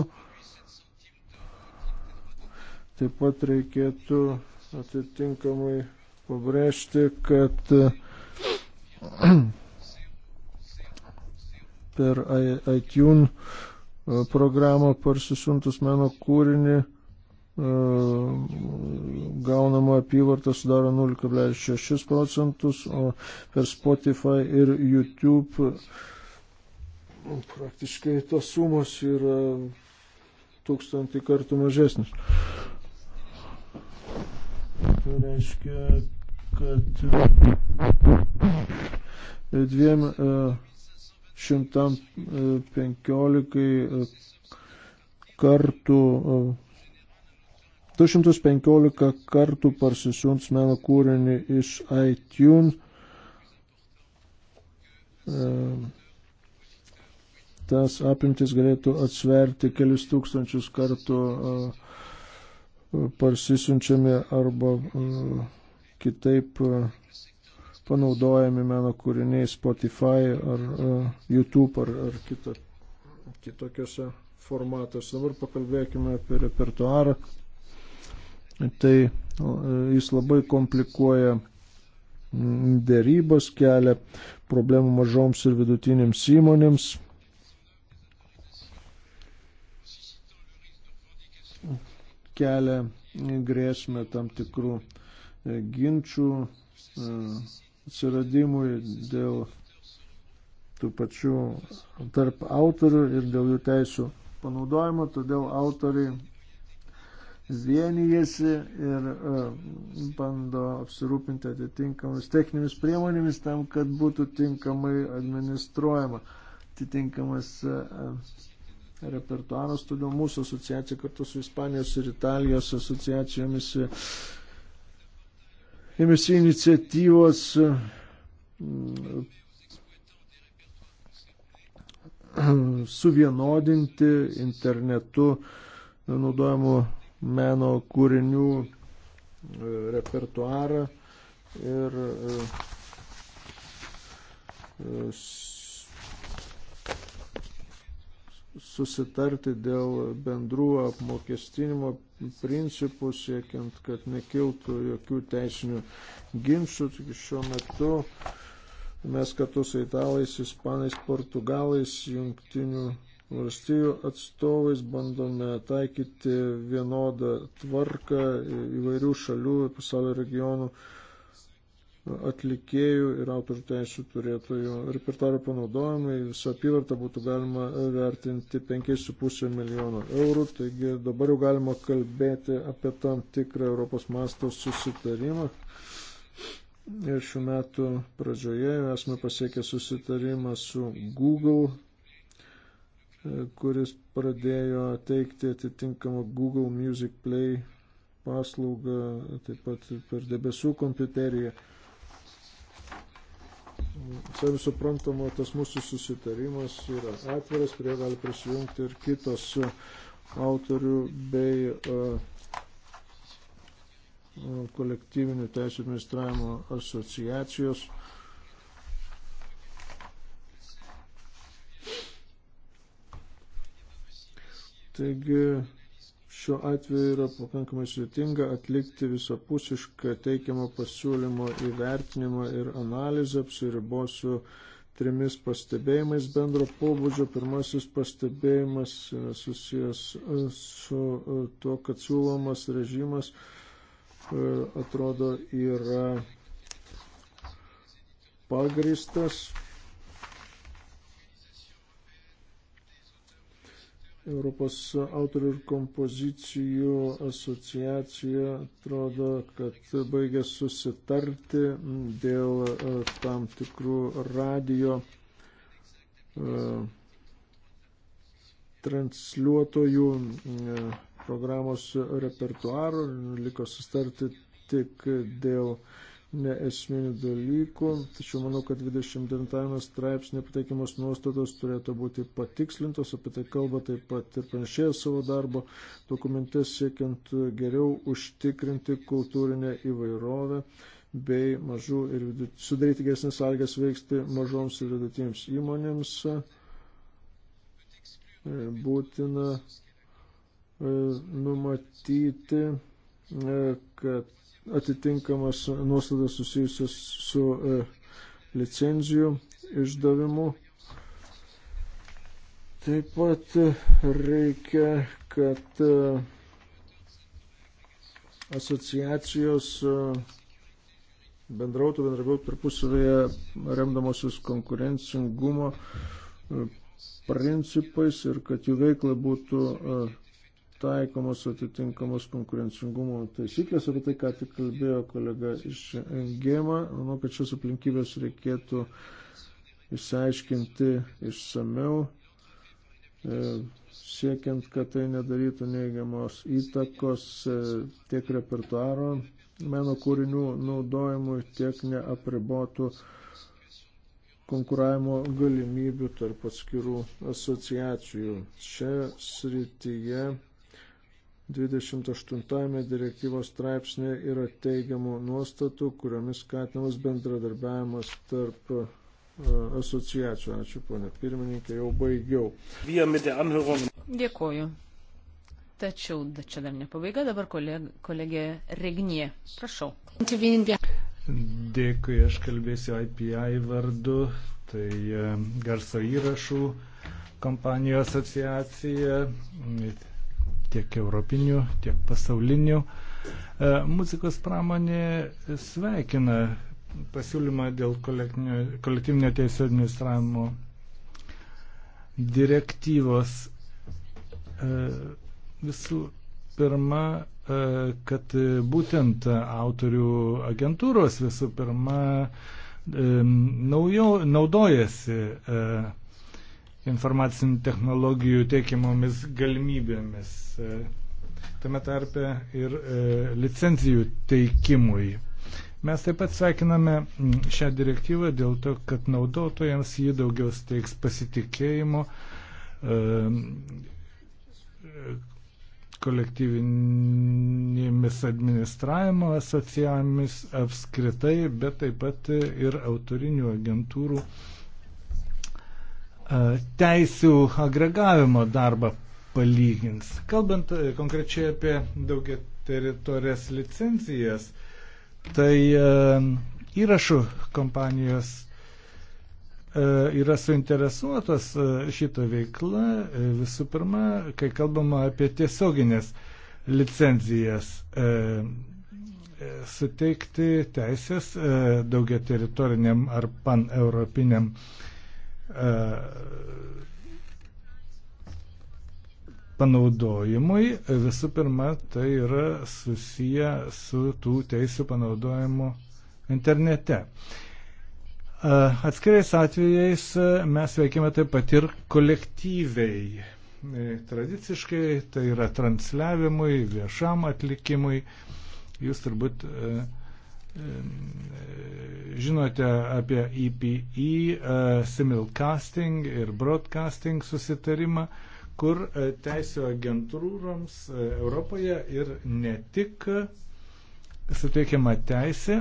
Taip pat reikėtų atitinkamai pabrėžti, kad per iTunes e, programą parsisiuntus meno kūrinį E, gaunama apyvarta sudaro 0,6 procentus, o per Spotify ir YouTube nu, praktiškai tos sumos yra tūkstantį kartų mažesnis. Tai reiškia, kad dviem e, šimtam e, penkiolikai kartų 215 kartų parsisiunts meno kūrinį iš iTunes. E, tas apimtis galėtų atsverti kelis tūkstančius kartų e, parsisiunčiami arba e, kitaip panaudojami meno kūriniai Spotify ar uh, YouTube ar, ar kito, kitokiose formatuose. Dabar pakalbėkime apie repertuarą, tai e, jis labai komplikuoja dėrybos, kelia problemų mažoms ir vidutinėms įmonėms. kelia grėsmę tam tikrų e, ginčių e, atsiradimui dėl tų pačių tarp autorių ir dėl jų teisų panaudojimo, todėl autoriai vienijasi ir e, bando apsirūpinti atitinkamus techninius priemonėmis tam, kad būtų tinkamai administruojama atitinkamas e, e, repertuaras, todėl mūsų asociacija kartu su Ispanijos ir Italijos asociacijomis ėmėsi iniciatyvos suvienodinti internetu naudojamų meno kūrinių e, repertuarą ir e, e, susitarti dėl bendrų apmokestinimo principų, siekiant, kad nekiltų jokių teisinių ginčių. Tik šiuo metu mes kartu su italais, ispanais, portugalais, jungtiniu valstybių atstovais, bandome taikyti vienodą tvarką įvairių šalių ir pasaulio regionų atlikėjų ir autorių teisų turėtojų repertuaro panaudojimai. Visą apyvartą būtų galima vertinti 5,5 milijono eurų, taigi dabar jau galima kalbėti apie tam tikrą Europos masto susitarimą. Ir šių metų pradžioje jau esame pasiekę susitarimą su Google E, kuris pradėjo teikti atitinkamą Google Music Play paslaugą, taip pat per debesų kompiuteriją. Savai suprantama, tas mūsų susitarimas yra atviras, prie gali prisijungti ir kitos autorių bei e, e, kolektyvinių teisų administravimo asociacijos. Uh, Taigi šiuo atveju yra pakankamai sudėtinga atlikti visapusišką teikiamo pasiūlymo įvertinimą ir analizę, apsiribosiu trimis pastebėjimais bendro pobūdžio. Pirmasis pastebėjimas susijęs e, su e, tuo, kad siūlomas režimas e, atrodo yra pagristas Europos autorių ir kompozicijų asociacija atrodo, kad baigė susitarti dėl e, tam tikrų radio e, transliuotojų e, programos repertuarų, liko sustarti tik dėl uh, neesminių dalykų, tačiau manau, kad 29 straipsnė pateikimos nuostatos turėtų būti patikslintos, apie tai kalba taip pat ir pranešėjas savo darbo dokumente siekiant geriau užtikrinti kultūrinę įvairovę bei mažų ir vidut... sudaryti geresnės sąlygas veikti mažoms ir vidutinėms įmonėms būtina e, numatyti, e, kad atitinkamas nuostatas susijusias su e, licenzijų išdavimu. Taip pat e, reikia, kad e, asociacijos bendrautų, bendrautų tarpusavėje remdamosius konkurencingumo principais ir kad jų veikla būtų taikomos atitinkamos konkurencingumo taisyklės, apie tai ką tik kalbėjo kolega iš Gėma. Manau, kad šios aplinkybės reikėtų išsiaiškinti išsameu, e, siekiant, kad tai nedarytų neigiamos įtakos e, tiek repertuaro meno kūrinių naudojimui, tiek neapribotų konkuravimo galimybių tarp atskirų asociacijų. Šią srityje 28 direktyvos straipsnė yra teigiamų nuostatų, kuriomis skatinamas bendradarbiavimas tarp e, asociacijų. Ačiū, ponė pirmininkė, jau baigiau. Dėkoju. Tačiau čia dar ne pabaiga, dabar kolegė Regnie. Prašau. Dėkui, aš kalbėsiu IPI vardu, tai e, garso įrašų kompanijų asociacija tiek europinių, tiek pasaulinių. E, muzikos pramonė sveikina pasiūlymą dėl kolektyvinio teisų administravimo direktyvos. E, visų pirma, e, kad būtent autorių agentūros visų pirma naujo, naudojasi informacinių technologijų teikiamomis galimybėmis, e, tame tarpe ir e, licencijų teikimui. Mes taip pat sveikiname šią direktyvą dėl to, kad naudotojams jį daugiau steiks pasitikėjimo e, kolektyvinėmis administravimo asociacijomis apskritai, bet taip pat ir autorinių agentūrų uh, teisių agregavimo darbą palygins. Kalbant e, konkrečiai apie daugia teritorijas licencijas, tai e, įrašų kompanijos e, yra suinteresuotas šito veikla visų pirma, kai kalbama apie tiesioginės licencijas suteikti teisės daugia teritoriniam ar pan europiniam uh, E, panaudojimui. Visų pirma, tai yra susiję su tų teisų panaudojimu internete. E, Atskiriais atvejais e, mes veikime taip pat ir kolektyviai. Tradiciškai tai yra transliavimui, viešam atlikimui. Jūs turbūt uh, E, žinote apie EPE, e, simulcasting ir broadcasting susitarimą, kur e, teisų agentūroms Europoje ir ne tik suteikiama teisė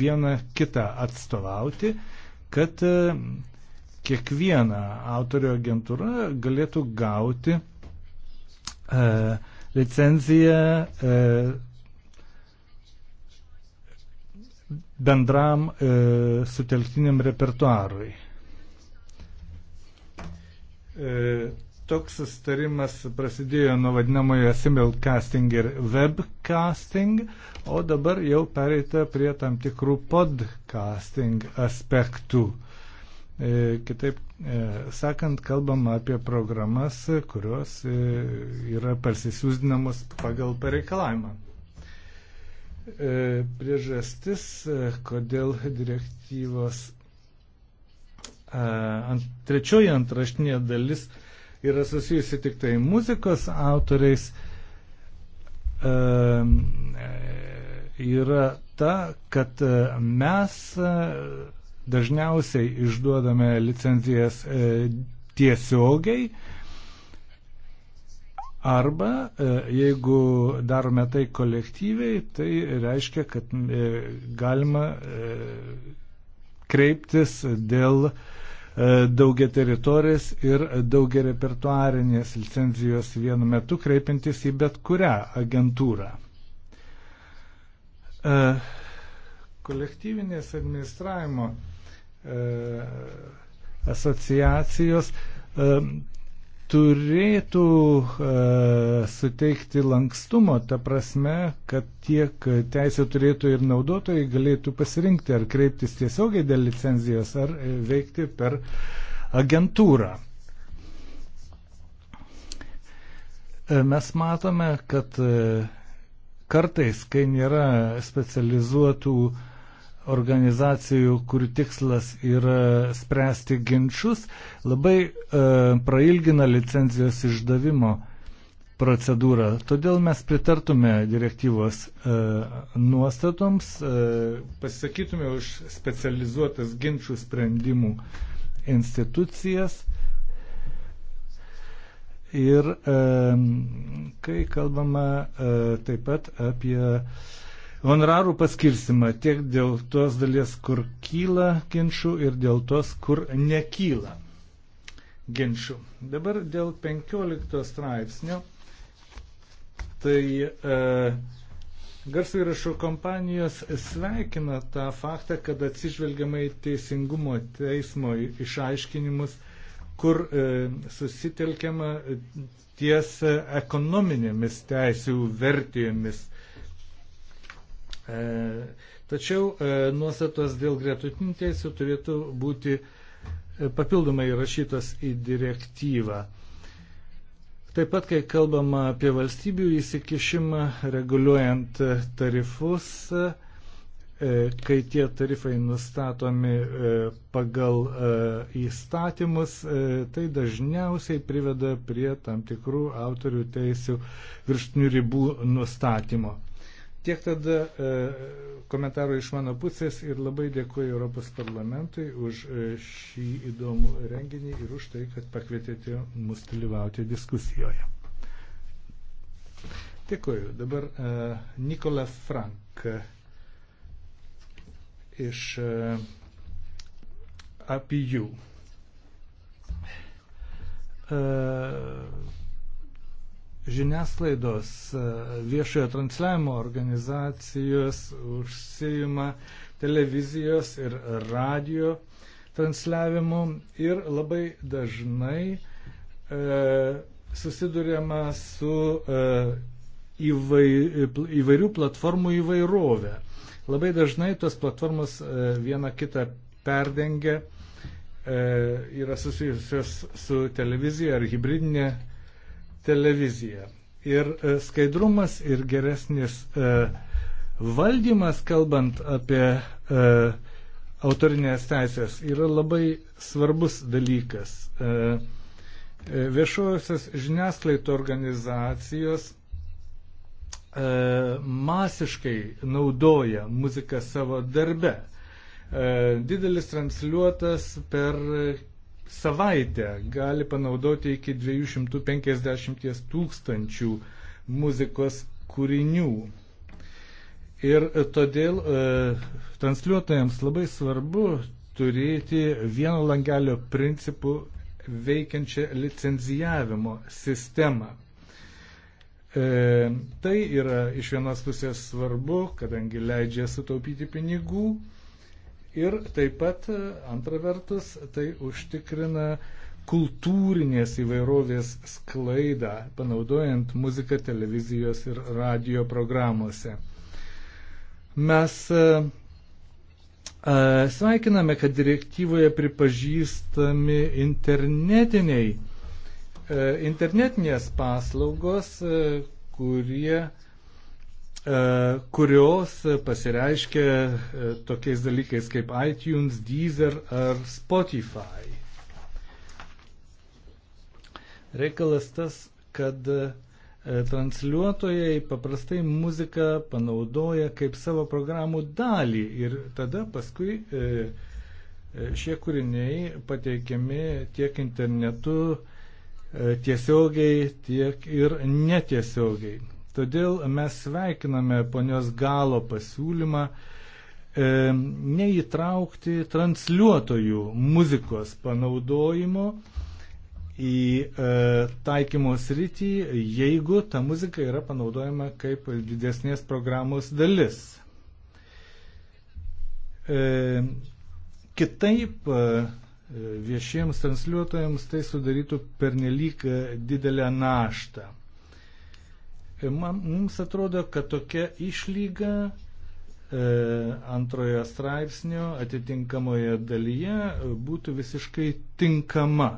vieną kitą atstovauti, kad kiekviena autorio agentūra galėtų gauti licenciją bendram e, sutelktiniam repertuarui. E, toks sustarimas prasidėjo nuo vadinamojo simulcasting ir webcasting, o dabar jau pereita prie tam tikrų podcasting aspektų. E, kitaip e, sakant, kalbam apie programas, kurios e, yra persisiūsdinamos pagal pareikalavimą. E, priežastis, e, kodėl direktyvos e, ant, trečioji antraštinė dalis yra susijusi tik tai muzikos autoriais, yra ta, kad mes dažniausiai išduodame licenzijas tiesiogiai, Arba e, jeigu darome tai kolektyviai, tai reiškia, kad e, galima e, kreiptis dėl daugia teritorijas ir daugia repertuarinės licenzijos vienu metu kreipintis į bet kurią agentūrą. Kolektyvinės administravimo asociacijos turėtų e, suteikti lankstumo, ta prasme, kad tiek teisė turėtų ir naudotojai galėtų pasirinkti, ar kreiptis tiesiogiai dėl licenzijos, ar e, veikti per agentūrą. E, mes matome, kad e, kartais, kai nėra specializuotų e, organizacijų, kurių tikslas yra spręsti ginčius, labai e, prailgina licenzijos išdavimo procedūrą. Todėl mes pritartume direktyvos e, nuostatoms, e, pasisakytume už specializuotas ginčių sprendimų institucijas. Ir e, kai kalbama e, taip pat apie e, honorarų paskirsimą tiek dėl tos dalies, kur kyla ginčių ir dėl tos, kur nekyla ginčių. Dabar dėl 15 straipsnio. Tai e, Garso įrašų kompanijos sveikina tą faktą, kad atsižvelgiamai teisingumo teismo išaiškinimus, kur e, susitelkiama ties ekonominėmis teisų vertijomis. E, tačiau e, nuostatos dėl gretutinių teisų turėtų būti e, papildomai įrašytos į direktyvą. Taip pat, kai kalbama apie valstybių įsikišimą, reguliuojant tarifus, kai tie tarifai nustatomi pagal įstatymus, tai dažniausiai priveda prie tam tikrų autorių teisių virštinių ribų nustatymo. Tiek tada e, komentarų iš mano pusės ir labai dėkuoju Europos parlamentui už e, šį įdomų renginį ir už tai, kad pakvietėte mus dalyvauti diskusijoje. Dėkuoju. Dabar e, Nikola Frank iš apie jų žiniasklaidos e, viešojo transliavimo organizacijos užsijima televizijos ir radio transliavimu ir labai dažnai e, susidurėma su e, įvai, įvairių platformų įvairovė. Labai dažnai tos platformos e, viena kitą perdengia, e, yra susijusios su televizija ar hybridinė televiziją. Ir e, skaidrumas ir geresnis e, valdymas, kalbant apie e, autorinės teisės, yra labai svarbus dalykas. Viešuosios žiniasklaito organizacijos masiškai naudoja muziką savo darbe didelis transliuotas per savaitę gali panaudoti iki 250 tūkstančių muzikos kūrinių. Ir e, todėl e, transliuotojams labai svarbu turėti vieno langelio principų veikiančią licenzijavimo sistemą. E, tai yra iš vienos pusės svarbu, kadangi leidžia sutaupyti pinigų, Ir taip pat, e, antra vertus, tai užtikrina kultūrinės įvairovės sklaidą, panaudojant muziką televizijos ir radio programuose. Mes e, e, sveikiname, kad direktyvoje pripažįstami internetiniai, internetinės paslaugos, kurie E, kurios pasireiškia e, tokiais dalykais kaip iTunes, Deezer ar Spotify. Reikalas tas, kad e, transliuotojai paprastai muziką panaudoja kaip savo programų dalį ir tada paskui šie kūriniai pateikiami tiek internetu tiesiogiai, tiek ir netiesiogiai. Todėl mes sveikiname ponios galo pasiūlymą e, neįtraukti transliuotojų muzikos panaudojimo į e, taikymo sritį, jeigu ta muzika yra panaudojama kaip didesnės programos dalis. E, kitaip e, viešiems transliuotojams tai sudarytų pernelyg e, didelę naštą. Man, mums atrodo, kad tokia išlyga e, antrojo straipsnio atitinkamoje dalyje būtų visiškai tinkama.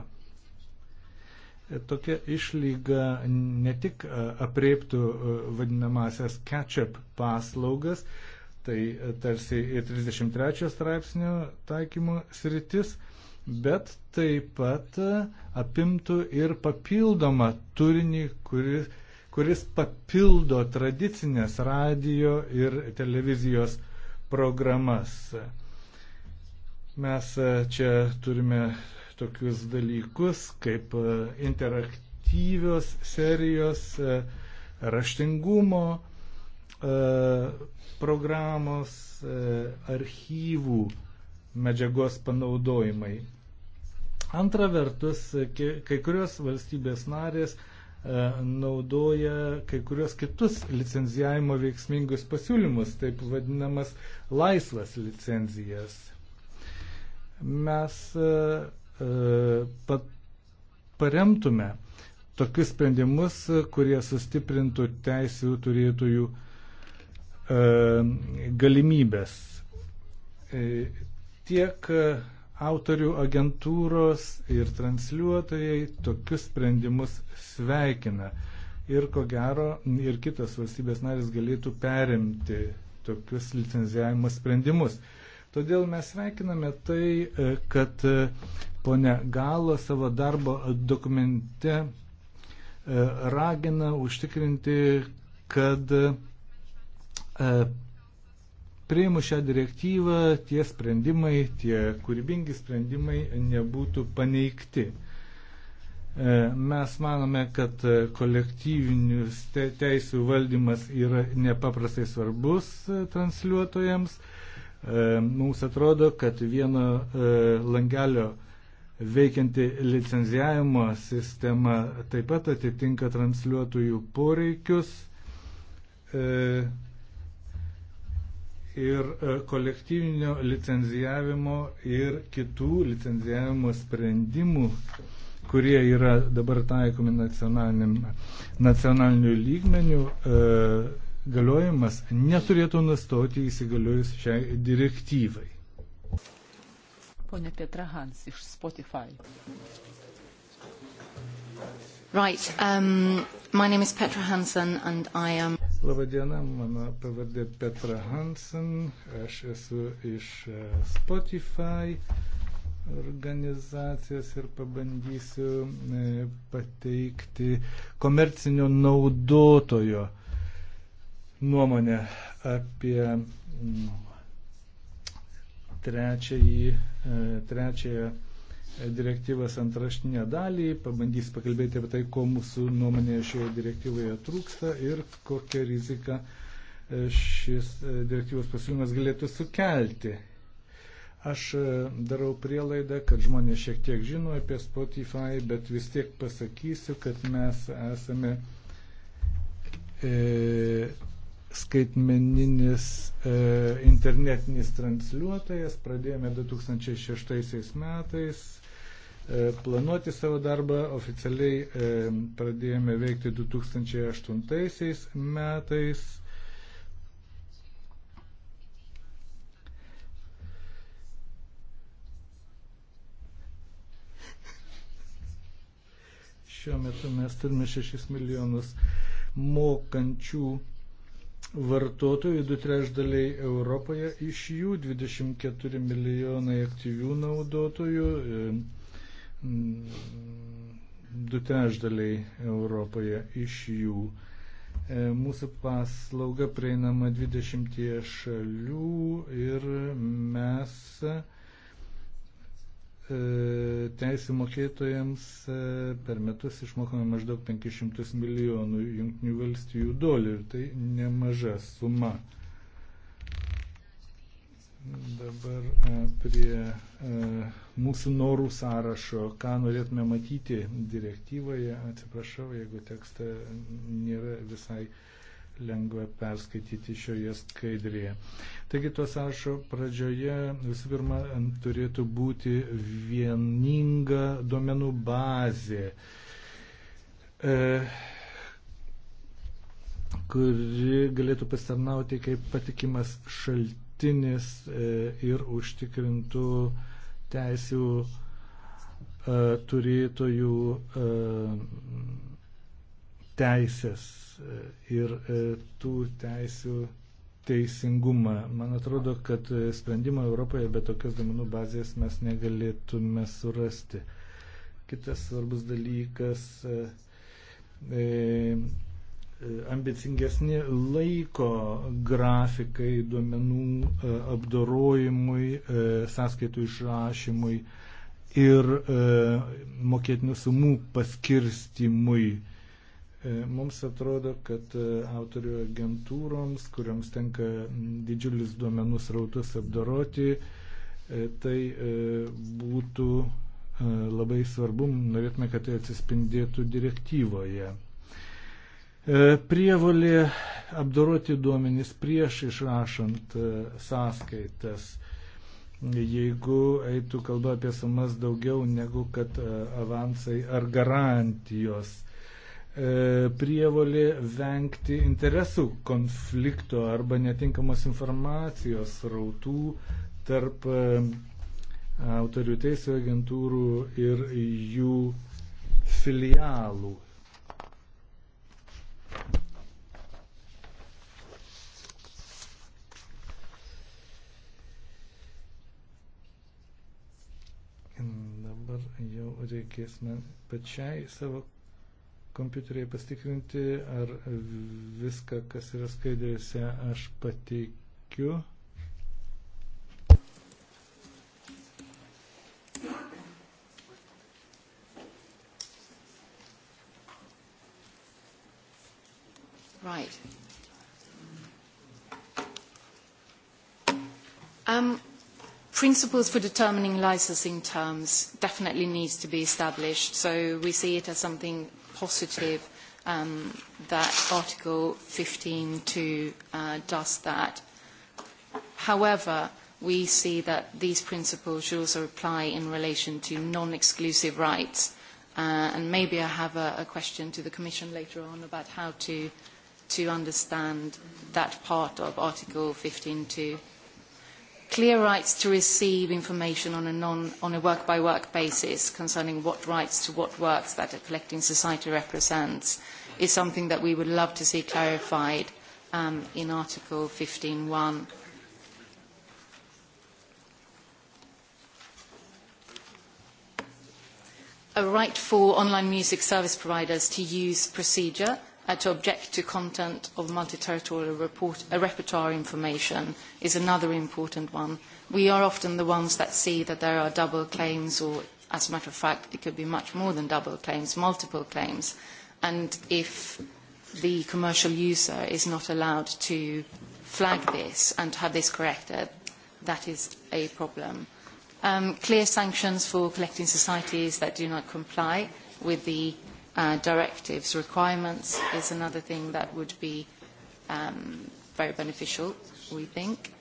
E, tokia išlyga ne tik e, apreiptų vadinamasias catch-up paslaugas, tai tarsi ir 33 straipsnio taikymo sritis, bet taip pat apimtų ir papildomą turinį, kuris kuris papildo tradicinės radio ir televizijos programas. Mes e, čia turime tokius dalykus kaip e, interaktyvios serijos, e, raštingumo programos, archyvų medžiagos panaudojimai. Antra vertus, kai kurios valstybės narės E, naudoja kai kurios kitus licenzijavimo veiksmingus pasiūlymus, taip vadinamas laisvas licenzijas. Mes e, e, paremtume tokius sprendimus, kurie sustiprintų teisėjų turėtojų galimybės. Tiek Autorių agentūros ir transliuotojai tokius sprendimus sveikina. Ir ko gero, ir kitos valstybės narės galėtų perimti tokius licenzijavimo sprendimus. Todėl mes sveikiname tai, e, kad e, ponia Galo savo darbo dokumente e, ragina užtikrinti, kad prieimu šią direktyvą tie sprendimai, tie kūrybingi sprendimai nebūtų paneigti. E, mes manome, kad kolektyvinius teisų valdymas yra nepaprastai svarbus transliuotojams. E, mums atrodo, kad vieno e, langelio veikianti licenzijavimo sistema taip pat atitinka transliuotojų poreikius ir e, kolektyvinio licenzijavimo ir kitų licenzijavimo sprendimų, kurie yra dabar taikomi nacionaliniu lygmeniu, e, galiojimas neturėtų nustoti įsigaliojus šiai direktyvai. Pone Petra Hans iš Spotify. Right, um, my name is Petra Hansen and I am Labadiena, mano pavardė Petra Hansen, aš esu iš e, Spotify organizacijas ir pabandysiu e, pateikti komercinio naudotojo nuomonę apie mm, trečiąjį, e, trečiąją direktyvas antraštinę dalį, pabandys pakalbėti apie tai, ko mūsų nuomonėje šioje direktyvoje trūksta ir kokią riziką e, šis e, direktyvos pasiūlymas galėtų sukelti. Aš e, darau prielaidą, kad žmonės šiek tiek žino apie Spotify, bet vis tiek pasakysiu, kad mes esame e, skaitmeninis e, internetinis transliuotojas, pradėjome 2006 metais E, planuoti savo darbą. Oficialiai e, pradėjome veikti 2008 metais. Šiuo metu mes turime 6 milijonus mokančių vartotojų, du trešdaliai Europoje, iš jų 24 milijonai aktyvių naudotojų. E, Mm, du trešdaliai Europoje iš jų. E, mūsų paslauga prieinama 20 šalių ir mes e, teisų mokėtojams e, per metus išmokame maždaug 500 milijonų jungtinių valstijų dolerių. Tai nemaža suma. Dabar prie mūsų norų sąrašo, ką norėtume matyti direktyvoje. Atsiprašau, jeigu tekstą nėra visai lengva perskaityti šioje skaidrėje. Taigi to sąrašo pradžioje visų pirma turėtų būti vieninga duomenų bazė, e, kuri galėtų pasitarnauti kaip patikimas šaltinis e, ir užtikrintų e, teisių e, turėtojų e, teisės e, ir tų teisių teisingumą. Man atrodo, kad sprendimo Europoje be tokios duomenų bazės mes negalėtume surasti. Kitas svarbus dalykas ambicingesni laiko grafikai duomenų e, apdorojimui, e, sąskaitų išrašymui ir e, mokėtinių sumų paskirstimui. Mums atrodo, kad autorių agentūroms, kuriams tenka didžiulis duomenų srautus apdoroti, tai būtų labai svarbu, norėtume, kad tai atsispindėtų direktyvoje. E, prievolė apdoroti duomenys prieš išrašant e, sąskaitas. Jeigu eitų kalba apie sumas daugiau negu kad e, avansai ar garantijos, prievolė vengti interesų konflikto arba netinkamos informacijos rautų tarp autorių teisų agentūrų ir jų filialų dabar jau reikės man pačiai savo kompiuteriai pastikrinti, ar viską, kas yra skaidrėse, aš pateikiu. Right. Um, Principles for determining licensing terms definitely needs to be established, so we see it as something positive um, that Article 15.2 uh, does that. However, we see that these principles should also apply in relation to non-exclusive rights. Uh, and maybe I have a, a question to the Commission later on about how to, to understand that part of Article 15.2 clear rights to receive information on a, non, on a work-by-work -work basis concerning what rights to what works that a collecting society represents is something that we would love to see clarified um, in Article 15.1. A right for online music service providers to use procedure uh, to object to content of multi-territorial report, uh, repertoire information is another important one. We are often the ones that see that there are double claims or, as a matter of fact, it could be much more than double claims, multiple claims. And if the commercial user is not allowed to flag this and have this corrected, that is a problem. Um, clear sanctions for collecting societies that do not comply with the uh, directives, requirements is another thing that would be um, very beneficial, we think.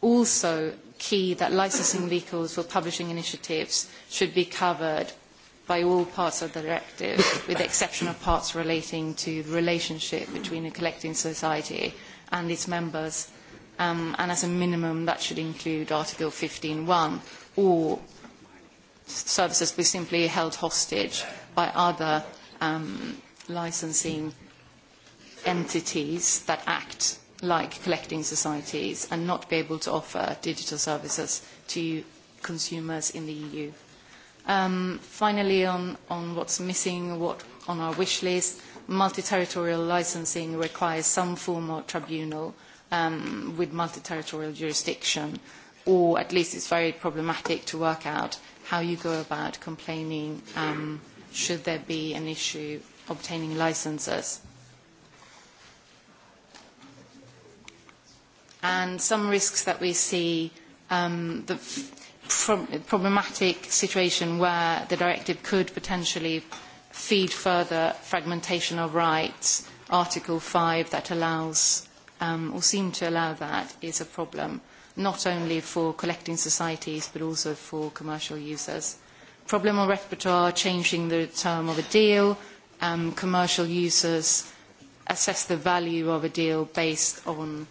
Also key that licensing vehicles for publishing initiatives should be covered by all parts of the directive, with the exception of parts relating to the relationship between a collecting society and its members. Um, and as a minimum, that should include Article 15.1, or services be simply held hostage by other um, licensing entities that act like collecting societies and not be able to offer digital services to consumers in the EU. Um, finally, on, on what's missing, what on our wish list, multi-territorial licensing requires some form of tribunal um, with multi-territorial jurisdiction, or at least it's very problematic to work out how you go about complaining um, should there be an issue obtaining licenses. And some risks that we see, um, the pro problematic situation where the directive could potentially feed further fragmentation of rights, Article 5 that allows um, or seem to allow that is a problem, not only for collecting societies but also for commercial users problem on repertoire, changing the term of a deal, um, commercial users assess the value of a deal based on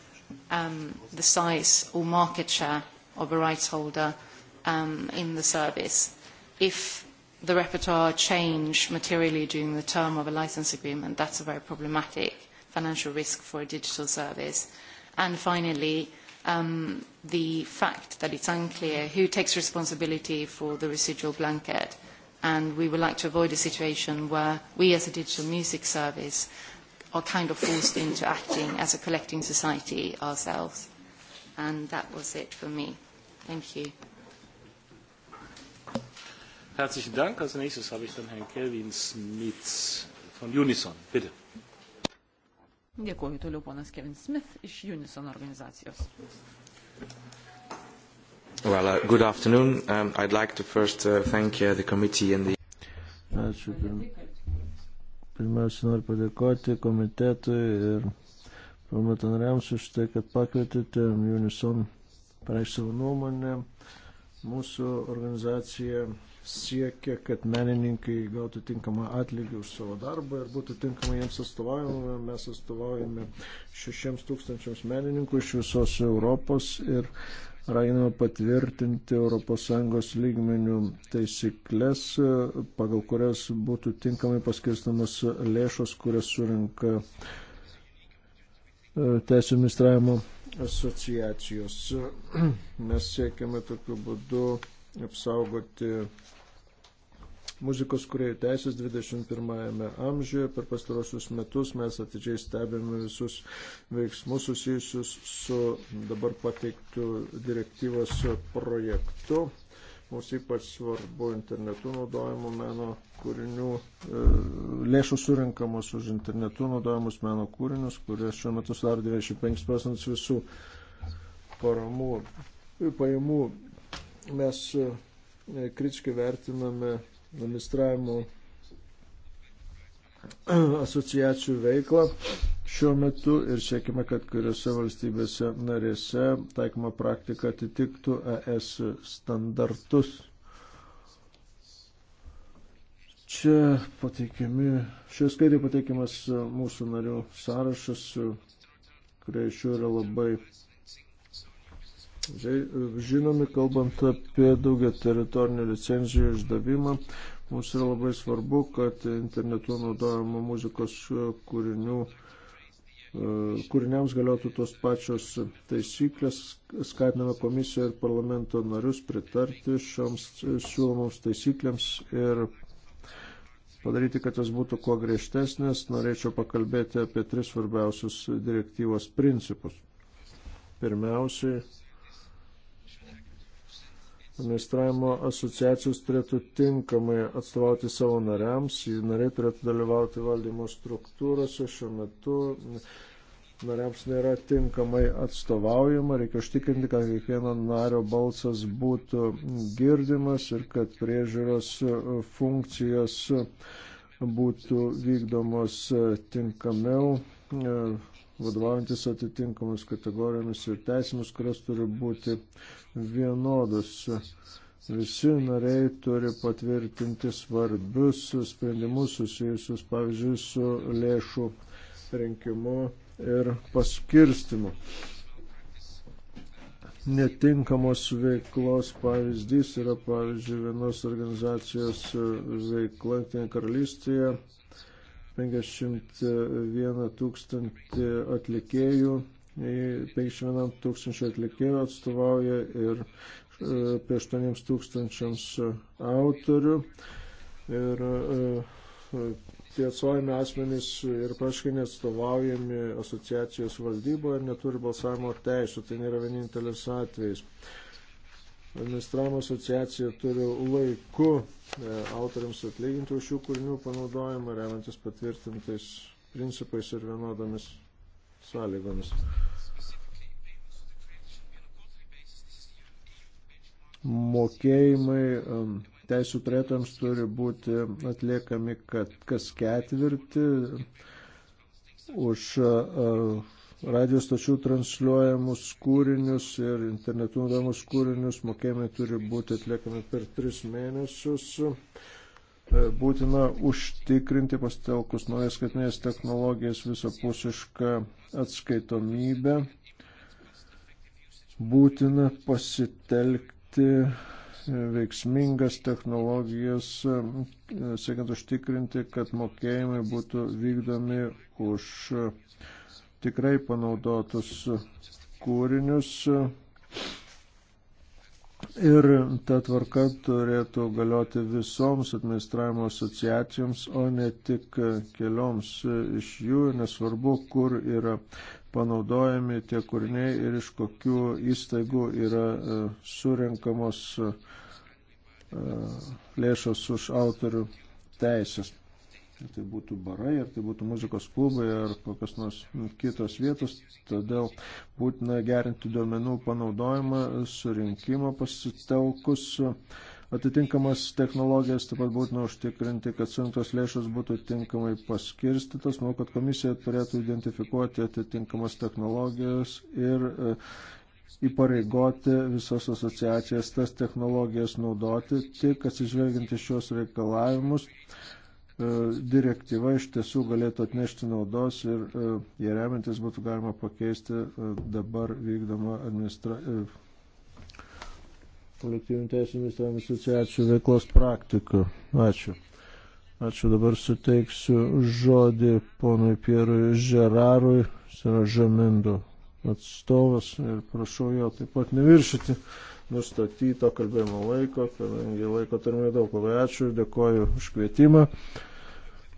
um, the size or market share of a rights holder um, in the service. If the repertoire change materially during the term of a license agreement, that's a very problematic financial risk for a digital service. And finally, um, the fact that it's unclear who takes responsibility for the residual blanket. And we would like to avoid a situation where we as a digital music service are kind of forced into acting as a collecting society ourselves. And that was it for me. Thank you. Herzlichen Dank. Als nächstes habe ich dann Herrn Kelvin Smith von Unison. Bitte. Dėkuoju toliau ponas Kevin Smith iš Unison organizacijos. Well, uh, good afternoon. Um, I'd like to first uh, thank uh, the committee and the... Ačiū. Pirmiausia, noriu padėkoti komitetui ir parlamento nariams už tai, kad pakvietėte Unison pareikšti savo nuomonę. Mūsų organizacija siekia, kad menininkai gautų tinkamą atlygį už savo darbą ir būtų tinkamai jiems atstovaujama. Mes atstovaujame šešiems tūkstančiams menininkų iš visos Europos ir raginama patvirtinti ES lygmenių taisyklės, pagal kurias būtų tinkamai paskirstamas lėšos, kurias surinka e, teisų administravimo asociacijos. Mes siekiame tokiu būdu apsaugoti muzikos kuriejų teisės 21 amžiuje. Per pastarosius metus mes atidžiai stebėme visus veiksmus susijusius su dabar pateiktų direktyvos projektu. Mums ypač svarbu internetu naudojamų meno kūrinių, e, lėšų surinkamos už internetu naudojamus meno kūrinius, kurie šiuo metu sudaro 25 procentus visų paramų, pajamų. Mes e, kritiškai vertiname administravimo e, asociacijų veiklą šiuo metu ir siekime, kad kuriuose valstybėse narėse taikoma praktika atitiktų ES standartus. Čia pateikiami, šioje skaitėje pateikiamas mūsų narių sąrašas, kurie iš jų yra labai žinomi, kalbant apie daugia teritorinį licenzijų išdavimą. Mums yra labai svarbu, kad internetu naudojama muzikos e, kūrinių e, kūriniams galiotų tos pačios taisyklės, skatiname komisiją ir parlamento narius pritarti šioms e, siūlomoms taisyklėms ir padaryti, kad jos būtų kuo griežtesnės. Norėčiau pakalbėti apie tris svarbiausius direktyvos principus. Pirmiausiai, administravimo asociacijos turėtų tinkamai atstovauti savo nariams, nariai turėtų dalyvauti valdymo struktūrose šiuo metu. Nariams nėra tinkamai atstovaujama, reikia užtikrinti, kad kiekvieno nario balsas būtų girdimas ir kad priežiūros funkcijos būtų vykdomos tinkamiau vadovaujantis atitinkamus kategorijomis ir teisėmis, kurios turi būti vienodos. Visi nariai turi patvirtinti svarbius sprendimus susijusius, pavyzdžiui, su lėšų rinkimu ir paskirstimu. Netinkamos veiklos pavyzdys yra, pavyzdžiui, vienos organizacijos veikla Tinkaralystėje. karalystėje 51 tūkstantį atlikėjų, 51 tūkstančių atlikėjų atstovauja ir e, apie 8 tūkstančiams autorių. Ir e, tie atstovami asmenys ir praškai neatstovaujami asociacijos valdyboje ir neturi balsavimo teisų. Tai nėra vienintelis atvejis administravimo asociacija turi laiku e, autoriams atlyginti už šių kūrinių panaudojimą, remiantis patvirtintais principais ir vienodomis sąlygomis. Mokėjimai teisų turėtojams turi būti atliekami kad, kas ketvirtį už uh, radio stočių transliuojamus kūrinius ir internetu naudojamus kūrinius. Mokėjimai turi būti atliekami per tris mėnesius. E, būtina užtikrinti pastelkus naujas skaitinės technologijas visapusišką atskaitomybę. Būtina pasitelkti e, veiksmingas technologijas, e, siekiant užtikrinti, kad mokėjimai būtų vykdomi už tikrai panaudotus kūrinius. Ir ta tvarka turėtų galioti visoms administravimo asociacijoms, o ne tik kelioms iš jų, nesvarbu, kur yra panaudojami tie kūriniai ir iš kokių įstaigų yra e, surinkamos e, lėšos už autorių teisės ar tai būtų barai, ar tai būtų muzikos klubai, ar kokios nors kitos vietos. Todėl būtina gerinti duomenų panaudojimą, surinkimą pasitelkus atitinkamas technologijas, taip pat būtina užtikrinti, kad surinktos lėšos būtų tinkamai paskirstytos. Manau, kad komisija turėtų identifikuoti atitinkamas technologijas ir e, įpareigoti visas asociacijas tas technologijas naudoti, tik atsižvelgiant į šios reikalavimus E, direktyva iš tiesų galėtų atnešti naudos ir jie remiantis būtų galima pakeisti e, dabar vykdomą administra... E, kolektyvinių teisų administravimo asociacijų veiklos praktiką. Ačiū. Ačiū dabar suteiksiu žodį ponui Pierui Žerarui, jis yra Žamindo atstovas ir prašau jo taip pat neviršyti nustatyto kalbėjimo laiko, kadangi laiko turime daug. Labai ačiū ir dėkoju už kvietimą.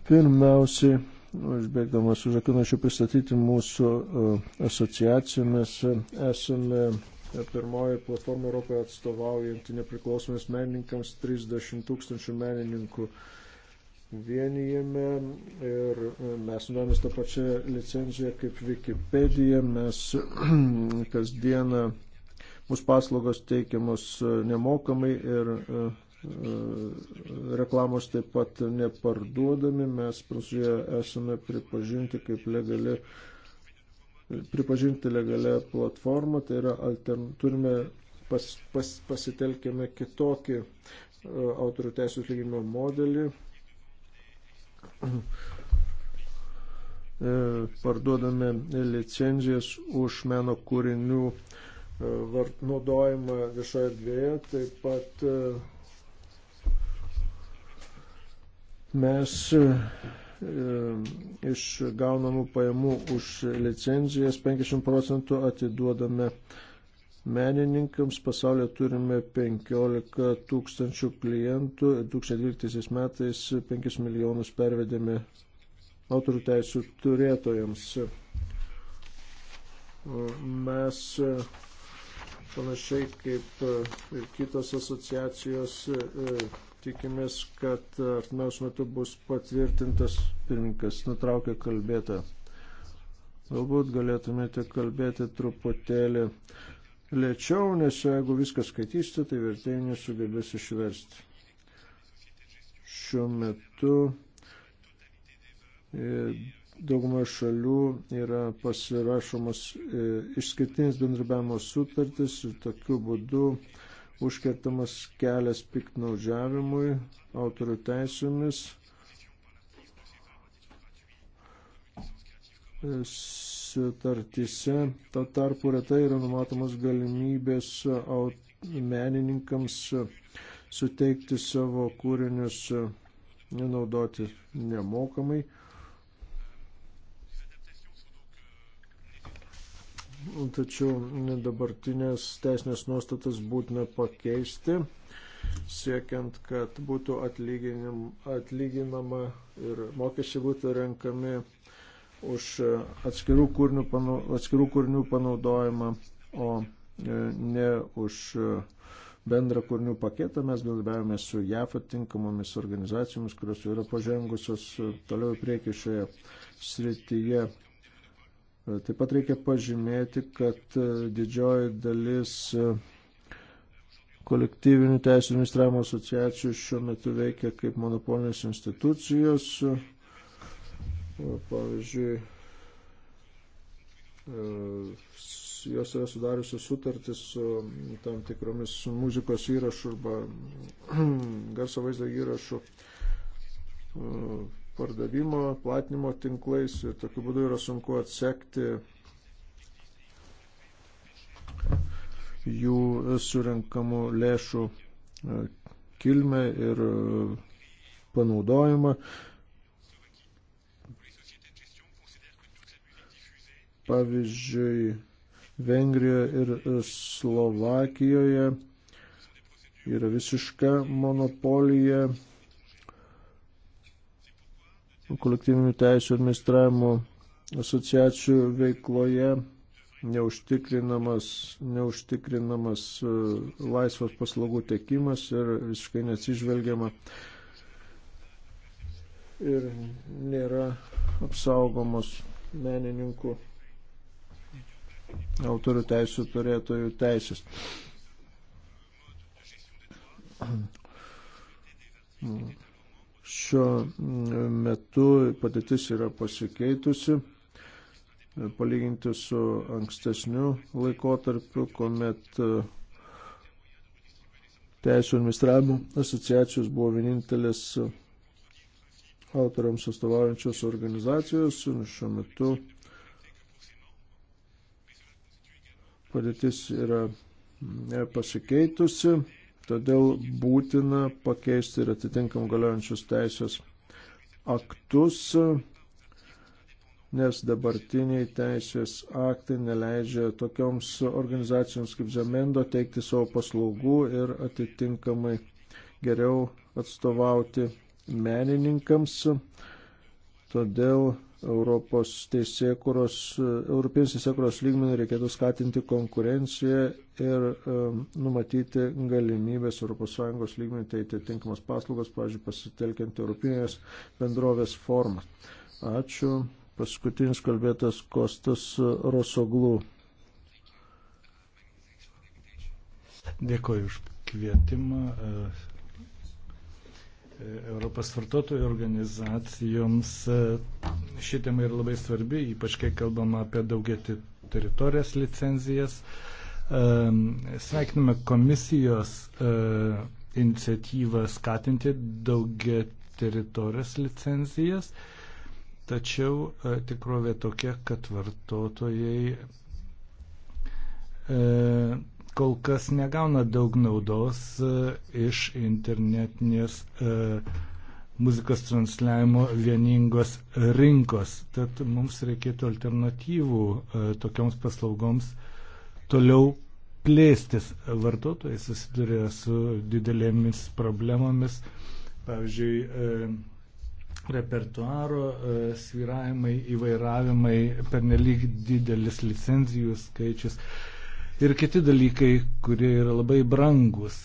Pirmiausiai, užbėgdamas už akių, norėčiau pristatyti mūsų e, asociaciją. Mes esame pirmoji platforma Europoje atstovaujanti nepriklausomės menininkams 30 tūkstančių menininkų vienijame ir mes naudojamės tą pačią licenciją kaip Wikipedia, mes kasdieną mūsų paslaugos teikiamos e, nemokamai ir e, e, reklamos taip pat neparduodami. Mes Prancūzijoje esame pripažinti kaip legali, pripažinti legalią platformą, tai yra altern, turime pas, pas, pasitelkėme kitokį autorių teisų atlyginimo modelį parduodame licenzijas už meno kūrinių E, naudojimą viešoje erdvėje, taip pat e, mes e, iš gaunamų pajamų už licenzijas 50 procentų atiduodame menininkams. Pasaulio turime 15 tūkstančių klientų. 2012 metais 5 milijonus pervedėme autorių teisų turėtojams. Mes panašiai kaip e, ir kitos asociacijos, e, e, tikimės, kad artimiausiu metu bus patvirtintas pirmininkas, nutraukė kalbėtą. Galbūt galėtumėte kalbėti truputėlį lėčiau, nes jeigu viską skaitysite, tai vertėjai nesugebės išversti. Šiuo metu dauguma šalių yra pasirašomos e, išskirtinės bendrabiavimo sutartys ir tokiu būdu užkertamas kelias piktnaudžiavimui autorių teisėmis. E, sutartyse to tarpu retai yra numatomos galimybės menininkams suteikti savo kūrinius nenaudoti nemokamai. tačiau dabartinės teisinės nuostatas būtina pakeisti, siekiant, kad būtų atlyginama ir mokesčiai būtų renkami už atskirų kūrinių, panau, atskirų kūrinių panaudojimą, o e, ne už e, bendrą kūrinių paketą. Mes bendradarbiavome su JAF atinkamomis organizacijomis, kurios yra pažengusios e, toliau į priekį šioje srityje Taip pat reikia pažymėti, kad e, didžioji dalis e, kolektyvinių teisų administravimo asociacijų šiuo metu veikia kaip monopolinės institucijos. E, pavyzdžiui, jos yra sudariusios sutartis su tam tikromis muzikos įrašų arba garso vaizdo įrašų pardavimo, platinimo tinklais ir tokiu būdu yra sunku atsekti jų surinkamų lėšų e, kilmę ir e, panaudojimą. Pavyzdžiui, Vengrijoje ir e, Slovakijoje yra visiška monopolija kolektyvinių teisų administravimo asociacijų veikloje neužtikrinamas, neužtikrinamas e, laisvas paslaugų tiekimas ir visiškai neatsižvelgiama ir nėra apsaugomos menininkų autorių teisų turėtojų teisės. Mm. Šiuo mm, metu padėtis yra pasikeitusi palyginti su ankstesniu laikotarpiu, kuomet e, Teisų administravimo asociacijos buvo vienintelės e, autoriams atstovaujančios organizacijos. Šiuo metu padėtis yra mm, pasikeitusi. Todėl būtina pakeisti ir atitinkam galiojančius teisės aktus, nes dabartiniai teisės aktai neleidžia tokioms organizacijoms kaip Zemendo teikti savo paslaugų ir atitinkamai geriau atstovauti menininkams. Todėl Europos teisėkuros, Europinės teisėkuros lygmenį reikėtų skatinti konkurenciją ir um, numatyti galimybės ES lygmenį teikti tinkamas paslaugas, pavyzdžiui, pasitelkiant Europinės bendrovės formą. Ačiū. Paskutinis kalbėtas Kostas Rosoglų. Dėkoju už kvietimą. Europos vartotojų organizacijoms e, ši tema yra labai svarbi, ypač kai kalbama apie daugėti teritorijas licenzijas. E, sveikiname komisijos e, iniciatyvą skatinti daugia teritorijas licenzijas, tačiau tikrovė tokia, kad vartotojai kol kas negauna daug naudos e, iš internetinės e, muzikos transliavimo vieningos rinkos. Tad mums reikėtų alternatyvų e, tokioms paslaugoms toliau plėstis. Vartotojai susiduria su didelėmis problemomis. Pavyzdžiui, repertuaro sviravimai, įvairavimai, pernelyg didelis licenzijų skaičius ir kiti dalykai, kurie yra labai brangus.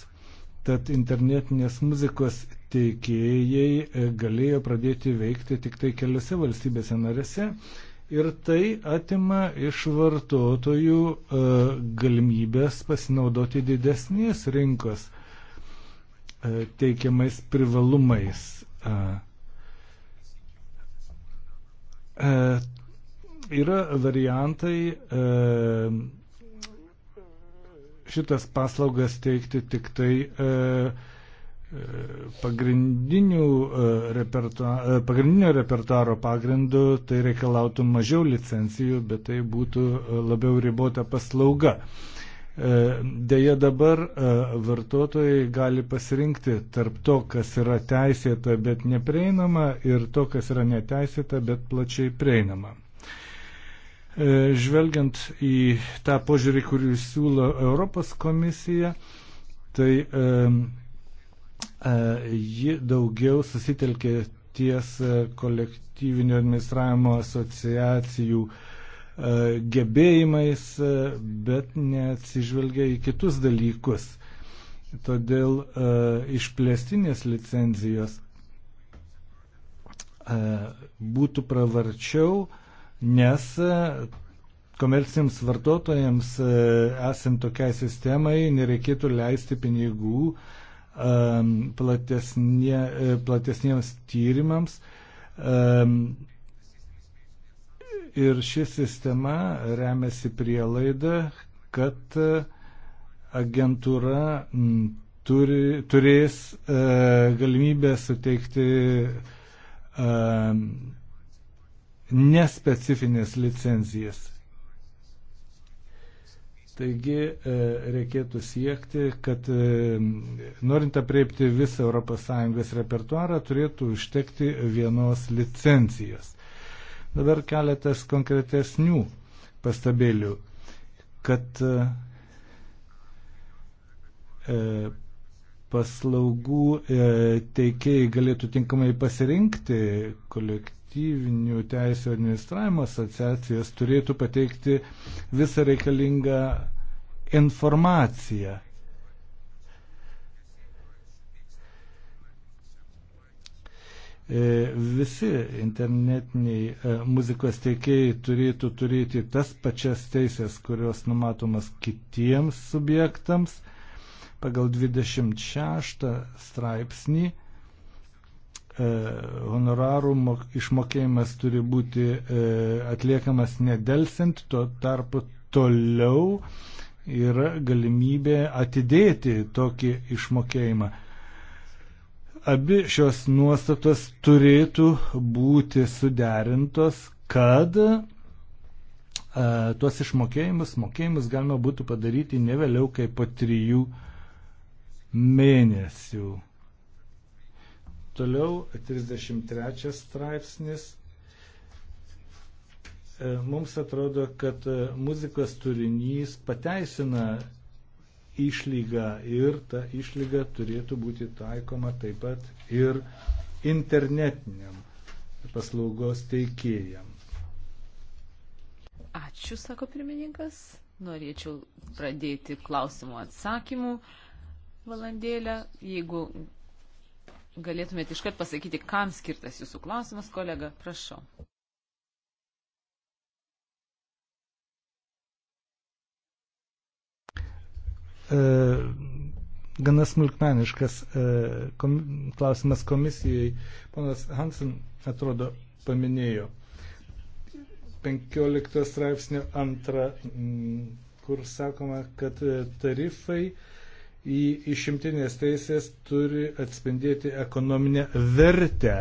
Tad internetinės muzikos teikėjai e, galėjo pradėti veikti tik tai keliose valstybėse narėse ir tai atima iš vartotojų e, galimybės pasinaudoti didesnės rinkos e, teikiamais privalumais. E, e, yra variantai e, šitas paslaugas teikti tik tai e, e pagrindinių e, repertuaro, e, pagrindinio repertuaro pagrindu, tai reikalautų mažiau licencijų, bet tai būtų labiau ribota paslauga. Deja dabar vartotojai gali pasirinkti tarp to, kas yra teisėta, bet neprieinama ir to, kas yra neteisėta, bet plačiai prieinama. E, žvelgiant į tą požiūrį, kurį siūlo Europos komisija, tai e, e, ji daugiau susitelkė ties e, kolektyvinio administravimo asociacijų e, gebėjimais, e, bet neatsižvelgia į kitus dalykus. Todėl e, išplėstinės licenzijos e, būtų pravarčiau e, nes e, komerciniams vartotojams e, esant tokiai sistemai nereikėtų leisti pinigų e, platesnie, platesniems tyrimams. Ir ši sistema remiasi prielaida, kad agentūra turi, turės galimybę suteikti nespecifinės licencijas. Taigi e, reikėtų siekti, kad e, norint apriepti visą ES repertuarą turėtų užtekti vienos licencijos. Dabar keletas konkretesnių pastabėlių, kad e, paslaugų teikėjai galėtų tinkamai pasirinkti kolektyvą kolektyvinių teisų administravimo asociacijas turėtų pateikti visą reikalingą informaciją. E, visi internetiniai e, muzikos teikėjai turėtų turėti tas pačias teisės, kurios numatomas kitiems subjektams. Pagal 26 straipsnį E, honorarų išmokėjimas turi būti e, atliekamas nedelsiant, tuo tarpu toliau yra galimybė atidėti tokį išmokėjimą. Abi šios nuostatos turėtų būti suderintos, kad e, tuos išmokėjimus, mokėjimus galima būtų padaryti ne vėliau kaip po trijų mėnesių. Toliau 33 straipsnis. E, mums atrodo, kad e, muzikos turinys pateisina išlygą ir ta išlyga turėtų būti taikoma taip pat ir internetiniam paslaugos teikėjam. Ačiū, sako pirmininkas. Norėčiau pradėti klausimų atsakymų valandėlę. Jeigu galėtumėte iškart pasakyti, kam skirtas jūsų klausimas, kolega? Prašau. E, gana smulkmeniškas e, kom, klausimas komisijai. Ponas Hansen, atrodo, paminėjo 15 straipsnio antrą, kur sakoma, kad e, tarifai e, į išimtinės teisės turi atspindėti ekonominę vertę.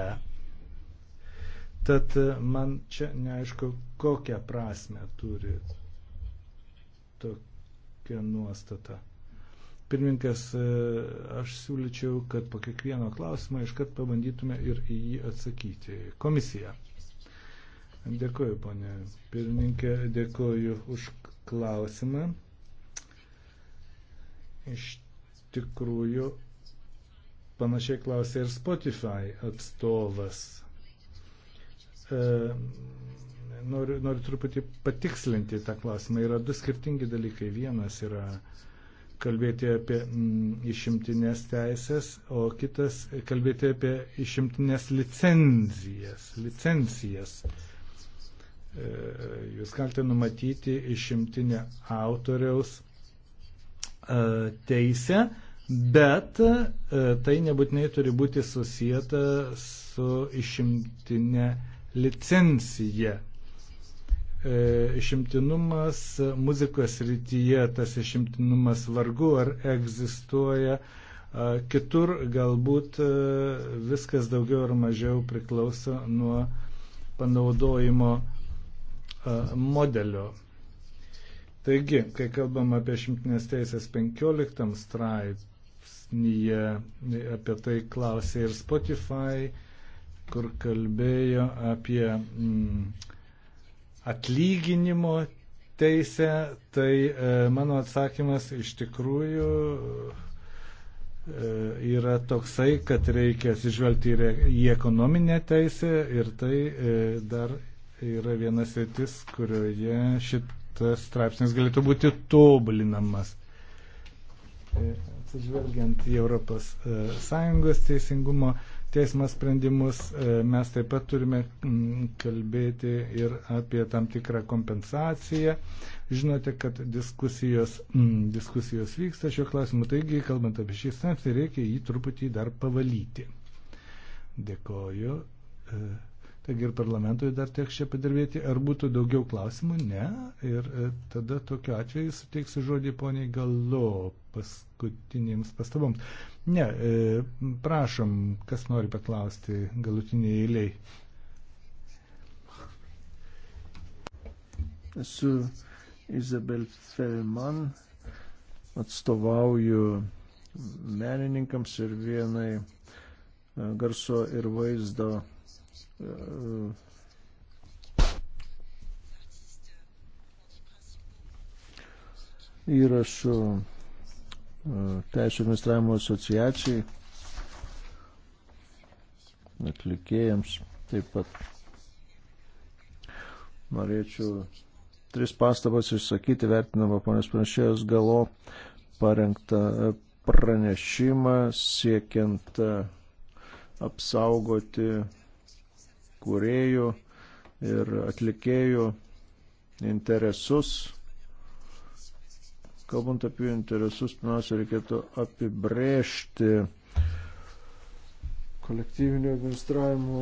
Tad e, man čia neaišku, kokią prasme turi tokia nuostata. Pirmininkas, e, aš siūlyčiau, kad po kiekvieno klausimo iškart pabandytume ir į jį atsakyti. Komisija. Dėkuoju, ponė pirmininkė, dėkuoju už klausimą. Iš tikrųjų panašiai klausė ir Spotify atstovas. E, noriu, noriu truputį patikslinti tą klausimą. Yra du skirtingi dalykai. Vienas yra kalbėti apie mm, išimtinės teisės, o kitas kalbėti apie išimtinės licenzijas. Licencijas. E, jūs galite numatyti išimtinę autoriaus E, teisę, bet e, tai nebūtinai turi būti susijęta su išimtinė licencija. E, išimtinumas muzikos rytyje, tas išimtinumas vargu ar egzistuoja, kitur galbūt viskas daugiau ar mažiau priklauso nuo panaudojimo modelio. Taigi, kai kalbam apie šimtinės teisės 15 straipsnyje, apie tai klausė ir Spotify, kur kalbėjo apie mm, atlyginimo teisę, tai e, mano atsakymas iš tikrųjų e, yra toksai, kad reikia atsižvelgti ir į ekonominę teisę ir tai e, dar yra vienas rytis, kurioje šit tas straipsnis galėtų būti tobulinamas. E, atsižvelgiant į Europos e, Sąjungos teisingumo teismo sprendimus, e, mes taip pat turime kalbėti ir apie tam tikrą kompensaciją. Žinote, kad diskusijos, diskusijos vyksta šiuo klausimu, taigi, kalbant apie šį straipsnį, reikia jį truputį dar pavalyti. Dėkoju. Uh... Taigi ir parlamentui dar teks čia padirbėti. Ar būtų daugiau klausimų? Ne. Ir e, tada tokiu atveju suteiksiu žodį poniai galo paskutinėms pastaboms. Ne, e, prašom, kas nori paklausti galutiniai eiliai. Esu Izabel Felman, atstovauju menininkams ir vienai e, garso ir vaizdo įrašų e, Teisų administravimo asociacijai, atlikėjams taip pat. Norėčiau tris pastabas išsakyti, vertinama ponės pranešėjos galo parengtą e, pranešimą siekiant e, apsaugoti kuriejų ir atlikėjų interesus. Kalbant apie interesus, pirmiausia, reikėtų apibrėžti kolektyvinio administravimo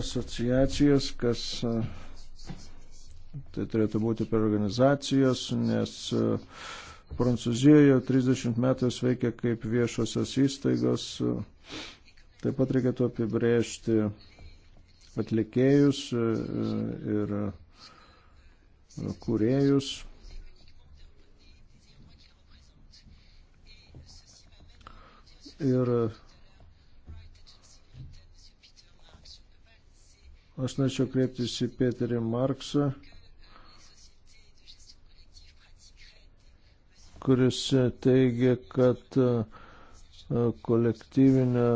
asociacijas, kas tai turėtų būti per organizacijos, nes Prancūzijoje 30 metų jis veikia kaip viešosios įstaigos. Taip pat reikėtų apibrėžti atlikėjus e, e, ir e, kūrėjus. Ir aš norėčiau kreiptis į Peterį Marksą, kuris teigia, kad kolektyvinė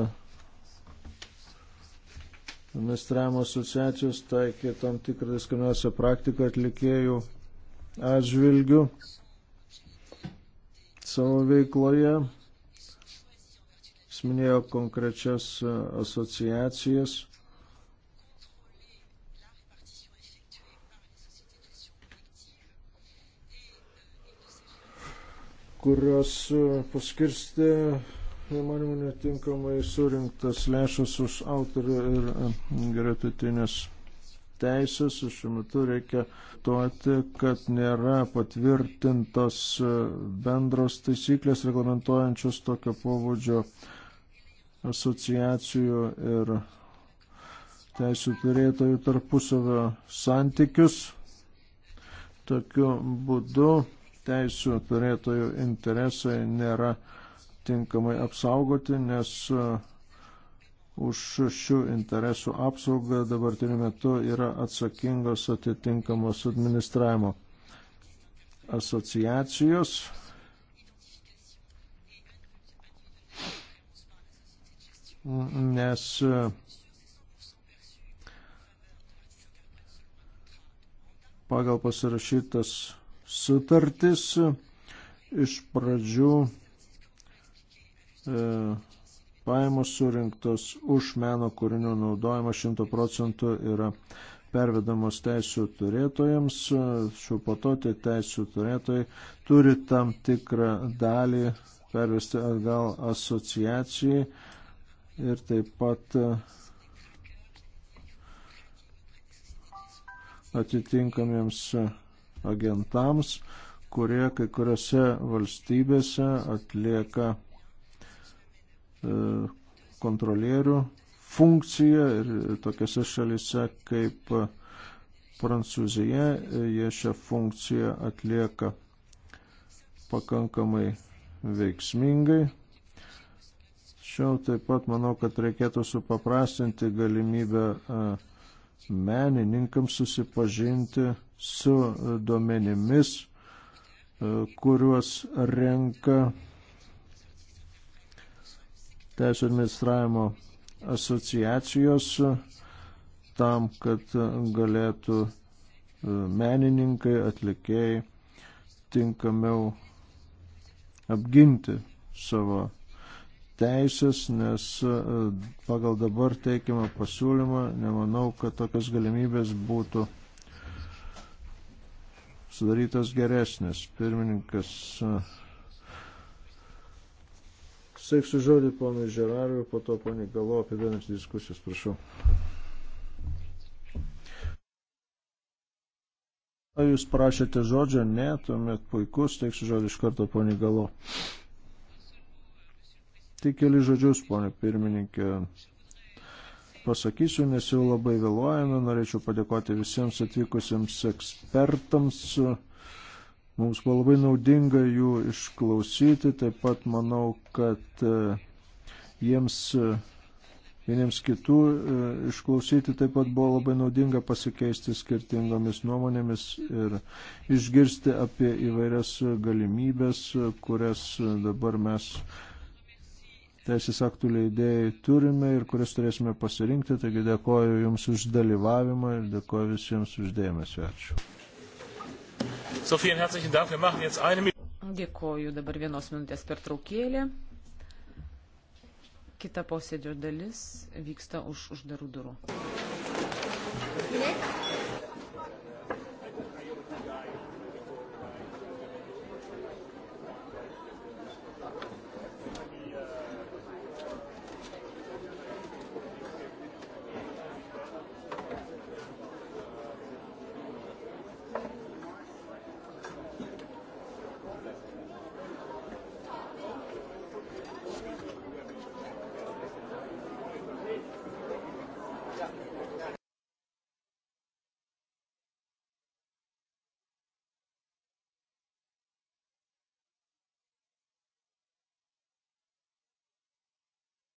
administravimo asociacijos taikė tam tikrą diskriminaciją praktiką atlikėjų atžvilgių savo veikloje. Jis minėjo konkrečias e, asociacijas. kurios e, paskirstė manimo, netinkamai surinktas lėšas už autorių ir e, gretutinės teisės. Šiuo metu reikia tuoti, kad nėra patvirtintos e, bendros taisyklės reglamentuojančios tokio pobūdžio asociacijų ir teisų turėtojų tarpusavio santykius. Tokiu būdu teisų turėtojų interesai nėra tinkamai apsaugoti, nes e, už šių interesų apsaugą dabartiniu metu yra atsakingos atitinkamos administravimo asociacijos. Nes e, pagal pasirašytas sutartis iš pradžių E, pajamos surinktos už meno kūrinių naudojimą 100 procentų yra pervedamos teisų turėtojams, šių patoti teisų turėtojai turi tam tikrą dalį pervesti atgal asociacijai ir taip pat e, atitinkamiems agentams, kurie kai kuriuose valstybėse atlieka E, kontrolierių funkciją ir tokiose šalise kaip Prancūzija, e, jie šią funkciją atlieka pakankamai veiksmingai. Šiau taip pat manau, kad reikėtų supaprastinti galimybę e, menininkams susipažinti su duomenimis, kuriuos renka teisų administravimo asociacijos tam, kad galėtų e, menininkai, atlikėjai tinkamiau apginti savo teisės, nes e, pagal dabar teikiamą pasiūlymą nemanau, kad tokios galimybės būtų sudarytas geresnis. Pirmininkas e, Saiksiu žodį ponui Žerarui, po to poniai Galo apibendrinti diskusijas, prašau. Ar jūs prašėte žodžio? Ne, tuomet puikus, teiksiu žodį iš karto poniai Galo. Tik keli žodžius, ponė pirmininkė, pasakysiu, nes jau labai vėluojame. Norėčiau padėkoti visiems atvykusiems ekspertams. Su Mums buvo labai naudinga jų išklausyti, taip pat manau, kad e, jiems e, vieniems kitų e, išklausyti taip pat buvo labai naudinga pasikeisti skirtingomis nuomonėmis ir išgirsti apie įvairias galimybės, kurias dabar mes teisės aktų leidėjai turime ir kurias turėsime pasirinkti. Taigi dėkoju Jums už dalyvavimą ir dėkoju visiems uždėmesį. Ačiū. Sofija, herzlichen Dank, wir machen jetzt eine Minute. Dėkoju dabar vienos minutės per traukėlį. Kita posėdžio dalis vyksta už uždarų durų. Ne?